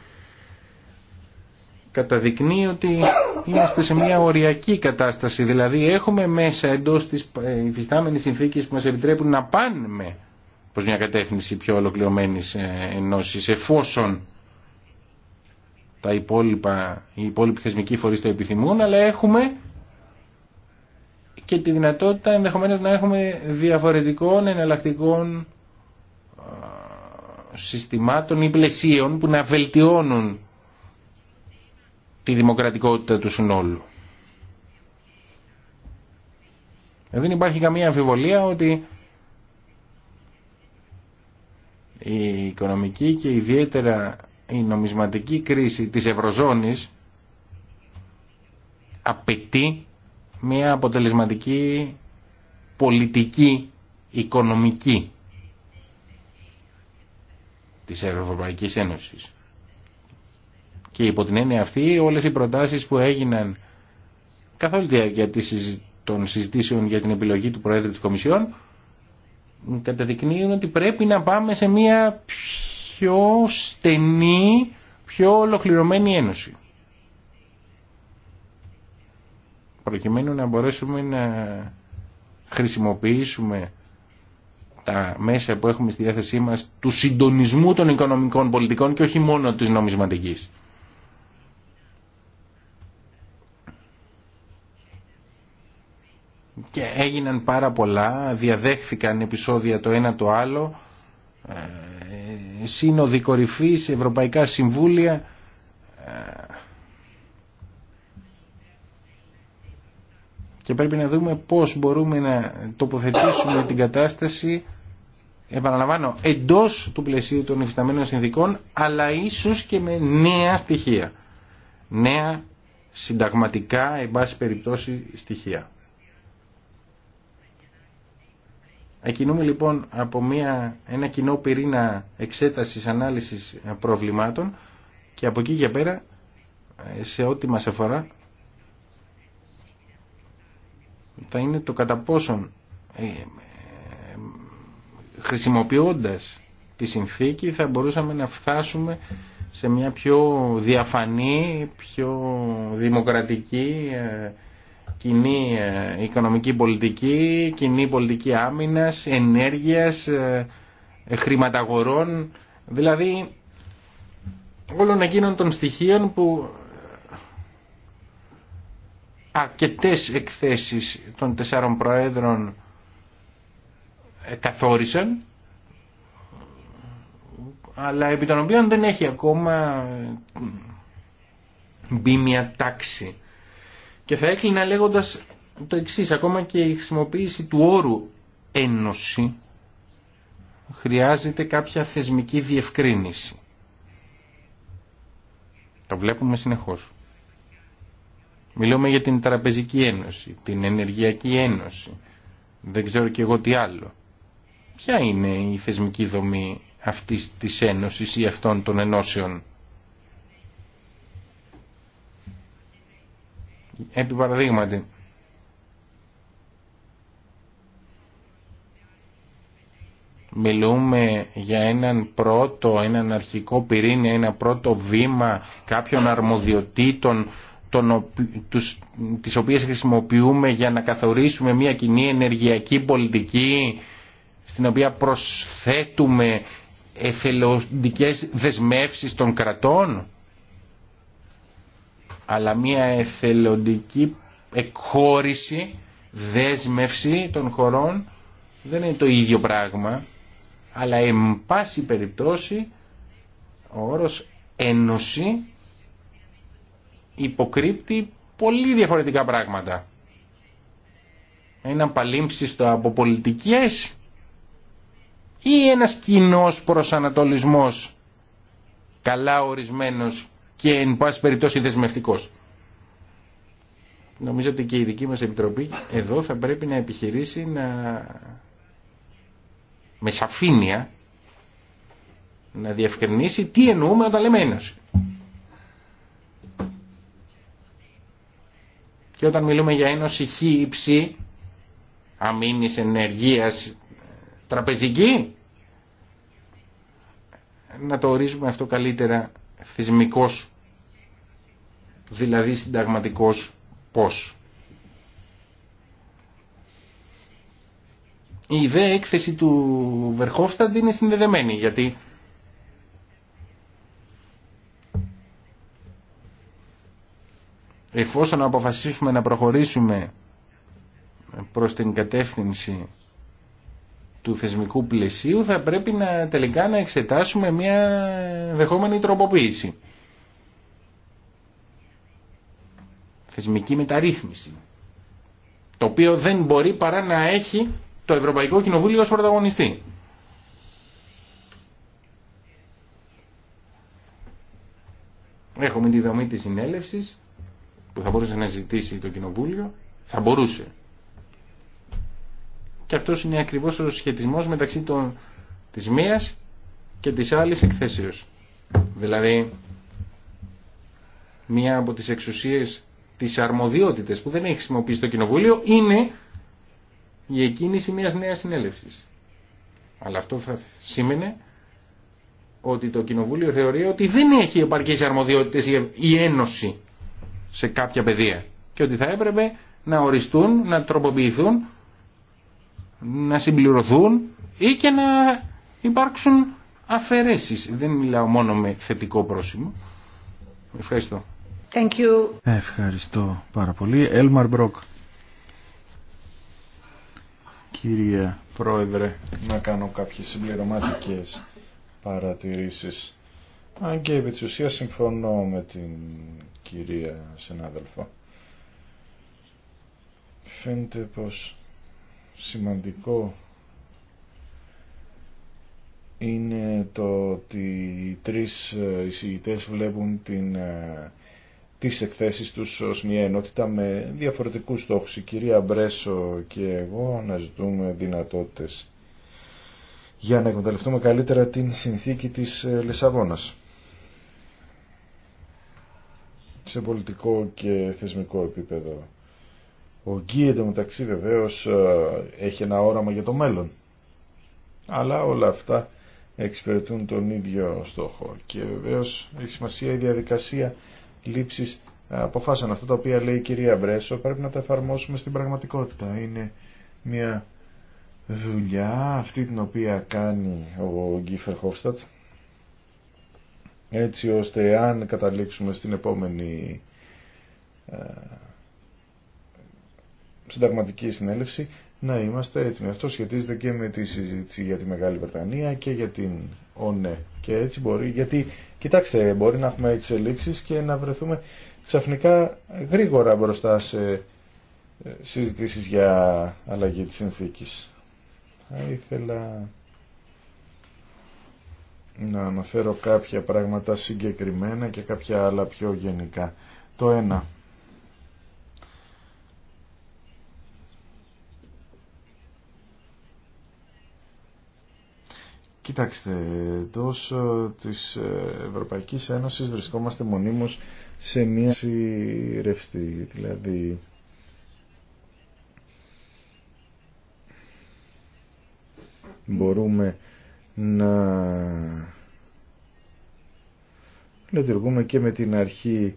καταδεικνύει ότι είμαστε σε μια οριακή κατάσταση. Δηλαδή έχουμε μέσα εντός της ε, υφιστάμενης συνθήκης που μας επιτρέπουν να πάνε προς μια κατεύθυνση πιο ολοκληρωμένης ε, ενώσης εφόσον τα υπόλοιπα, οι υπόλοιποι θεσμικοί φορείς το επιθυμούν αλλά έχουμε και τη δυνατότητα ενδεχομένως να έχουμε διαφορετικών εναλλακτικών ε, συστημάτων ή πλαισίων που να βελτιώνουν τη δημοκρατικότητα του συνόλου. Ε, δεν υπάρχει καμία αμφιβολία ότι η οικονομική και ιδιαίτερα η νομισματική κρίση της Ευρωζώνης απαιτεί μια αποτελεσματική πολιτική οικονομική της Ευρωπαϊκής Ένωσης. Και υπό την έννοια αυτή όλες οι προτάσεις που έγιναν καθ' όλη τη διάρκεια των συζητήσεων για την επιλογή του Προέδρου της Κομισιόν καταδεικνύουν ότι πρέπει να πάμε σε μια πιο στενή, πιο ολοκληρωμένη ένωση. Προκειμένου να μπορέσουμε να χρησιμοποιήσουμε τα μέσα που έχουμε στη διάθεσή μας του συντονισμού των οικονομικών πολιτικών και όχι μόνο της νομισματικής. και έγιναν πάρα πολλά, διαδέχθηκαν επεισόδια το ένα το άλλο, ε, σύνοδοι κορυφής, ευρωπαϊκά συμβούλια, ε. και πρέπει να δούμε πώς μπορούμε να τοποθετήσουμε την κατάσταση επαναλαμβάνω εντός του πλαισίου των υφισταμένων συνδικών αλλά ίσως και με νέα στοιχεία νέα συνταγματικά εν περιπτώσει στοιχεία Ακινούμε λοιπόν από μια, ένα κοινό πυρήνα εξέτασης, ανάλυσης ε, προβλημάτων και από εκεί και πέρα ε, σε ό,τι μας αφορά θα είναι το κατά πόσον ε, χρησιμοποιώντας τη συνθήκη θα μπορούσαμε να φτάσουμε σε μια πιο διαφανή, πιο δημοκρατική κοινή ε, οικονομική πολιτική, κοινή πολιτική άμυνας, ενέργειας, ε, ε, χρηματαγορών, δηλαδή όλων εκείνων των στοιχείων που αρκετές εκθέσεις των τεσσάρων προέδρων καθόρισαν αλλά επί των οποίων δεν έχει ακόμα μπει μια τάξη και θα έκλεινα λέγοντας το εξής, ακόμα και η χρησιμοποίηση του όρου ένωση χρειάζεται κάποια θεσμική διευκρίνηση. Το βλέπουμε συνεχώς. Μιλούμε για την Τραπεζική Ένωση, την Ενεργειακή Ένωση, δεν ξέρω και εγώ τι άλλο. Ποια είναι η θεσμική δομή αυτής της Ένωσης ή αυτών των ενώσεων επί παραδείγματι. Μιλούμε για έναν πρώτο, έναν αρχικό πυρήνα, ένα πρώτο βήμα κάποιων αρμοδιοτήτων τον, τους, τις οποίες χρησιμοποιούμε για να καθορίσουμε μια κοινή ενεργειακή πολιτική στην οποία προσθέτουμε εθελοντικές δεσμεύσεις των κρατών αλλά μια εθελοντική εκχώρηση, δέσμευση των χωρών δεν είναι το ίδιο πράγμα, αλλά εν πάση περιπτώσει ο όρος ένωση υποκρύπτει πολύ διαφορετικά πράγματα. Ένα παλίμψιστο από πολιτικές ή ένας κοινός προσανατολισμός καλά ορισμένος και εν πάση περιπτώσει δεσμευτικό. Νομίζω ότι και η δική μας Επιτροπή εδώ θα πρέπει να επιχειρήσει να με σαφήνεια να διευκρινίσει τι εννοούμε όταν λέμε ένωση. Και όταν μιλούμε για ένωση χ ή Ψη αμήνης ενεργείας τραπεζική, να το ορίζουμε αυτό καλύτερα θυσμικός, δηλαδή συνταγματικός πώς. Η ιδέα έκθεση του Βερχόφσταντ είναι συνδεδεμένη γιατί εφόσον αποφασίσουμε να προχωρήσουμε προς την κατεύθυνση του θεσμικού πλαισίου θα πρέπει να, τελικά να εξετάσουμε μια δεχόμενη τροποποίηση. Θεσμική μεταρρύθμιση. Το οποίο δεν μπορεί παρά να έχει το Ευρωπαϊκό Κοινοβούλιο ως πρωταγωνιστή. Έχουμε τη δομή της συνέλευσης που θα μπορούσε να ζητήσει το Κοινοβούλιο. Θα μπορούσε και αυτός είναι ακριβώς ο σχετισμός μεταξύ των, της μίας και της άλλης εκθέσεως. Δηλαδή, μία από τις εξουσίες, της αρμοδιότητες που δεν έχει χρησιμοποιήσει το Κοινοβούλιο είναι η εκκίνηση μιας νέας συνέλευσης. Αλλά αυτό θα σήμαινε ότι το Κοινοβούλιο θεωρεί ότι δεν έχει επαρκείς αρμοδιότητες η Ένωση σε κάποια πεδία και ότι θα έπρεπε να οριστούν, να τροποποιηθούν να συμπληρωθούν ή και να υπάρξουν αφαιρέσεις. Δεν μιλάω μόνο με θετικό πρόσημο. Ευχαριστώ. Thank you. Ευχαριστώ πάρα πολύ. Έλμαρ Μπρόκ. Κύριε Πρόεδρε, να κάνω κάποιες συμπληρωματικές παρατηρήσεις. Αν και επί της ουσίας συμφωνώ με την κυρία συνάδελφο. Φαίνεται πως σημαντικό είναι το ότι οι τρεις ε, εισηγητές βλέπουν την, ε, τις εκθέσεις τους ως μια ενότητα με διαφορετικούς στόχους. Η κυρία Μπρέσο και εγώ να ζητούμε δυνατότητες για να εκμεταλλευτούμε καλύτερα την συνθήκη της ε, Λισαβόνας σε πολιτικό και θεσμικό επίπεδο. Ο Γκί εντωμεταξύ βεβαίως ε, έχει ένα όραμα για το μέλλον. Αλλά όλα αυτά εξυπηρετούν τον ίδιο στόχο. Και βεβαίω έχει σημασία η διαδικασία λήψη ε, αποφάσεων. Αυτά τα οποία λέει η κυρία Μπρέσο πρέπει να τα εφαρμόσουμε στην πραγματικότητα. Είναι μια δουλειά αυτή την οποία κάνει ο Γκίφερ Χόφστατ έτσι ώστε αν καταλήξουμε στην επόμενη ε, συνταγματική συνέλευση να είμαστε έτοιμοι. Αυτό σχετίζεται και με τη συζήτηση για τη Μεγάλη Βρετανία και για την ΟΝΕ. Και έτσι μπορεί, γιατί κοιτάξτε, μπορεί να έχουμε εξελίξεις και να βρεθούμε ξαφνικά γρήγορα μπροστά σε ε, συζητήσεις για αλλαγή τη συνθήκης. Θα ήθελα να αναφέρω κάποια πράγματα συγκεκριμένα και κάποια άλλα πιο γενικά. Το ένα, Κοιτάξτε, εντός ε, της ε, Ευρωπαϊκής Ένωσης βρισκόμαστε μονίμως σε μία ρευστή, δηλαδή μπορούμε να λειτουργούμε και με την αρχή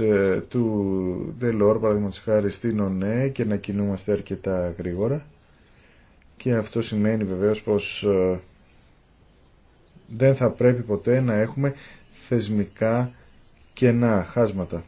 ε, του Δελόρ, παραδείγματος χάρη στην ΟΝΕ και να κινούμαστε αρκετά γρήγορα και αυτό σημαίνει βεβαίως πως δεν θα πρέπει ποτέ να έχουμε θεσμικά κενά, χάσματα.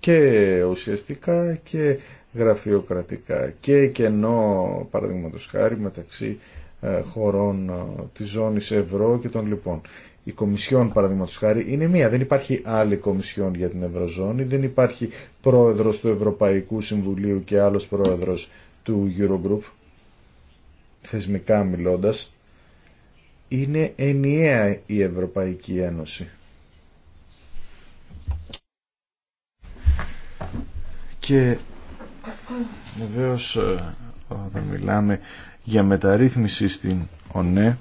Και ουσιαστικά και γραφειοκρατικά και κενό παραδείγματος χάρη μεταξύ ε, χωρών ε, της ζώνης ευρώ και των λοιπών. Η Κομισιόν, παραδείγματο χάρη, είναι μία. Δεν υπάρχει άλλη Κομισιόν για την Ευρωζώνη. Δεν υπάρχει πρόεδρος του Ευρωπαϊκού Συμβουλίου και άλλος πρόεδρος του Eurogroup θεσμικά μιλώντας, είναι ενιαία η Ευρωπαϊκή Ένωση. Και βεβαίω ε, όταν μιλάμε για μεταρρύθμιση στην ΟΝΕ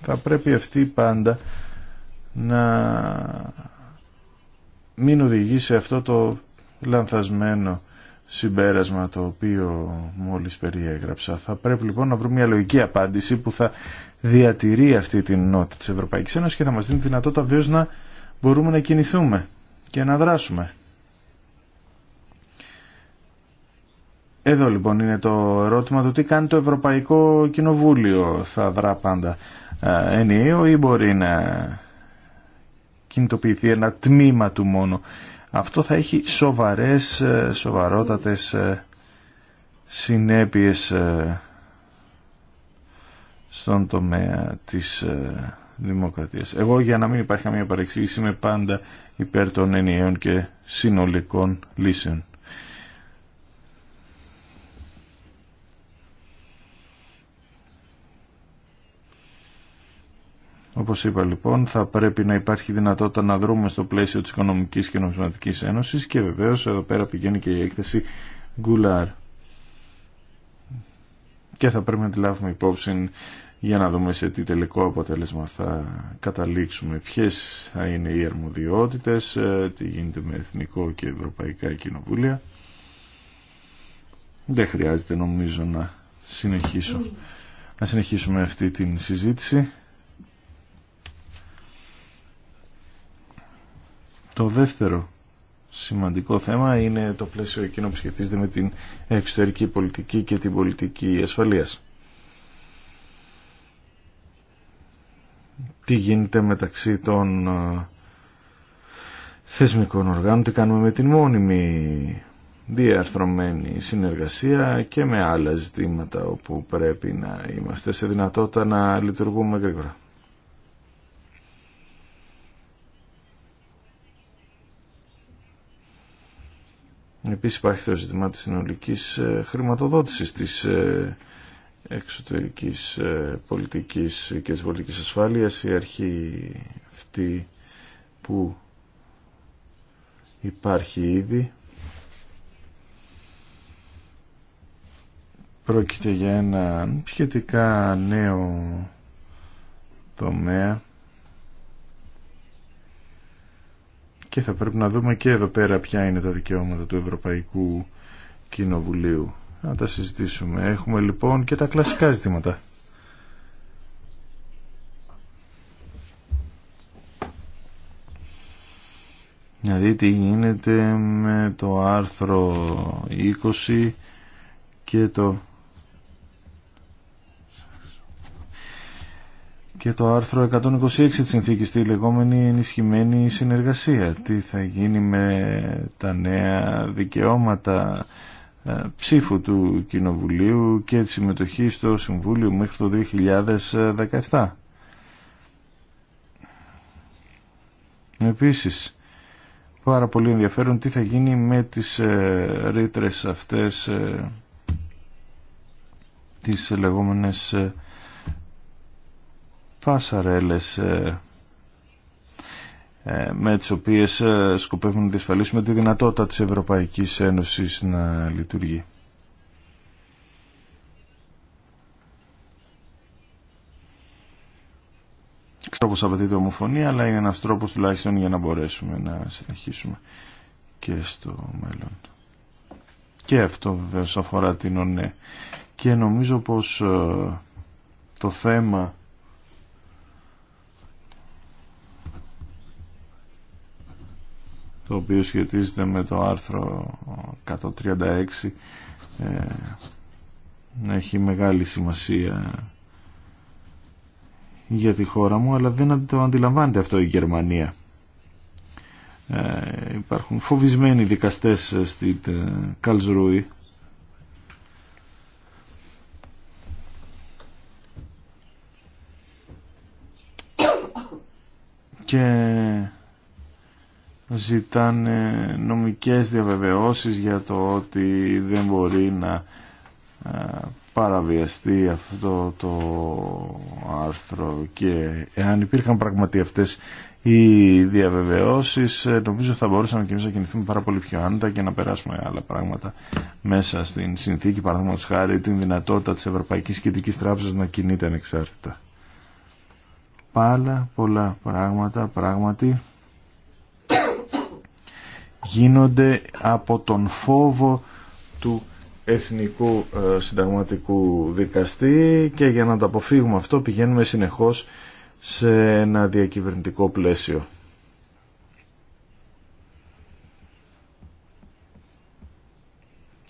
θα πρέπει αυτή πάντα να μην οδηγεί αυτό το λανθασμένο συμπέρασμα το οποίο μόλις περιέγραψα. Θα πρέπει λοιπόν να βρούμε μια λογική απάντηση που θα διατηρεί αυτή την νότη της Ευρωπαϊκής Ένωσης και θα μας δίνει δυνατότητα βίως να μπορούμε να κινηθούμε και να δράσουμε. Εδώ λοιπόν είναι το ερώτημα του τι κάνει το Ευρωπαϊκό Κοινοβούλιο. Θα δρά πάντα ενιαίο ή μπορεί να κινητοποιηθεί ένα τμήμα του μόνο αυτό θα έχει σοβαρές, ε, σοβαρότατες ε, συνέπειες ε, στον τομέα της δημοκρατίας. Εγώ για να μην υπάρχει καμία παρεξήγηση είμαι πάντα υπέρ των ενιαίων και συνολικών λύσεων. Όπως είπα λοιπόν θα πρέπει να υπάρχει δυνατότητα να δρούμε στο πλαίσιο της Οικονομικής και Νομισματικής Ένωσης και βεβαίως εδώ πέρα πηγαίνει και η έκθεση Γκουλάρ. Και θα πρέπει να τη λάβουμε υπόψη για να δούμε σε τι τελικό αποτέλεσμα θα καταλήξουμε, ποιες θα είναι οι αρμοδιότητες, ε, τι γίνεται με εθνικό και ευρωπαϊκά κοινοβούλια. Δεν χρειάζεται νομίζω να συνεχίσω. Να συνεχίσουμε αυτή την συζήτηση. Το δεύτερο σημαντικό θέμα είναι το πλαίσιο εκείνο που σχετίζεται με την εξωτερική πολιτική και την πολιτική ασφαλείας. Τι γίνεται μεταξύ των θεσμικών οργάνων, τι κάνουμε με την μόνιμη διαρθρωμένη συνεργασία και με άλλα ζητήματα όπου πρέπει να είμαστε σε δυνατότητα να λειτουργούμε γρήγορα. Επίσης υπάρχει το ζήτημα της συνολικής ε, χρηματοδότησης της ε, εξωτερικής ε, πολιτικής και της πολιτικής ασφάλειας. Η αρχή αυτή που υπάρχει ήδη πρόκειται για ένα σχετικά νέο τομέα και θα πρέπει να δούμε και εδώ πέρα ποια είναι τα δικαιώματα του Ευρωπαϊκού Κοινοβουλίου. Να τα συζητήσουμε. Έχουμε λοιπόν και τα κλασικά ζητήματα. δείτε τι γίνεται με το άρθρο 20 και το και το άρθρο 126 της συνθήκης, τη λεγόμενη ενισχυμένη συνεργασία. Τι θα γίνει με τα νέα δικαιώματα ε, ψήφου του Κοινοβουλίου και τη συμμετοχή στο Συμβούλιο μέχρι το 2017. Επίσης, πάρα πολύ ενδιαφέρον τι θα γίνει με τις ε, ρήτρες αυτές, ε, τις λεγόμενες ε, πασαρέλες ε, ε, με τις οποίες ε, σκοπεύουμε να διασφαλίσουμε τη δυνατότητα της Ευρωπαϊκής Ένωσης να λειτουργεί. Ξέρω πως απαιτείται ομοφωνία, αλλά είναι ένας τρόπος τουλάχιστον για να μπορέσουμε να συνεχίσουμε και στο μέλλον. Και αυτό βέβαια αφορά την ΟΝΕ. Και νομίζω πως το θέμα το οποίο σχετίζεται με το άρθρο 136 ε, έχει μεγάλη σημασία για τη χώρα μου αλλά δεν το αντιλαμβάνεται αυτό η Γερμανία ε, υπάρχουν φοβισμένοι δικαστές στην ε, Καλσρούη και ζητάνε νομικές διαβεβαιώσεις για το ότι δεν μπορεί να παραβιαστεί αυτό το άρθρο και εάν υπήρχαν πραγματικά αυτές οι διαβεβαιώσεις ε, νομίζω θα μπορούσαμε και εμείς να κινηθούμε πάρα πολύ πιο άνετα και να περάσουμε άλλα πράγματα μέσα στην συνθήκη παραδείγματο χάρη την δυνατότητα της Ευρωπαϊκής Κεντρικής Τράπεζας να κινείται ανεξάρτητα. Πάλα πολλά πράγματα πράγματι γίνονται από τον φόβο του Εθνικού ε, Συνταγματικού Δικαστή και για να τα αποφύγουμε αυτό πηγαίνουμε συνεχώς σε ένα διακυβερνητικό πλαίσιο.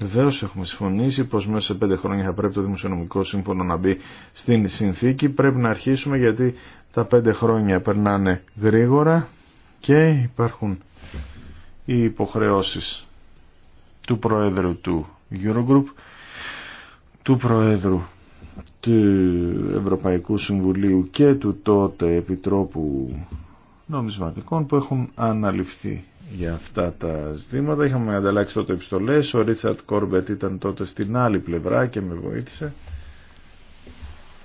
Βεβαίω έχουμε συμφωνήσει πως μέσα σε πέντε χρόνια θα πρέπει το Δημοσιονομικό Σύμφωνο να μπει στην συνθήκη. Πρέπει να αρχίσουμε γιατί τα πέντε χρόνια περνάνε γρήγορα και υπάρχουν οι υποχρεώσεις του Προέδρου του Eurogroup, του Προέδρου του Ευρωπαϊκού Συμβουλίου και του τότε Επιτρόπου Νομισματικών που έχουν αναλυφθεί για αυτά τα ζητήματα. Είχαμε ανταλλάξει τότε επιστολές, ο Ρίτσαρτ Κόρμπετ ήταν τότε στην άλλη πλευρά και με βοήθησε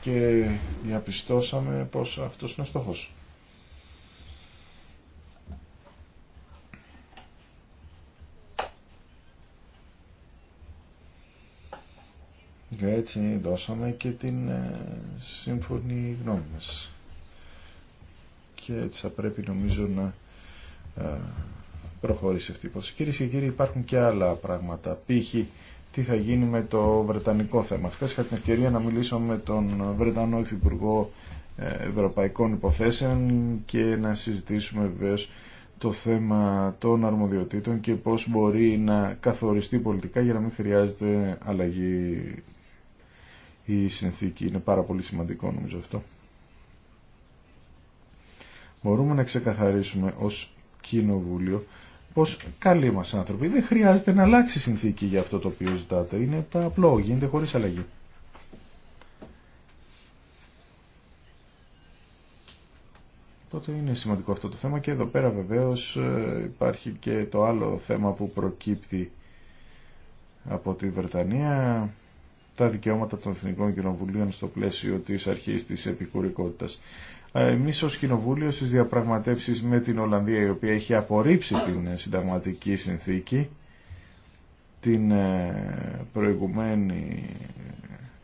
και διαπιστώσαμε πως αυτός είναι ο στόχος. Έτσι δώσαμε και την ε, σύμφωνη γνώμη μας. Και έτσι θα πρέπει νομίζω να ε, προχωρήσει αυτή η υπόθεση. Κυρίε και κύριοι, υπάρχουν και άλλα πράγματα. Π.χ. τι θα γίνει με το βρετανικό θέμα. Χθε είχα την ευκαιρία να μιλήσω με τον Βρετανό Υφυπουργό ε, Ευρωπαϊκών Υποθέσεων και να συζητήσουμε βεβαίω το θέμα των αρμοδιοτήτων και πώς μπορεί να καθοριστεί πολιτικά για να μην χρειάζεται αλλαγή η συνθήκη. Είναι πάρα πολύ σημαντικό νομίζω αυτό. Μπορούμε να ξεκαθαρίσουμε ως κοινοβούλιο πως καλοί μας άνθρωποι δεν χρειάζεται να αλλάξει συνθήκη για αυτό το οποίο ζητάτε. Είναι απλό, γίνεται χωρίς αλλαγή. Τότε είναι σημαντικό αυτό το θέμα και εδώ πέρα βεβαίως ε, υπάρχει και το άλλο θέμα που προκύπτει από τη Βρετανία τα δικαιώματα των Εθνικών Κοινοβουλίων στο πλαίσιο της αρχής της επικουρικότητας. Ε, Εμεί ως Κοινοβούλιο στι διαπραγματεύσεις με την Ολλανδία η οποία έχει απορρίψει την συνταγματική συνθήκη την ε, προηγουμένη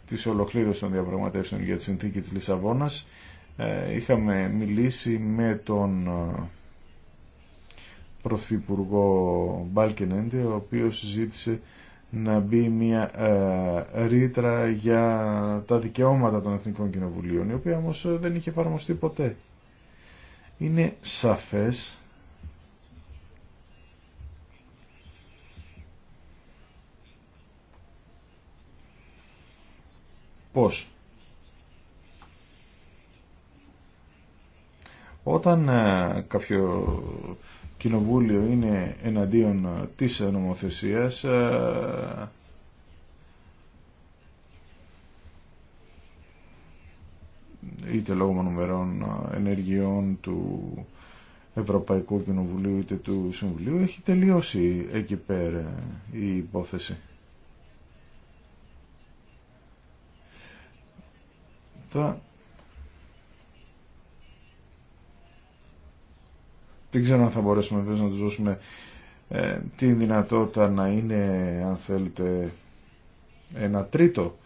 της ολοκλήρωσης των διαπραγματεύσεων για τη συνθήκη της Λισαβόνας ε, είχαμε μιλήσει με τον Πρωθυπουργό Μπάλκενέντε ο οποίος συζήτησε να μπει μια ε, ρήτρα για τα δικαιώματα των Εθνικών Κοινοβουλίων, η οποία όμως ε, δεν είχε εφαρμοστεί ποτέ. Είναι σαφές πώς. Όταν ε, κάποιο κοινοβούλιο είναι εναντίον ε, της νομοθεσίας ε, είτε λόγω μονομερών ε, ενεργειών του Ευρωπαϊκού Κοινοβουλίου είτε του Συμβουλίου έχει τελειώσει εκεί πέρα η υπόθεση. Τα Δεν ξέρω αν θα μπορέσουμε βέβαια να τους δώσουμε ε, τη δυνατότητα να είναι, αν θέλετε, ένα τρίτο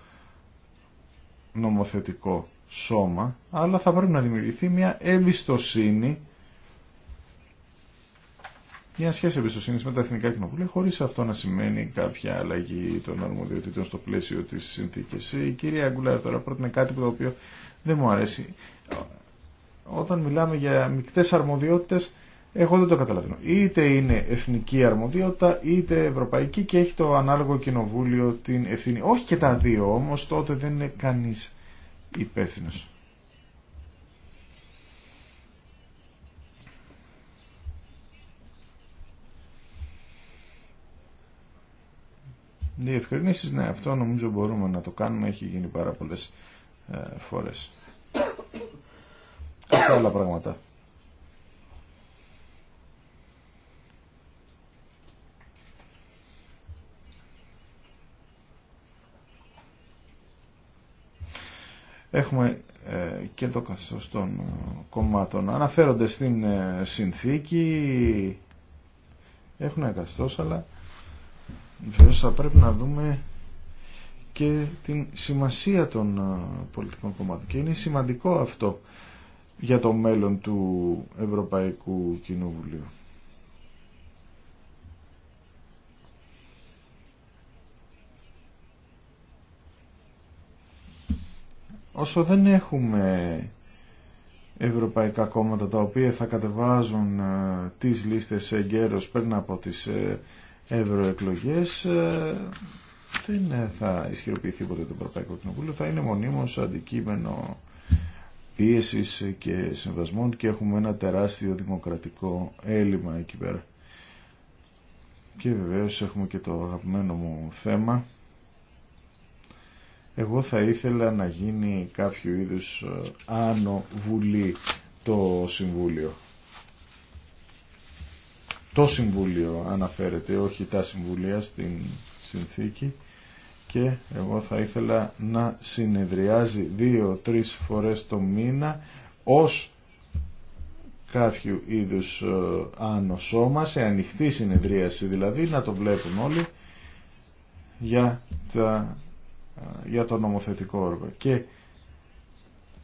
νομοθετικό σώμα, αλλά θα πρέπει να δημιουργηθεί μια εμπιστοσύνη, μια σχέση εμπιστοσύνης με τα Εθνικά Κοινοβούλια, χωρίς αυτό να σημαίνει κάποια αλλαγή των αρμοδιοτήτων στο πλαίσιο της συνθήκης. Η κυρία Αγκουλάρ τώρα πρότεινε κάτι που το οποίο δεν μου αρέσει. Όταν μιλάμε για μικτές αρμοδιότητες, εγώ δεν το καταλαβαίνω. Είτε είναι εθνική αρμοδιότητα, είτε ευρωπαϊκή και έχει το ανάλογο κοινοβούλιο την ευθύνη. Όχι και τα δύο όμως, τότε δεν είναι κανείς υπεύθυνο. Διευκρινήσει, ναι, αυτό νομίζω μπορούμε να το κάνουμε, έχει γίνει πάρα πολλέ ε, φορές. Αυτά άλλα πράγματα. Έχουμε ε, και το καθεστώς των ε, κομμάτων. Αναφέρονται στην ε, συνθήκη, έχουν ένα αλλά θα πρέπει να δούμε και την σημασία των πολιτικών κομμάτων. Και είναι σημαντικό αυτό για το μέλλον του Ευρωπαϊκού Κοινοβουλίου. όσο δεν έχουμε ευρωπαϊκά κόμματα τα οποία θα κατεβάζουν ε, τις λίστες εγκαίρως πριν από τις ε, ευρωεκλογές ε, δεν θα ισχυροποιηθεί ποτέ το Ευρωπαϊκό Κοινοβούλιο θα είναι μονίμως αντικείμενο πίεσης και συμβασμών και έχουμε ένα τεράστιο δημοκρατικό έλλειμμα εκεί πέρα και βεβαίως έχουμε και το αγαπημένο μου θέμα εγώ θα ήθελα να γίνει κάποιο είδους ε, άνω βουλή το Συμβούλιο. Το Συμβούλιο αναφέρεται, όχι τα Συμβουλία στην συνθήκη και εγώ θα ήθελα να συνεδριάζει δύο-τρεις φορές το μήνα ως κάποιο είδους ε, άνω σώμα, σε ανοιχτή συνεδρίαση δηλαδή, να το βλέπουν όλοι για τα για το νομοθετικό όργο Και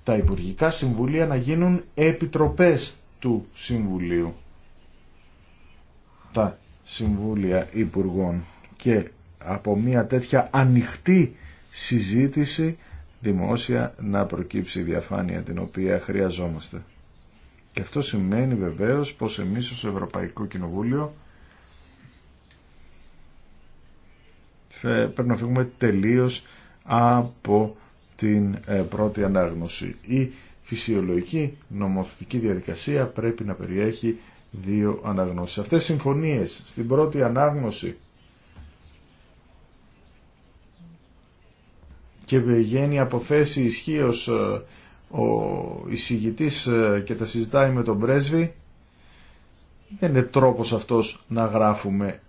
τα Υπουργικά Συμβουλία να γίνουν επιτροπές του Συμβουλίου. Τα Συμβούλια Υπουργών και από μια τέτοια ανοιχτή συζήτηση δημόσια να προκύψει η διαφάνεια την οποία χρειαζόμαστε. Και αυτό σημαίνει βεβαίως πως εμείς ως Ευρωπαϊκό Κοινοβούλιο πρέπει να φύγουμε τελείως από την ε, πρώτη ανάγνωση. Η φυσιολογική νομοθετική διαδικασία πρέπει να περιέχει δύο αναγνώσεις. Αυτές οι συμφωνίες στην πρώτη ανάγνωση και βγαίνει από θέση ισχύω ε, ο εισηγητής ε, και τα συζητάει με τον πρέσβη δεν είναι τρόπος αυτός να γράφουμε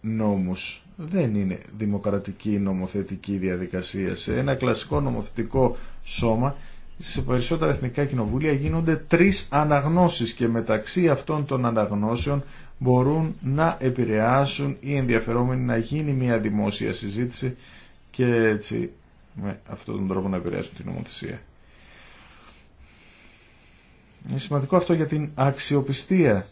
νόμους δεν είναι δημοκρατική νομοθετική διαδικασία. Σε ένα κλασικό νομοθετικό σώμα σε περισσότερα εθνικά κοινοβούλια γίνονται τρεις αναγνώσεις και μεταξύ αυτών των αναγνώσεων μπορούν να επηρεάσουν οι ενδιαφερόμενοι να γίνει μια δημόσια συζήτηση και έτσι με αυτόν τον τρόπο να επηρεάσουν την νομοθεσία. Είναι σημαντικό αυτό για την αξιοπιστία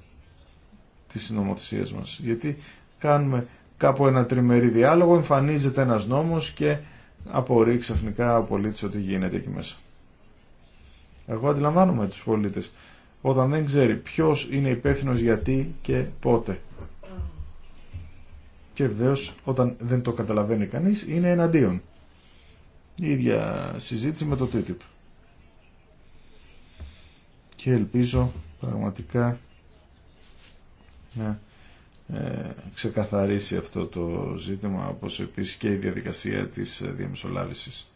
της νομοθεσίας μας, γιατί κάνουμε από ένα τριμερή διάλογο, εμφανίζεται ένας νόμος και απορρίξει ξαφνικά ο πολίτης ότι γίνεται εκεί μέσα. Εγώ αντιλαμβάνομαι τους πολίτες όταν δεν ξέρει ποιος είναι υπεύθυνος γιατί και πότε. Και βεβαίω όταν δεν το καταλαβαίνει κανείς είναι εναντίον. Η ίδια συζήτηση με το TTIP. Και ελπίζω πραγματικά να ε, ξεκαθαρίσει αυτό το ζήτημα όπως επίσης και η διαδικασία της διαμεσολάβησης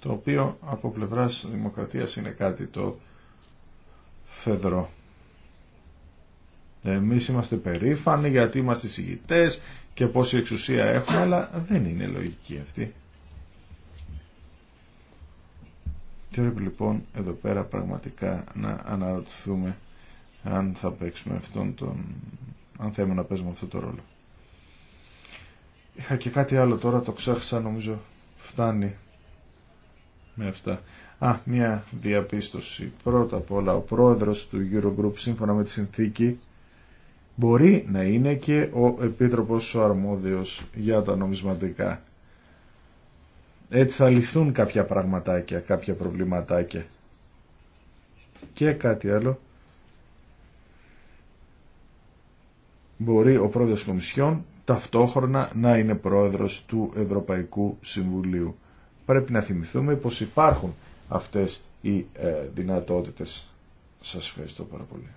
το οποίο από πλευράς δημοκρατίας είναι κάτι το φεδρό εμείς είμαστε περήφανοι γιατί είμαστε συγητές και πόση εξουσία έχουμε αλλά δεν είναι λογική αυτή πρέπει λοιπόν εδώ πέρα πραγματικά να αναρωτηθούμε αν θα παίξουμε αυτόν τον... αν θέλουμε να παίζουμε αυτό το ρόλο. Είχα και κάτι άλλο τώρα, το ξέχασα νομίζω φτάνει με αυτά. Α, μια διαπίστωση. Πρώτα απ' όλα, ο πρόεδρος του Eurogroup σύμφωνα με τη συνθήκη μπορεί να είναι και ο επίτροπος ο αρμόδιος για τα νομισματικά. Έτσι θα λυθούν κάποια πραγματάκια, κάποια προβληματάκια. Και κάτι άλλο. μπορεί ο πρόεδρος της Κομισιόν ταυτόχρονα να είναι πρόεδρος του Ευρωπαϊκού Συμβουλίου. Πρέπει να θυμηθούμε πως υπάρχουν αυτές οι ε, δυνατότητες. Σας ευχαριστώ πάρα πολύ.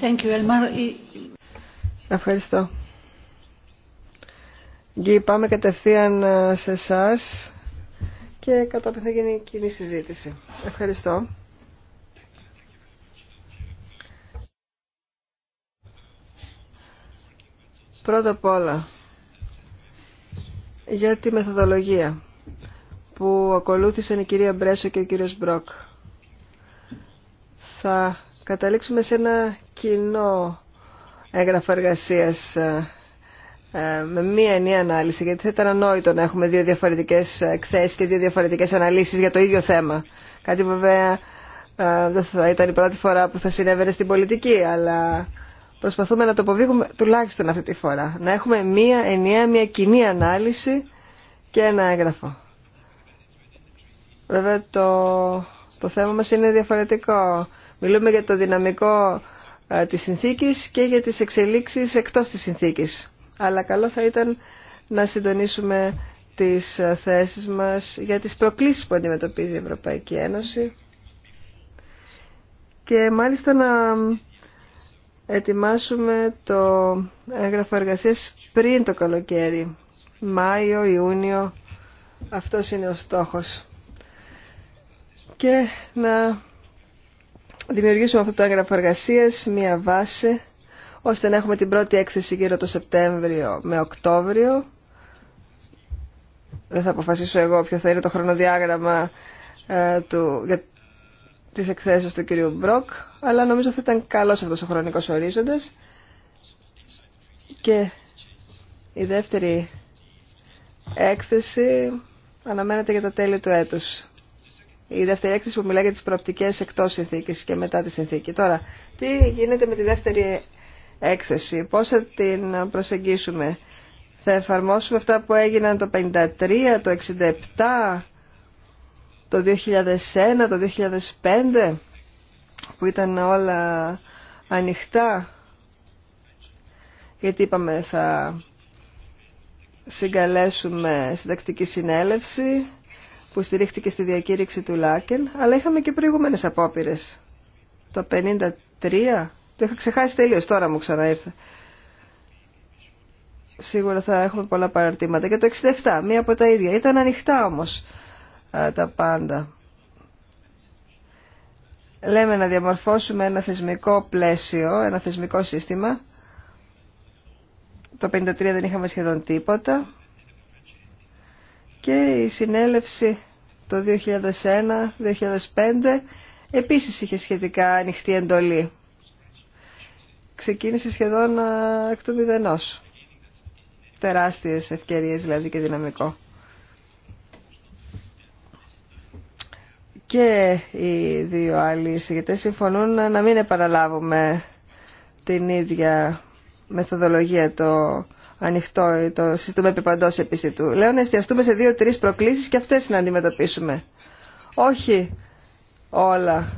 Thank you, Ευχαριστώ. Και πάμε κατευθείαν ε, σε εσά και κατόπιν θα γίνει κοινή συζήτηση. Ευχαριστώ. Πρώτα απ' όλα, για τη μεθοδολογία που ακολούθησαν η κυρία Μπρέσο και ο κύριος Μπρόκ. Θα καταλήξουμε σε ένα κοινό έγγραφο εργασία ε, ε, με μία νέα ανάλυση, γιατί θα ήταν ανόητο να έχουμε δύο διαφορετικές εκθέσεις και δύο διαφορετικές αναλύσεις για το ίδιο θέμα. Κάτι βέβαια ε, δεν θα ήταν η πρώτη φορά που θα συνέβαινε στην πολιτική, αλλά Προσπαθούμε να το αποβίγουμε τουλάχιστον αυτή τη φορά. Να έχουμε μία ενιαία, μία κοινή ανάλυση και ένα έγγραφο. Βέβαια το, το θέμα μας είναι διαφορετικό. Μιλούμε για το δυναμικό ε, της συνθήκης και για τις εξελίξεις εκτός της συνθήκης. Αλλά καλό θα ήταν να συντονίσουμε τις ε, θέσεις μας για τις προκλήσεις που αντιμετωπίζει η Ευρωπαϊκή Ένωση και μάλιστα να ετοιμάσουμε το έγγραφο εργασίας πριν το καλοκαίρι. Μάιο, Ιούνιο, αυτός είναι ο στόχος. Και να δημιουργήσουμε αυτό το έγγραφο εργασίας, μία βάση, ώστε να έχουμε την πρώτη έκθεση γύρω το Σεπτέμβριο με Οκτώβριο. Δεν θα αποφασίσω εγώ ποιο θα είναι το χρονοδιάγραμμα ε, του, τις εκθέσεις του κυρίου Μπροκ, αλλά νομίζω θα ήταν καλός αυτός ο χρονικός ορίζοντας. Και η δεύτερη έκθεση αναμένεται για τα τέλη του έτους. Η δεύτερη έκθεση που μιλάει για τις προοπτικές εκτός συνθήκης και μετά τη συνθήκη. Τώρα, τι γίνεται με τη δεύτερη έκθεση, πώς θα την προσεγγίσουμε. Θα εφαρμόσουμε αυτά που έγιναν το 53, το 67, το 2001, το 2005 που ήταν όλα ανοιχτά γιατί είπαμε θα συγκαλέσουμε συντακτική συνέλευση που στηρίχτηκε στη διακήρυξη του Λάκεν αλλά είχαμε και προηγούμενες απόπειρες το 53 το είχα ξεχάσει τελείως τώρα μου ξαναήρθε σίγουρα θα έχουμε πολλά παραρτήματα και το 67 μία από τα ίδια ήταν ανοιχτά όμως τα πάντα. Λέμε να διαμορφώσουμε ένα θεσμικό πλαίσιο, ένα θεσμικό σύστημα. Το 53 δεν είχαμε σχεδόν τίποτα. Και η συνέλευση το 2001-2005 επίσης είχε σχετικά ανοιχτή εντολή. Ξεκίνησε σχεδόν εκ του μηδενός. Τεράστιες ευκαιρίες δηλαδή και δυναμικό. και οι δύο άλλοι εισηγητές συμφωνούν να μην επαναλάβουμε την ίδια μεθοδολογία το ανοιχτό ή το σύστημα επιπαντός επιστητού. Λέω να εστιαστούμε σε δύο-τρεις προκλήσεις και αυτές να αντιμετωπίσουμε. Όχι όλα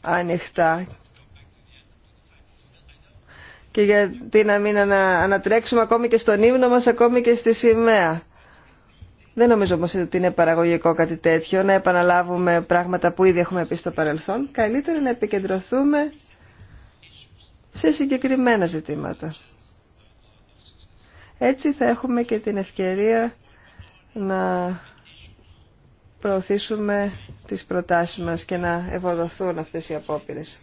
ανοιχτά. Και γιατί να μην ανατρέξουμε ακόμη και στον ύμνο μας, ακόμη και στη σημαία. Δεν νομίζω όμω ότι είναι παραγωγικό κάτι τέτοιο να επαναλάβουμε πράγματα που ήδη έχουμε πει στο παρελθόν. Καλύτερα να επικεντρωθούμε σε συγκεκριμένα ζητήματα. Έτσι θα έχουμε και την ευκαιρία να προωθήσουμε τις προτάσεις μας και να ευοδοθούν αυτές οι απόπειρες.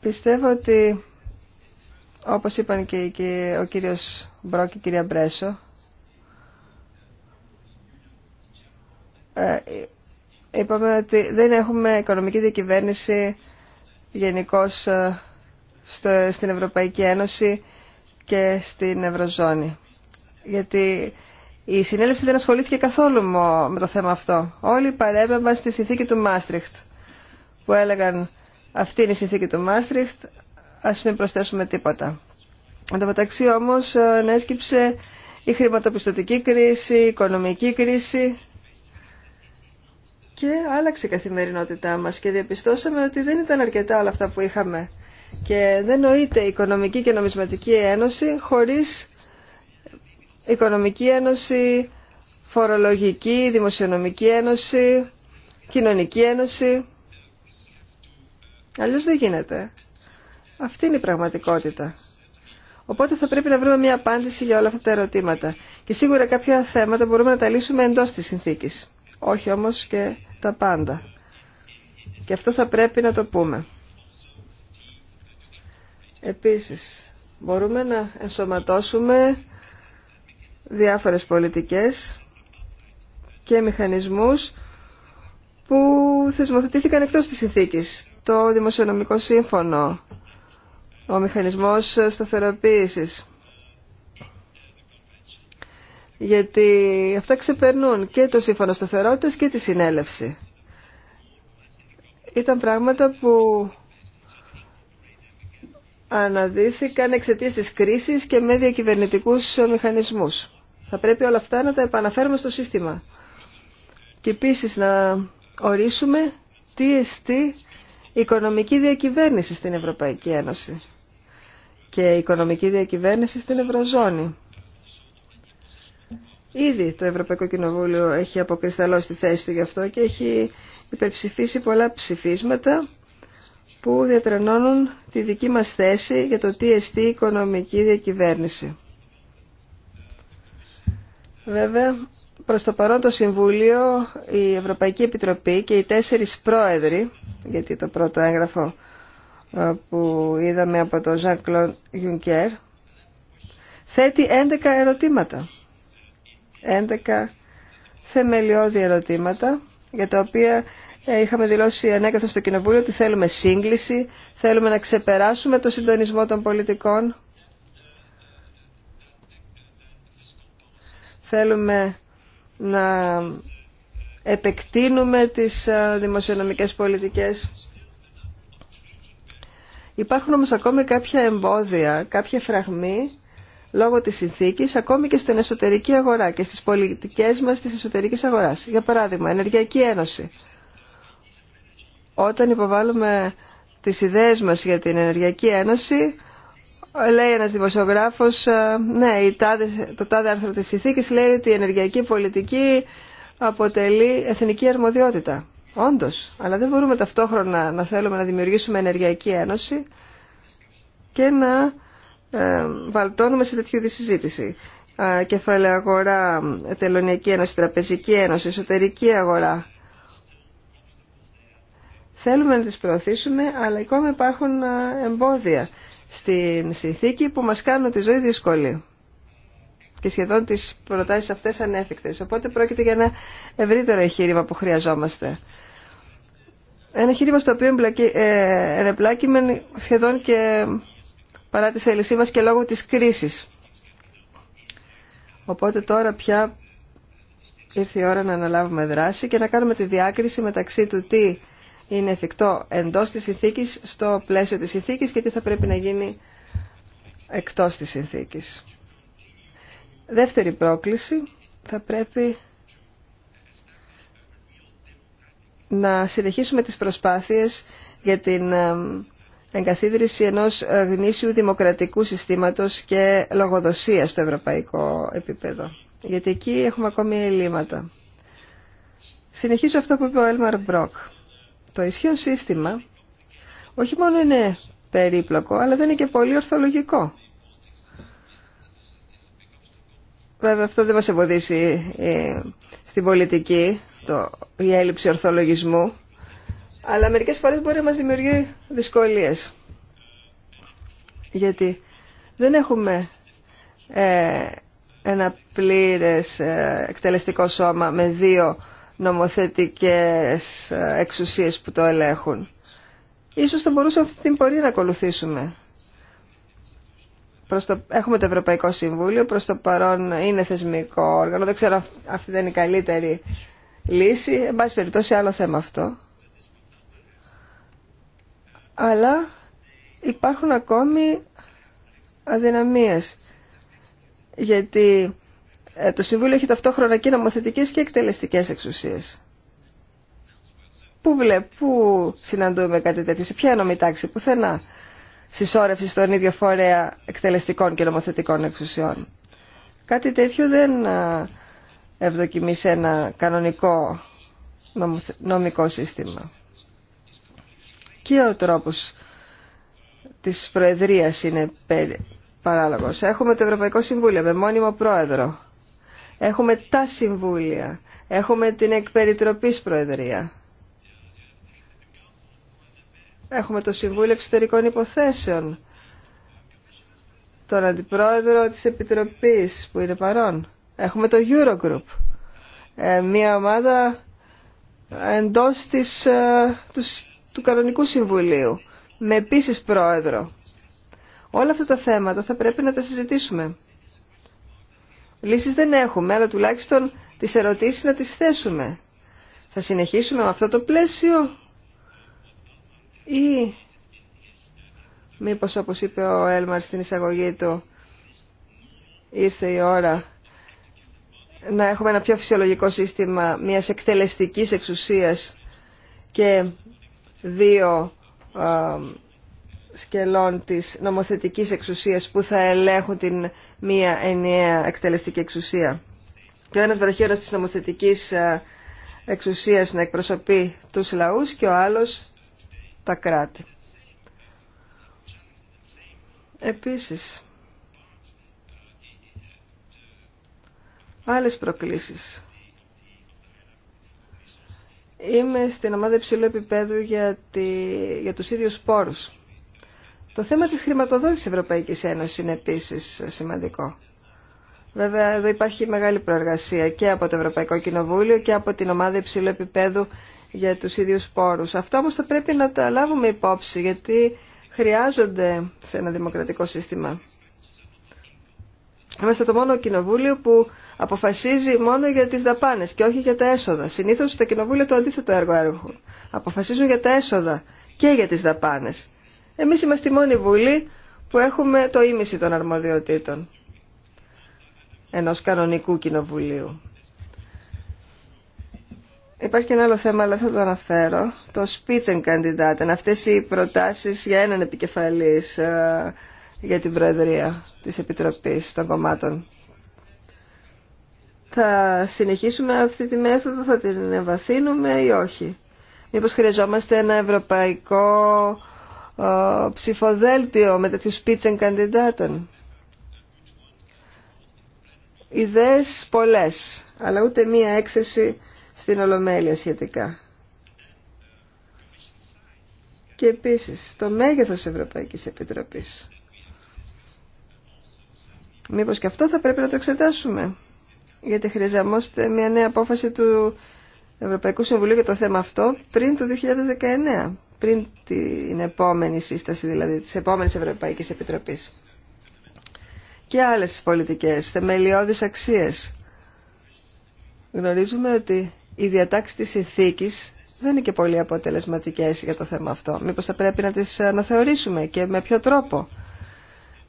Πιστεύω ότι όπως είπαν και, ο κύριος Μπρό και η κυρία Μπρέσο, ε, είπαμε ότι δεν έχουμε οικονομική διακυβέρνηση γενικώ ε, στην Ευρωπαϊκή Ένωση και στην Ευρωζώνη. Γιατί η συνέλευση δεν ασχολήθηκε καθόλου με το θέμα αυτό. Όλοι παρέμεναν στη συνθήκη του Μάστριχτ που έλεγαν αυτή είναι η συνθήκη του Μάστριχτ, ας μην προσθέσουμε τίποτα. Εν τω μεταξύ όμως ανέσκυψε ε, η χρηματοπιστωτική κρίση, η οικονομική κρίση και άλλαξε η καθημερινότητά μας και διαπιστώσαμε ότι δεν ήταν αρκετά όλα αυτά που είχαμε και δεν νοείται η Οικονομική και Νομισματική Ένωση χωρίς Οικονομική Ένωση, Φορολογική, Δημοσιονομική Ένωση, Κοινωνική Ένωση. Αλλιώς δεν γίνεται. Αυτή είναι η πραγματικότητα. Οπότε θα πρέπει να βρούμε μια απάντηση για όλα αυτά τα ερωτήματα. Και σίγουρα κάποια θέματα μπορούμε να τα λύσουμε εντός της συνθήκης. Όχι όμως και τα πάντα. Και αυτό θα πρέπει να το πούμε. Επίσης, μπορούμε να ενσωματώσουμε διάφορες πολιτικές και μηχανισμούς που θεσμοθετήθηκαν εκτός της συνθήκης. Το Δημοσιονομικό Σύμφωνο, ο μηχανισμός σταθεροποίησης. Γιατί αυτά ξεπερνούν και το σύμφωνο σταθερότητας και τη συνέλευση. Ήταν πράγματα που αναδύθηκαν εξαιτία της κρίσης και με διακυβερνητικούς μηχανισμούς. Θα πρέπει όλα αυτά να τα επαναφέρουμε στο σύστημα. Και επίσης να ορίσουμε τι εστί οικονομική διακυβέρνηση στην Ευρωπαϊκή Ένωση και οικονομική διακυβέρνηση στην Ευρωζώνη. Ήδη το Ευρωπαϊκό Κοινοβούλιο έχει αποκρισταλώσει τη θέση του γι' αυτό και έχει υπερψηφίσει πολλά ψηφίσματα που διατρανώνουν τη δική μας θέση για το τι εστί οικονομική διακυβέρνηση. Βέβαια, προς το παρόν το Συμβούλιο, η Ευρωπαϊκή Επιτροπή και οι τέσσερις πρόεδροι, γιατί το πρώτο έγγραφο ε, που είδαμε από τον Ζαν Κλον Γιουνκέρ θέτει 11 ερωτήματα. 11 θεμελιώδη ερωτήματα για τα οποία ε, είχαμε δηλώσει ανέκαθεν στο Κοινοβούλιο ότι θέλουμε σύγκληση, θέλουμε να ξεπεράσουμε το συντονισμό των πολιτικών, θέλουμε να επεκτείνουμε τις ε, δημοσιονομικές πολιτικές Υπάρχουν όμως ακόμη κάποια εμπόδια, κάποια φραγμή λόγω της συνθήκης, ακόμη και στην εσωτερική αγορά και στις πολιτικές μας της εσωτερικής αγοράς. Για παράδειγμα, Ενεργειακή Ένωση. Όταν υποβάλλουμε τις ιδέες μας για την Ενεργειακή Ένωση, λέει ένας δημοσιογράφος, ε, ναι, το τάδε άρθρο της συνθήκης λέει ότι η ενεργειακή πολιτική αποτελεί εθνική αρμοδιότητα. Όντω. αλλά δεν μπορούμε ταυτόχρονα να θέλουμε να δημιουργήσουμε ενεργειακή ένωση και να ε, βαλτώνουμε σε τέτοιου είδη συζήτηση. Κεφαλαία αγορά, τελωνιακή ένωση, τραπεζική ένωση, εσωτερική αγορά. Θέλουμε να τις προωθήσουμε, αλλά ακόμα υπάρχουν ε, εμπόδια στην συνθήκη που μας κάνουν τη ζωή δύσκολη και σχεδόν τις προτάσεις αυτές ανέφικτες. Οπότε πρόκειται για ένα ευρύτερο εγχείρημα που χρειαζόμαστε. Ένα εγχείρημα στο οποίο ε, σχεδόν και παρά τη θέλησή μας και λόγω της κρίσης. Οπότε τώρα πια ήρθε η ώρα να αναλάβουμε δράση και να κάνουμε τη διάκριση μεταξύ του τι είναι εφικτό εντός της συνθήκης, στο πλαίσιο της συνθήκης και τι θα πρέπει να γίνει εκτός της συνθήκης. Δεύτερη πρόκληση θα πρέπει να συνεχίσουμε τις προσπάθειες για την ε, εγκαθίδρυση ενός ε, γνήσιου δημοκρατικού συστήματος και λογοδοσίας στο ευρωπαϊκό επίπεδο. Γιατί εκεί έχουμε ακόμη ελλείμματα. Συνεχίζω αυτό που είπε ο Έλμαρ Μπρόκ. Το ισχύον σύστημα όχι μόνο είναι περίπλοκο, αλλά δεν είναι και πολύ ορθολογικό. Βέβαια αυτό δεν μας εμποδίσει ε, στην πολιτική, το, η έλλειψη ορθολογισμού, αλλά μερικές φορές μπορεί να μας δημιουργεί δυσκολίες. Γιατί δεν έχουμε ε, ένα πλήρες ε, εκτελεστικό σώμα με δύο νομοθετικές εξουσίες που το ελέγχουν. Ίσως θα μπορούσαμε αυτή την πορεία να ακολουθήσουμε. Προς το... Έχουμε το Ευρωπαϊκό Συμβούλιο, προς το παρόν είναι θεσμικό όργανο. Δεν ξέρω αυτή δεν είναι η καλύτερη λύση. Εν πάση περιπτώσει άλλο θέμα αυτό. Αλλά υπάρχουν ακόμη αδυναμίες. Γιατί ε, το Συμβούλιο έχει ταυτόχρονα και νομοθετικές και εκτελεστικές εξουσίες. Πού, βλέπω, πού συναντούμε κάτι τέτοιο, σε ποια νομή τάξη, πουθενά συσσόρευση στον ίδιο φορέα εκτελεστικών και νομοθετικών εξουσιών. Κάτι τέτοιο δεν ευδοκιμεί σε ένα κανονικό νομικό σύστημα. Και ο τρόπος της Προεδρίας είναι παράλογος. Έχουμε το Ευρωπαϊκό Συμβούλιο με μόνιμο πρόεδρο. Έχουμε τα Συμβούλια. Έχουμε την Εκπεριτροπής Προεδρία. Έχουμε το Συμβούλιο Εξωτερικών Υποθέσεων, τον Αντιπρόεδρο της Επιτροπής που είναι παρόν. Έχουμε το Eurogroup, ε, μια ομάδα εντός της, ε, του, του κανονικού συμβουλίου, με επίσης πρόεδρο. Όλα αυτά τα θέματα θα πρέπει να τα συζητήσουμε. Λύσεις δεν έχουμε, αλλά τουλάχιστον τις ερωτήσεις να τις θέσουμε. Θα συνεχίσουμε με αυτό το πλαίσιο ή μήπως όπως είπε ο Έλμαρ στην εισαγωγή του ήρθε η ώρα να έχουμε ένα πιο φυσιολογικό σύστημα μιας εκτελεστικής εξουσίας και δύο σκελών της νομοθετικής εξουσίας που θα ελέγχουν την μία ενιαία εκτελεστική εξουσία. Και ο ένας βραχίωνας της νομοθετικής εξουσίας να εκπροσωπεί τους λαούς και ο άλλος τα κράτη. Επίσης, άλλες προκλήσεις. Είμαι στην ομάδα υψηλού επίπεδου για, τη, για τους ίδιους πόρους. Το θέμα της χρηματοδότησης Ευρωπαϊκής Ένωσης είναι επίσης σημαντικό. Βέβαια, εδώ υπάρχει μεγάλη προεργασία και από το Ευρωπαϊκό Κοινοβούλιο και από την ομάδα υψηλού επίπεδου για τους ίδιους πόρους. Αυτά όμως θα πρέπει να τα λάβουμε υπόψη γιατί χρειάζονται σε ένα δημοκρατικό σύστημα. Είμαστε το μόνο κοινοβούλιο που αποφασίζει μόνο για τις δαπάνες και όχι για τα έσοδα. Συνήθως τα κοινοβούλια το αντίθετο έργο έχουν. Αποφασίζουν για τα έσοδα και για τις δαπάνες. Εμείς είμαστε η μόνη βουλή που έχουμε το ίμιση των αρμοδιοτήτων ενός κανονικού κοινοβουλίου. Υπάρχει και ένα άλλο θέμα, αλλά θα το αναφέρω. Το Spitzenkandidaten, αυτές οι προτάσεις για έναν επικεφαλής ε, για την Προεδρία της Επιτροπής των Κομμάτων. Θα συνεχίσουμε αυτή τη μέθοδο, θα την ευαθύνουμε ή όχι. Μήπως χρειαζόμαστε ένα ευρωπαϊκό ε, ψηφοδέλτιο με τέτοιους Spitzenkandidaten. Ιδέες πολλές, αλλά ούτε μία έκθεση στην Ολομέλεια σχετικά. Και επίσης, το μέγεθος Ευρωπαϊκής Επιτροπής. Μήπως και αυτό θα πρέπει να το εξετάσουμε. Γιατί χρειαζόμαστε μια νέα απόφαση του Ευρωπαϊκού Συμβουλίου για το θέμα αυτό πριν το 2019. Πριν την επόμενη σύσταση δηλαδή της επόμενης Ευρωπαϊκής Επιτροπής. Και άλλες πολιτικές, θεμελιώδεις αξίες. Γνωρίζουμε ότι οι διατάξει της ηθίκη δεν είναι και πολύ αποτελεσματικέ για το θέμα αυτό. Μήπως θα πρέπει να τις αναθεωρήσουμε και με ποιο τρόπο.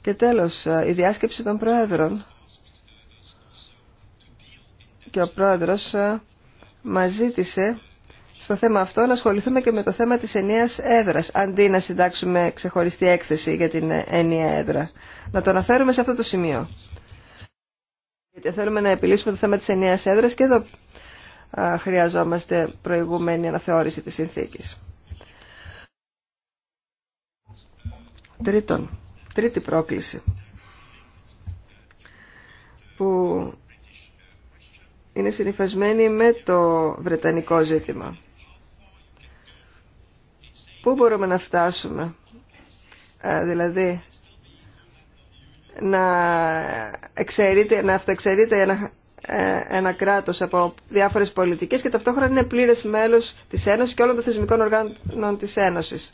Και τέλος, ε, η διάσκεψη των Προέδρων και ο πρόεδρο ε, μα ζήτησε στο θέμα αυτό να ασχοληθούμε και με το θέμα της ενιαίας έδρας, αντί να συντάξουμε ξεχωριστή έκθεση για την ενιαία έδρα. Να το αναφέρουμε σε αυτό το σημείο. Γιατί θέλουμε να επιλύσουμε το θέμα της ενιαίας έδρας και εδώ χρειαζόμαστε προηγούμενη αναθεώρηση της συνθήκης. Τρίτον, τρίτη πρόκληση που είναι συνειφασμένη με το βρετανικό ζήτημα. Πού μπορούμε να φτάσουμε, δηλαδή να, εξαιρείται, να αυτοεξαιρείται ένα ε, ένα κράτος από διάφορες πολιτικές και ταυτόχρονα είναι πλήρες μέλος της Ένωσης και όλων των θεσμικών οργάνων της Ένωσης.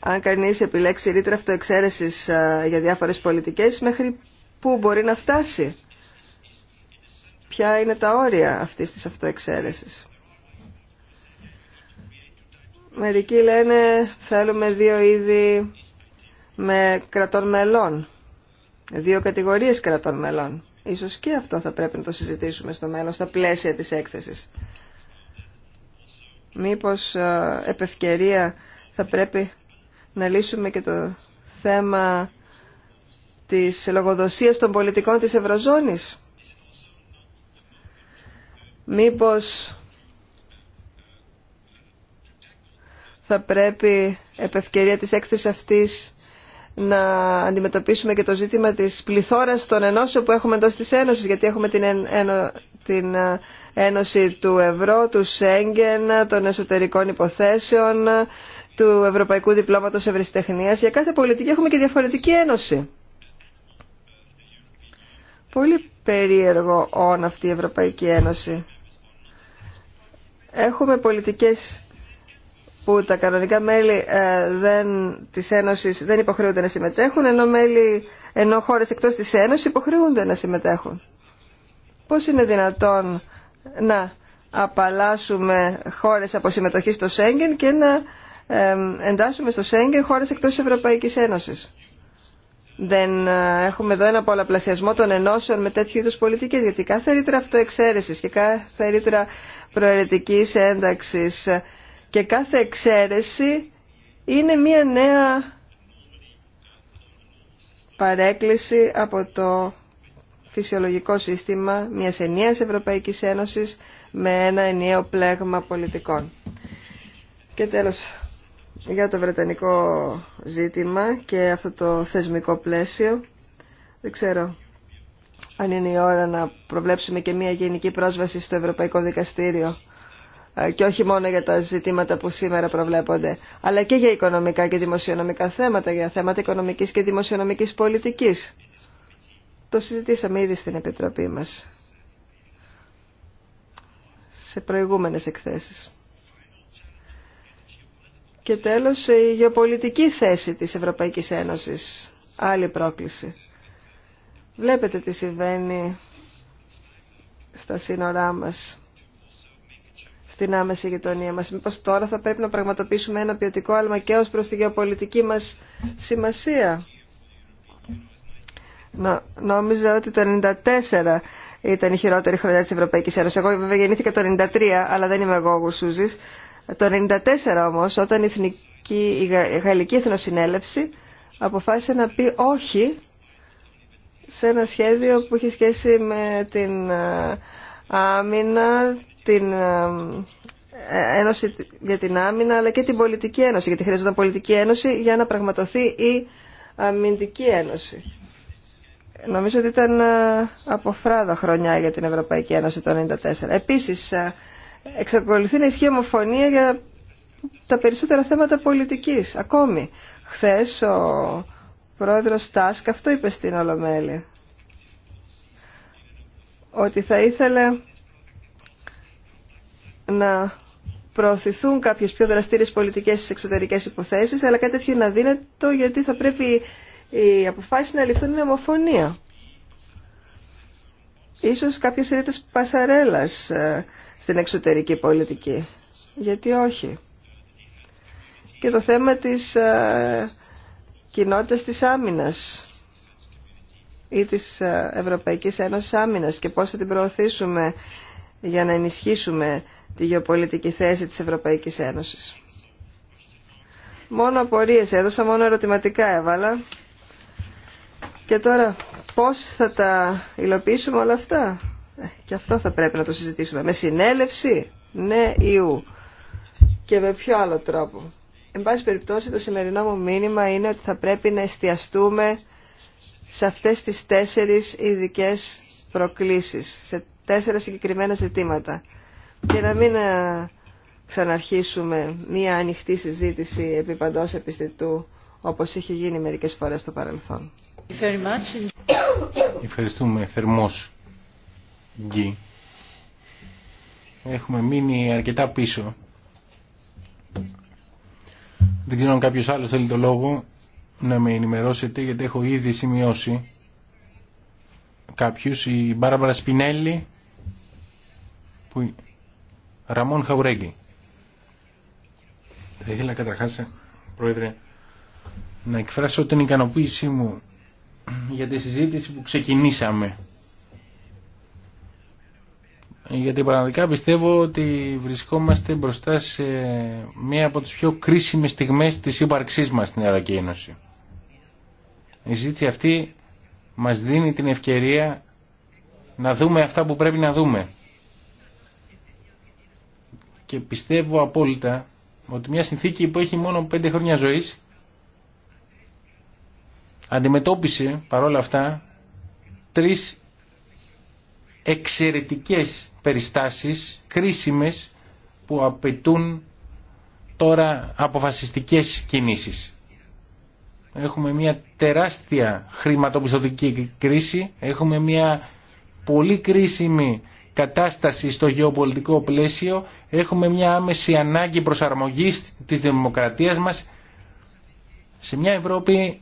Αν κανείς επιλέξει ρήτρα αυτοεξαίρεσης ε, για διάφορες πολιτικές, μέχρι πού μπορεί να φτάσει. Ποια είναι τα όρια αυτής της αυτοεξαίρεσης. Μερικοί λένε θέλουμε δύο είδη με κρατών μελών, δύο κατηγορίες κρατών μελών. Ίσως και αυτό θα πρέπει να το συζητήσουμε στο μέλλον, στα πλαίσια της έκθεσης. Μήπως ε, ευκαιρία θα πρέπει να λύσουμε και το θέμα της λογοδοσίας των πολιτικών της Ευρωζώνης. Μήπως θα πρέπει επευκαιρία της έκθεσης αυτής να αντιμετωπίσουμε και το ζήτημα της πληθώρας των ενώσεων που έχουμε εντός της Ένωσης, γιατί έχουμε την, την ε, Ένωση του Ευρώ, του Σέγγεν, των εσωτερικών υποθέσεων, του Ευρωπαϊκού Διπλώματος Ευρεσιτεχνίας. Για κάθε πολιτική έχουμε και διαφορετική ένωση. Πολύ περίεργο όν αυτή η Ευρωπαϊκή Ένωση. Έχουμε πολιτικές που τα κανονικά μέλη ε, δεν, της Ένωσης δεν υποχρεούνται να συμμετέχουν, ενώ, μέλη, ενώ χώρες εκτός της Ένωσης υποχρεούνται να συμμετέχουν. Πώς είναι δυνατόν να απαλλάσσουμε χώρες από συμμετοχή στο Σέγγεν και να ε, εντάσσουμε στο Σέγγεν χώρες εκτός της Ευρωπαϊκής Ένωσης. Δεν ε, έχουμε εδώ ένα πολλαπλασιασμό των ενώσεων με τέτοιου είδους πολιτικές, γιατί κάθε ρήτρα αυτοεξαίρεσης και κάθε ρήτρα προαιρετικής ένταξης και κάθε εξαίρεση είναι μία νέα παρέκκληση από το φυσιολογικό σύστημα μιας ενιαίας Ευρωπαϊκής Ένωσης με ένα ενιαίο πλέγμα πολιτικών. Και τέλος, για το βρετανικό ζήτημα και αυτό το θεσμικό πλαίσιο, δεν ξέρω αν είναι η ώρα να προβλέψουμε και μια γενική πρόσβαση στο Ευρωπαϊκό Δικαστήριο ε, και όχι μόνο για τα ζητήματα που σήμερα προβλέπονται, αλλά και για οικονομικά και δημοσιονομικά θέματα, για θέματα οικονομικής και δημοσιονομικής πολιτικής. Το συζητήσαμε ήδη στην Επιτροπή μας σε προηγούμενες εκθέσεις. Και τέλος, η γεωπολιτική θέση της Ευρωπαϊκής Ένωσης. Άλλη πρόκληση. Βλέπετε τι συμβαίνει στα σύνορά μας στην άμεση γειτονία μας. Μήπως τώρα θα πρέπει να πραγματοποιήσουμε ένα ποιοτικό άλμα και ως προς τη γεωπολιτική μας σημασία. Νο, νόμιζα ότι το 94 ήταν η χειρότερη χρονιά της Ευρωπαϊκής Ένωσης. Εγώ βέβαια γεννήθηκα το 93, αλλά δεν είμαι εγώ ο Το 94 όμως, όταν η, Εθνική, η Γαλλική Εθνοσυνέλευση αποφάσισε να πει όχι σε ένα σχέδιο που είχε σχέση με την ε, άμυνα, την ε, Ένωση για την Άμυνα αλλά και την Πολιτική Ένωση γιατί χρειαζόταν Πολιτική Ένωση για να πραγματοθεί η Αμυντική Ένωση. Νομίζω ότι ήταν ε, αποφράδα χρονιά για την Ευρωπαϊκή Ένωση το 1994. Επίσης, ε, εξακολουθεί να ισχύει ομοφωνία για τα περισσότερα θέματα πολιτικής. Ακόμη, χθες ο πρόεδρος Τάσκ αυτό είπε στην Ολομέλη. Ότι θα ήθελε να προωθηθούν κάποιες πιο δραστήριες πολιτικές στις εξωτερικές υποθέσεις, αλλά κάτι τέτοιο είναι αδύνατο γιατί θα πρέπει οι αποφάσεις να ληφθούν με ομοφωνία. Ίσως κάποιες ρήτες πασαρέλας ε, στην εξωτερική πολιτική. Γιατί όχι. Και το θέμα της ε, κοινότητας της άμυνας ή της ε, Ευρωπαϊκής Ένωσης Άμυνας και πώς θα την προωθήσουμε για να ενισχύσουμε τη γεωπολιτική θέση της Ευρωπαϊκής Ένωσης. Μόνο απορίες έδωσα, μόνο ερωτηματικά έβαλα. Και τώρα πώς θα τα υλοποιήσουμε όλα αυτά. Ε, και αυτό θα πρέπει να το συζητήσουμε. Με συνέλευση, ναι ή ου. Και με ποιο άλλο τρόπο. Εν πάση περιπτώσει το σημερινό μου μήνυμα είναι ότι θα πρέπει να εστιαστούμε σε αυτές τις τέσσερις ειδικέ προκλήσεις τέσσερα συγκεκριμένα ζητήματα. Και να μην ε, ξαναρχίσουμε μία ανοιχτή συζήτηση επί παντός επιστητού, όπως είχε γίνει μερικές φορές στο παρελθόν. Ευχαριστούμε θερμός, Γκί. Έχουμε μείνει αρκετά πίσω. Δεν ξέρω αν κάποιος άλλος θέλει το λόγο να με ενημερώσετε, γιατί έχω ήδη σημειώσει κάποιους. Η Μπάρμπαρα Σπινέλη που... Ραμόν Χαουρέγγι. Θα ήθελα καταρχάς, ε, Πρόεδρε, να εκφράσω την ικανοποίησή μου για τη συζήτηση που ξεκινήσαμε. Γιατί πραγματικά πιστεύω ότι βρισκόμαστε μπροστά σε μία από τις πιο κρίσιμες στιγμές της ύπαρξής μας στην Ευρωπαϊκή Ένωση. Η συζήτηση αυτή μας δίνει την ευκαιρία να δούμε αυτά που πρέπει να δούμε και πιστεύω απόλυτα ότι μια συνθήκη που έχει μόνο πέντε χρόνια ζωής αντιμετώπισε παρόλα αυτά τρεις εξαιρετικές περιστάσεις κρίσιμες που απαιτούν τώρα αποφασιστικές κινήσεις. Έχουμε μια τεράστια χρηματοπιστωτική κρίση, έχουμε μια πολύ κρίσιμη κατάσταση στο γεωπολιτικό πλαίσιο έχουμε μια άμεση ανάγκη προσαρμογής της δημοκρατίας μας σε μια Ευρώπη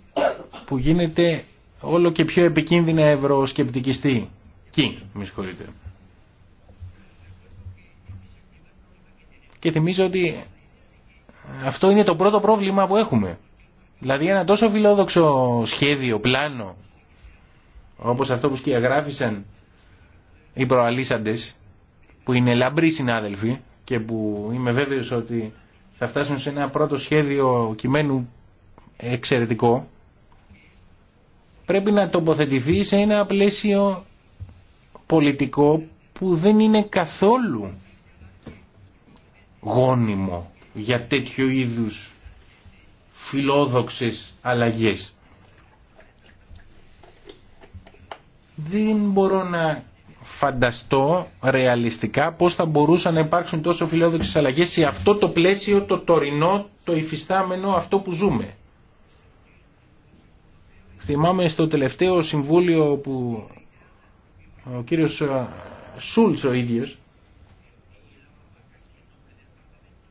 που γίνεται όλο και πιο επικίνδυνα ευρωσκεπτικιστή. Κι, με συγχωρείτε. Και θυμίζω ότι αυτό είναι το πρώτο πρόβλημα που έχουμε. Δηλαδή ένα τόσο φιλόδοξο σχέδιο, πλάνο, όπως αυτό που σκιαγράφησαν οι προαλήσαντες που είναι λαμπροί συνάδελφοι και που είμαι βέβαιος ότι θα φτάσουν σε ένα πρώτο σχέδιο κειμένου εξαιρετικό πρέπει να τοποθετηθεί σε ένα πλαίσιο πολιτικό που δεν είναι καθόλου γόνιμο για τέτοιου είδους φιλόδοξες αλλαγές. Δεν μπορώ να φανταστώ ρεαλιστικά πώς θα μπορούσαν να υπάρξουν τόσο φιλόδοξες αλλαγές σε αυτό το πλαίσιο το τωρινό, το υφιστάμενο, αυτό που ζούμε. Θυμάμαι στο τελευταίο συμβούλιο που ο κύριος ε, Σούλτς ο ίδιος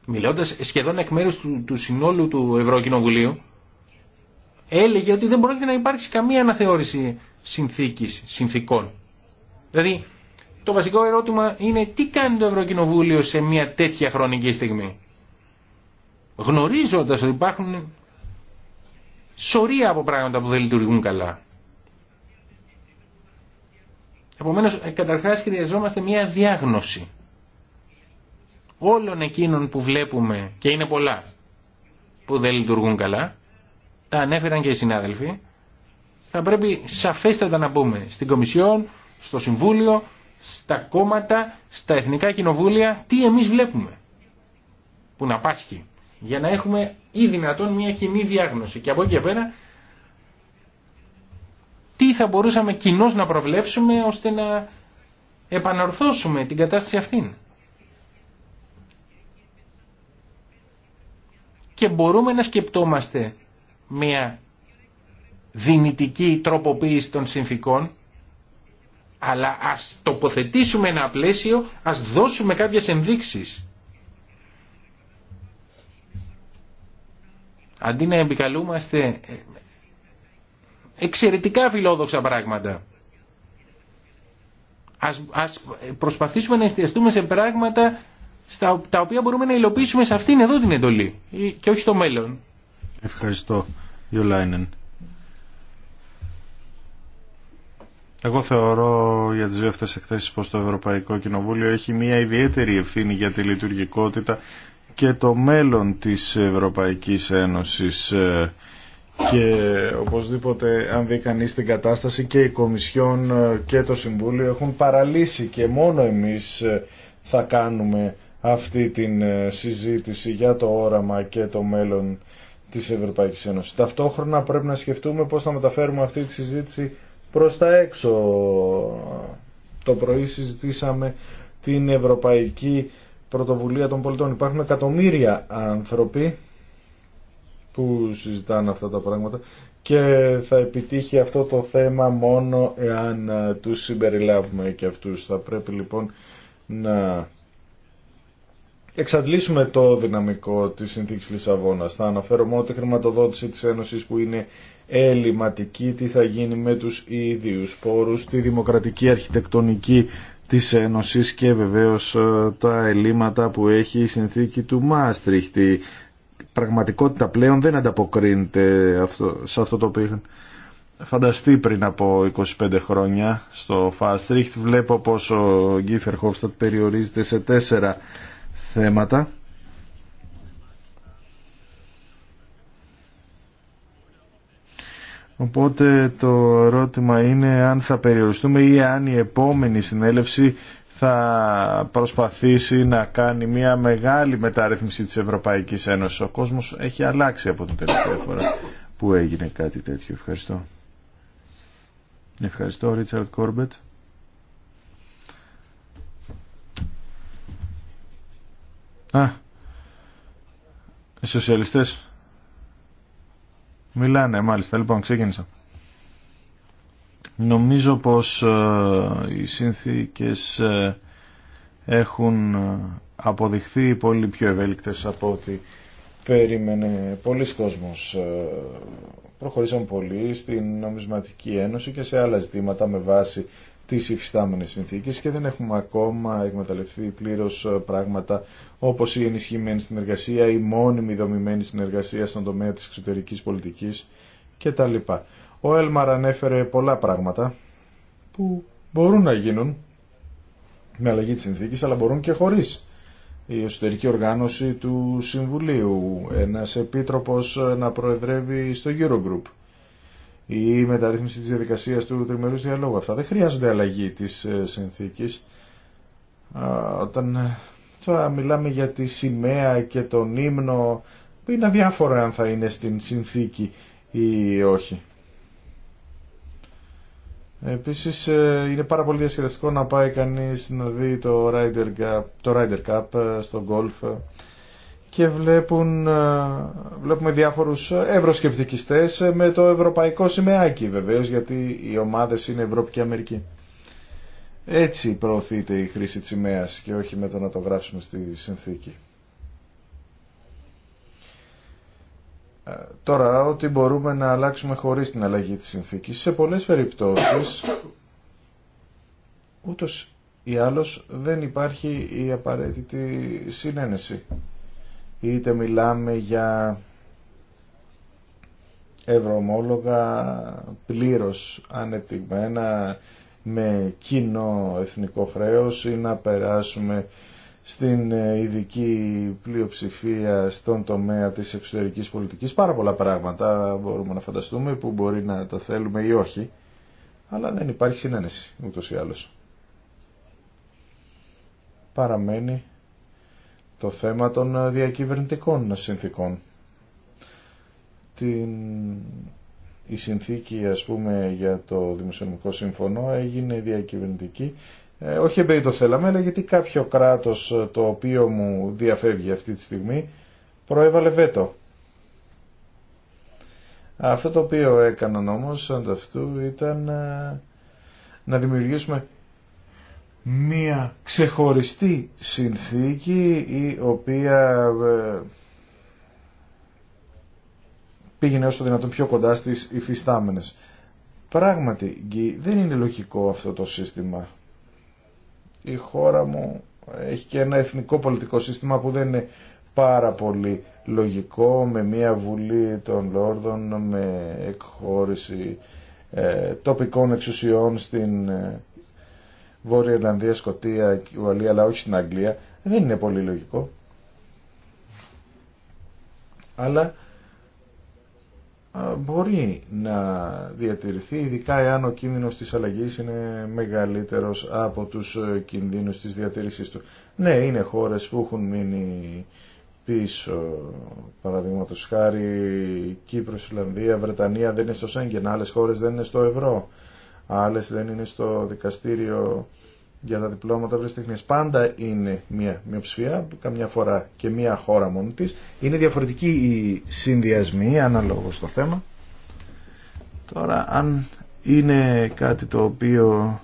μιλώντας σχεδόν εκ μέρους του, συνόλου του Ευρωκοινοβουλίου έλεγε ότι δεν πρόκειται να υπάρξει καμία αναθεώρηση συνθήκης, συνθήκων. Δηλαδή, το βασικό ερώτημα είναι τι κάνει το Ευρωκοινοβούλιο σε μια τέτοια χρονική στιγμή. Γνωρίζοντας ότι υπάρχουν σωρία από πράγματα που δεν λειτουργούν καλά. Επομένως, ε, καταρχάς χρειαζόμαστε μια διάγνωση όλων εκείνων που βλέπουμε, και είναι πολλά, που δεν λειτουργούν καλά, τα ανέφεραν και οι συνάδελφοι, θα πρέπει σαφέστατα να πούμε στην Κομισιόν, στο Συμβούλιο, στα κόμματα, στα εθνικά κοινοβούλια, τι εμείς βλέπουμε που να πάσχει για να έχουμε ή δυνατόν μια κοινή διάγνωση και από εκεί και πέρα τι θα μπορούσαμε κοινώς να προβλέψουμε ώστε να επαναρθώσουμε την κατάσταση αυτήν. Και μπορούμε να σκεπτόμαστε μια δυνητική τροποποίηση των συνθήκων αλλά ας τοποθετήσουμε ένα πλαίσιο, ας δώσουμε κάποιες ενδείξεις. Αντί να επικαλούμαστε ε, εξαιρετικά φιλόδοξα πράγματα. Ας, προσπαθήσουμε να εστιαστούμε σε πράγματα στα, τα οποία μπορούμε να υλοποιήσουμε σε αυτήν εδώ την εντολή και όχι στο μέλλον. Ευχαριστώ, Ιωλάινεν. Εγώ θεωρώ για τις δύο αυτές εκθέσεις πως το Ευρωπαϊκό Κοινοβούλιο έχει μια ιδιαίτερη ευθύνη για τη λειτουργικότητα και το μέλλον της Ευρωπαϊκής Ένωσης ε, και οπωσδήποτε αν δει κανείς την κατάσταση και η Κομισιόν ε, και το Συμβούλιο έχουν παραλύσει και μόνο εμείς ε, θα κάνουμε αυτή την συζήτηση για το όραμα και το μέλλον της Ευρωπαϊκής Ένωσης. Ταυτόχρονα πρέπει να σκεφτούμε πώς θα μεταφέρουμε αυτή τη συζήτηση προς τα έξω. Το πρωί συζητήσαμε την Ευρωπαϊκή Πρωτοβουλία των Πολιτών. Υπάρχουν εκατομμύρια άνθρωποι που συζητάνε αυτά τα πράγματα και θα επιτύχει αυτό το θέμα μόνο εάν τους συμπεριλάβουμε και αυτούς. Θα πρέπει λοιπόν να εξαντλήσουμε το δυναμικό της συνθήκης Λισαβόνας. Θα αναφέρω μόνο τη χρηματοδότηση της Ένωσης που είναι ελληματική, τι θα γίνει με τους ίδιους πόρους, τη δημοκρατική αρχιτεκτονική της Ένωσης και βεβαίως ε, τα ελλείμματα που έχει η συνθήκη του Μάστριχτη. Πραγματικότητα πλέον δεν ανταποκρίνεται αυτό, σε αυτό το οποίο είχαν φανταστεί πριν από 25 χρόνια στο Φάστριχτ. Βλέπω πως ο Γκίφερ Χόφστατ περιορίζεται σε τέσσερα θέματα Οπότε το ερώτημα είναι αν θα περιοριστούμε ή αν η επόμενη συνέλευση θα προσπαθήσει να κάνει μια μεγάλη μεταρρύθμιση της Ευρωπαϊκής Ένωσης. Ο κόσμος έχει αλλάξει από την τελευταία φορά που έγινε κάτι τέτοιο. Ευχαριστώ. Ευχαριστώ, Ρίτσαρτ Κόρμπετ. Α, οι σοσιαλιστές Μιλάνε μάλιστα. Λοιπόν, ξεκίνησα. Νομίζω πως ε, οι συνθήκες ε, έχουν ε, αποδειχθεί πολύ πιο ευέλικτες από ό,τι περίμενε πολλοί κόσμος. Προχωρήσαμε πολύ στην Νομισματική Ένωση και σε άλλα ζητήματα με βάση τις υφιστάμενες συνθήκες και δεν έχουμε ακόμα εκμεταλλευτεί πλήρως ε, πράγματα όπως η ενισχυμένη συνεργασία, η μόνιμη δομημένη συνεργασία στον τομέα της εξωτερικής πολιτικής κτλ. Ο Έλμαρ ανέφερε πολλά πράγματα που μπορούν να γίνουν με αλλαγή της συνθήκης αλλά μπορούν και χωρίς η εσωτερική οργάνωση του Συμβουλίου, ένας επίτροπος ε, να προεδρεύει στο Eurogroup η μεταρρύθμιση της διαδικασίας του τριμερούς διαλόγου. Αυτά δεν χρειάζονται αλλαγή της ε, συνθήκης. Όταν ε, μιλάμε για τη σημαία και τον ύμνο, είναι αδιάφορο αν θα είναι στην συνθήκη ή όχι. Επίσης ε, είναι πάρα πολύ διασκεδαστικό να πάει κανείς να δει το Ryder Cup, το Ryder Cup στο Golf και βλέπουν, ε, βλέπουμε διάφορους ευρωσκεπτικιστές με το ευρωπαϊκό σημαίακι βεβαίως γιατί οι ομάδες είναι Ευρώπη και Αμερική. Έτσι προωθείται η χρήση της σημαίας και όχι με το να το γράψουμε στη συνθήκη. Ε, τώρα, ότι μπορούμε να αλλάξουμε χωρίς την αλλαγή της συνθήκης, σε πολλές περιπτώσεις ούτως ή άλλως δεν υπάρχει η απαραίτητη συνένεση είτε μιλάμε για ευρωομόλογα πλήρως ανεπτυγμένα με κοινό εθνικό χρέος ή να περάσουμε στην ε, ειδική πλειοψηφία στον τομέα της εξωτερικής πολιτικής. Πάρα πολλά πράγματα μπορούμε να φανταστούμε που μπορεί να τα θέλουμε ή όχι, αλλά δεν υπάρχει συνένεση ούτως ή άλλως. Παραμένει το θέμα των ε, διακυβερνητικών συνθήκων. Την... Η συνθήκη ας πούμε για το Δημοσιονομικό Σύμφωνο έγινε διακυβερνητική ε, όχι επειδή το θέλαμε αλλά γιατί κάποιο κράτος ε, το οποίο μου διαφεύγει αυτή τη στιγμή προέβαλε βέτο. Αυτό το οποίο έκαναν όμως ανταυτού ήταν να δημιουργήσουμε μία ξεχωριστή συνθήκη η οποία ε, πήγαινε όσο δυνατόν πιο κοντά στις υφιστάμενες. Πράγματι, Γκί, δεν είναι λογικό αυτό το σύστημα. Η χώρα μου έχει και ένα εθνικό πολιτικό σύστημα που δεν είναι πάρα πολύ λογικό με μια βουλή των Λόρδων, με εκχώρηση ε, τοπικών εξουσιών στην ε, Βόρεια Ιρλανδία, Σκοτία, Ουαλία, αλλά όχι στην Αγγλία, δεν είναι πολύ λογικό. Αλλά μπορεί να διατηρηθεί, ειδικά εάν ο κίνδυνος της αλλαγής είναι μεγαλύτερος από τους ε, κινδύνους της διατήρησής του. Ναι, είναι χώρες που έχουν μείνει πίσω, παραδείγματος χάρη Κύπρος, Ιρλανδία, Βρετανία δεν είναι στο Σέγγεν, άλλες χώρες δεν είναι στο ευρώ. Άλλε δεν είναι στο δικαστήριο για τα διπλώματα βρεστιχνίες. Πάντα είναι μια μειοψηφία, καμιά φορά και μια χώρα μόνη της. Είναι διαφορετικοί οι συνδυασμοί αναλόγως στο θέμα. Τώρα αν είναι κάτι το οποίο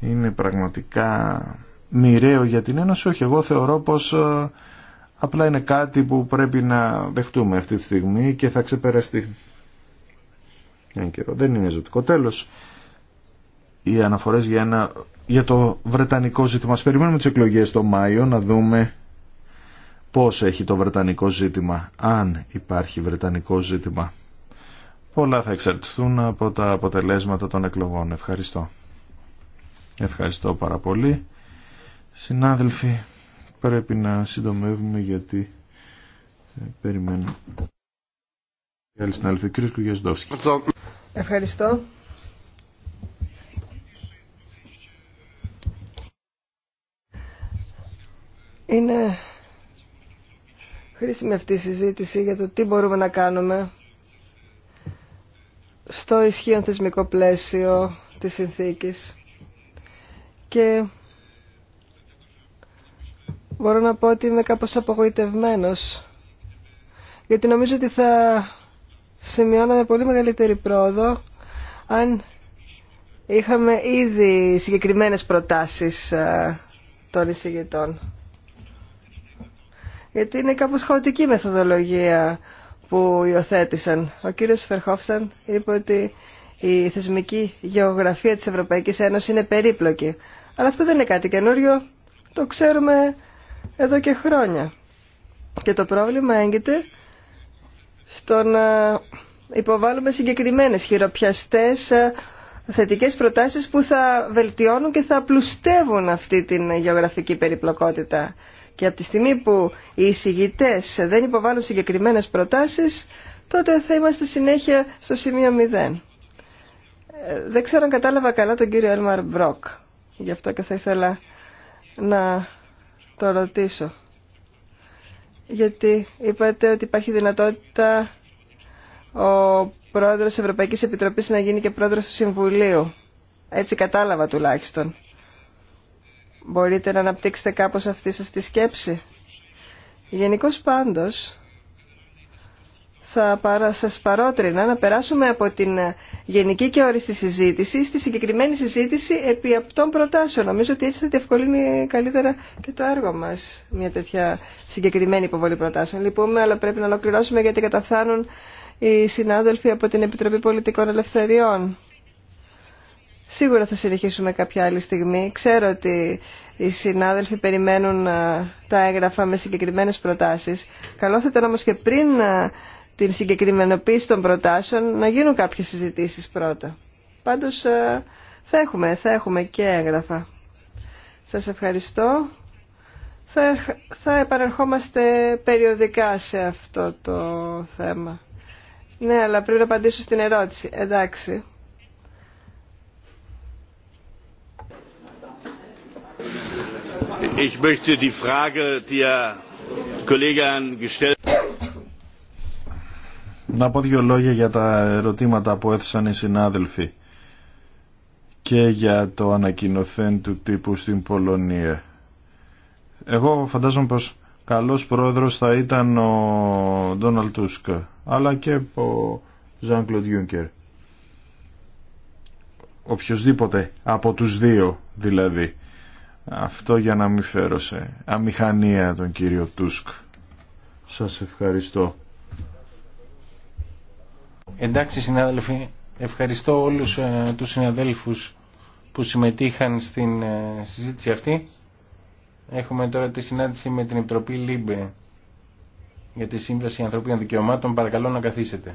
είναι πραγματικά μοιραίο για την Ένωση, όχι εγώ θεωρώ πως ε, απλά είναι κάτι που πρέπει να δεχτούμε αυτή τη στιγμή και θα ξεπεραστεί έναν καιρό. Δεν είναι ζωτικό. Τέλος, οι αναφορέ για, το βρετανικό ζήτημα. Ας περιμένουμε τι εκλογέ το Μάιο να δούμε πώ έχει το βρετανικό ζήτημα, αν υπάρχει βρετανικό ζήτημα. Πολλά θα εξαρτηθούν από τα αποτελέσματα των εκλογών. Ευχαριστώ. Ευχαριστώ πάρα πολύ. Συνάδελφοι, πρέπει να συντομεύουμε γιατί ε, περιμένουμε. Ευχαριστώ. Είναι χρήσιμη αυτή η συζήτηση για το τι μπορούμε να κάνουμε στο ισχύον θεσμικό πλαίσιο της συνθήκης και μπορώ να πω ότι είμαι κάπως απογοητευμένος γιατί νομίζω ότι θα σημειώναμε πολύ μεγαλύτερη πρόοδο αν είχαμε ήδη συγκεκριμένες προτάσεις ε, των εισηγητών. Γιατί είναι κάπως χαοτική μεθοδολογία που υιοθέτησαν. Ο κύριος Φερχόφσταν είπε ότι η θεσμική γεωγραφία της Ευρωπαϊκής Ένωσης είναι περίπλοκη. Αλλά αυτό δεν είναι κάτι καινούριο, το ξέρουμε εδώ και χρόνια. Και το πρόβλημα έγκυται στο να ε, υποβάλουμε συγκεκριμένες χειροπιαστές ε, θετικές προτάσεις που θα βελτιώνουν και θα πλουστεύουν αυτή την γεωγραφική περιπλοκότητα. Και από τη στιγμή που οι εισηγητές δεν υποβάλλουν συγκεκριμένες προτάσεις, τότε θα είμαστε συνέχεια στο σημείο 0. Ε, δεν ξέρω αν κατάλαβα καλά τον κύριο Έλμαρ Μπρόκ. Γι' αυτό και θα ήθελα να το ρωτήσω γιατί είπατε ότι υπάρχει δυνατότητα ο πρόεδρος της Ευρωπαϊκής Επιτροπής να γίνει και πρόεδρος του Συμβουλίου. Έτσι κατάλαβα τουλάχιστον. Μπορείτε να αναπτύξετε κάπως αυτή σας τη σκέψη. Γενικώ πάντως, θα σας παρότρινα να περάσουμε από την γενική και όριστη συζήτηση στη συγκεκριμένη συζήτηση επί αυτών προτάσεων. Νομίζω ότι έτσι θα διευκολύνει καλύτερα και το έργο μας μια τέτοια συγκεκριμένη υποβολή προτάσεων. Λοιπόν, αλλά πρέπει να ολοκληρώσουμε γιατί καταφθάνουν οι συνάδελφοι από την Επιτροπή Πολιτικών Ελευθεριών. Σίγουρα θα συνεχίσουμε κάποια άλλη στιγμή. Ξέρω ότι οι συνάδελφοι περιμένουν ε, τα έγγραφα με συγκεκριμένες προτάσεις. Καλό θα ήταν όμως και πριν ε, την συγκεκριμενοποίηση των προτάσεων να γίνουν κάποιες συζητήσεις πρώτα. Πάντως ε, θα έχουμε, θα έχουμε και έγγραφα. Σας ευχαριστώ. Θα, θα περιοδικά σε αυτό το θέμα. Ναι, αλλά πριν απαντήσω στην ερώτηση. Εντάξει. Ich möchte die Frage, gestellt να πω δύο λόγια για τα ερωτήματα που έθεσαν οι συνάδελφοι και για το ανακοινωθέν του τύπου στην Πολωνία. Εγώ φαντάζομαι πως καλός πρόεδρος θα ήταν ο Ντόναλτ Τούσκ, αλλά και ο Ζαν Κλοντ Ιούνκερ. Οποιοςδήποτε από τους δύο δηλαδή. Αυτό για να μην φέρω σε αμηχανία τον κύριο Τούσκ. Σας ευχαριστώ. Εντάξει συνάδελφοι, ευχαριστώ όλους ε, τους συναδέλφους που συμμετείχαν στην ε, συζήτηση αυτή. Έχουμε τώρα τη συνάντηση με την Επιτροπή ΛΥΜΠΕ για τη Σύμβαση Ανθρωπίνων Δικαιωμάτων. Παρακαλώ να καθίσετε.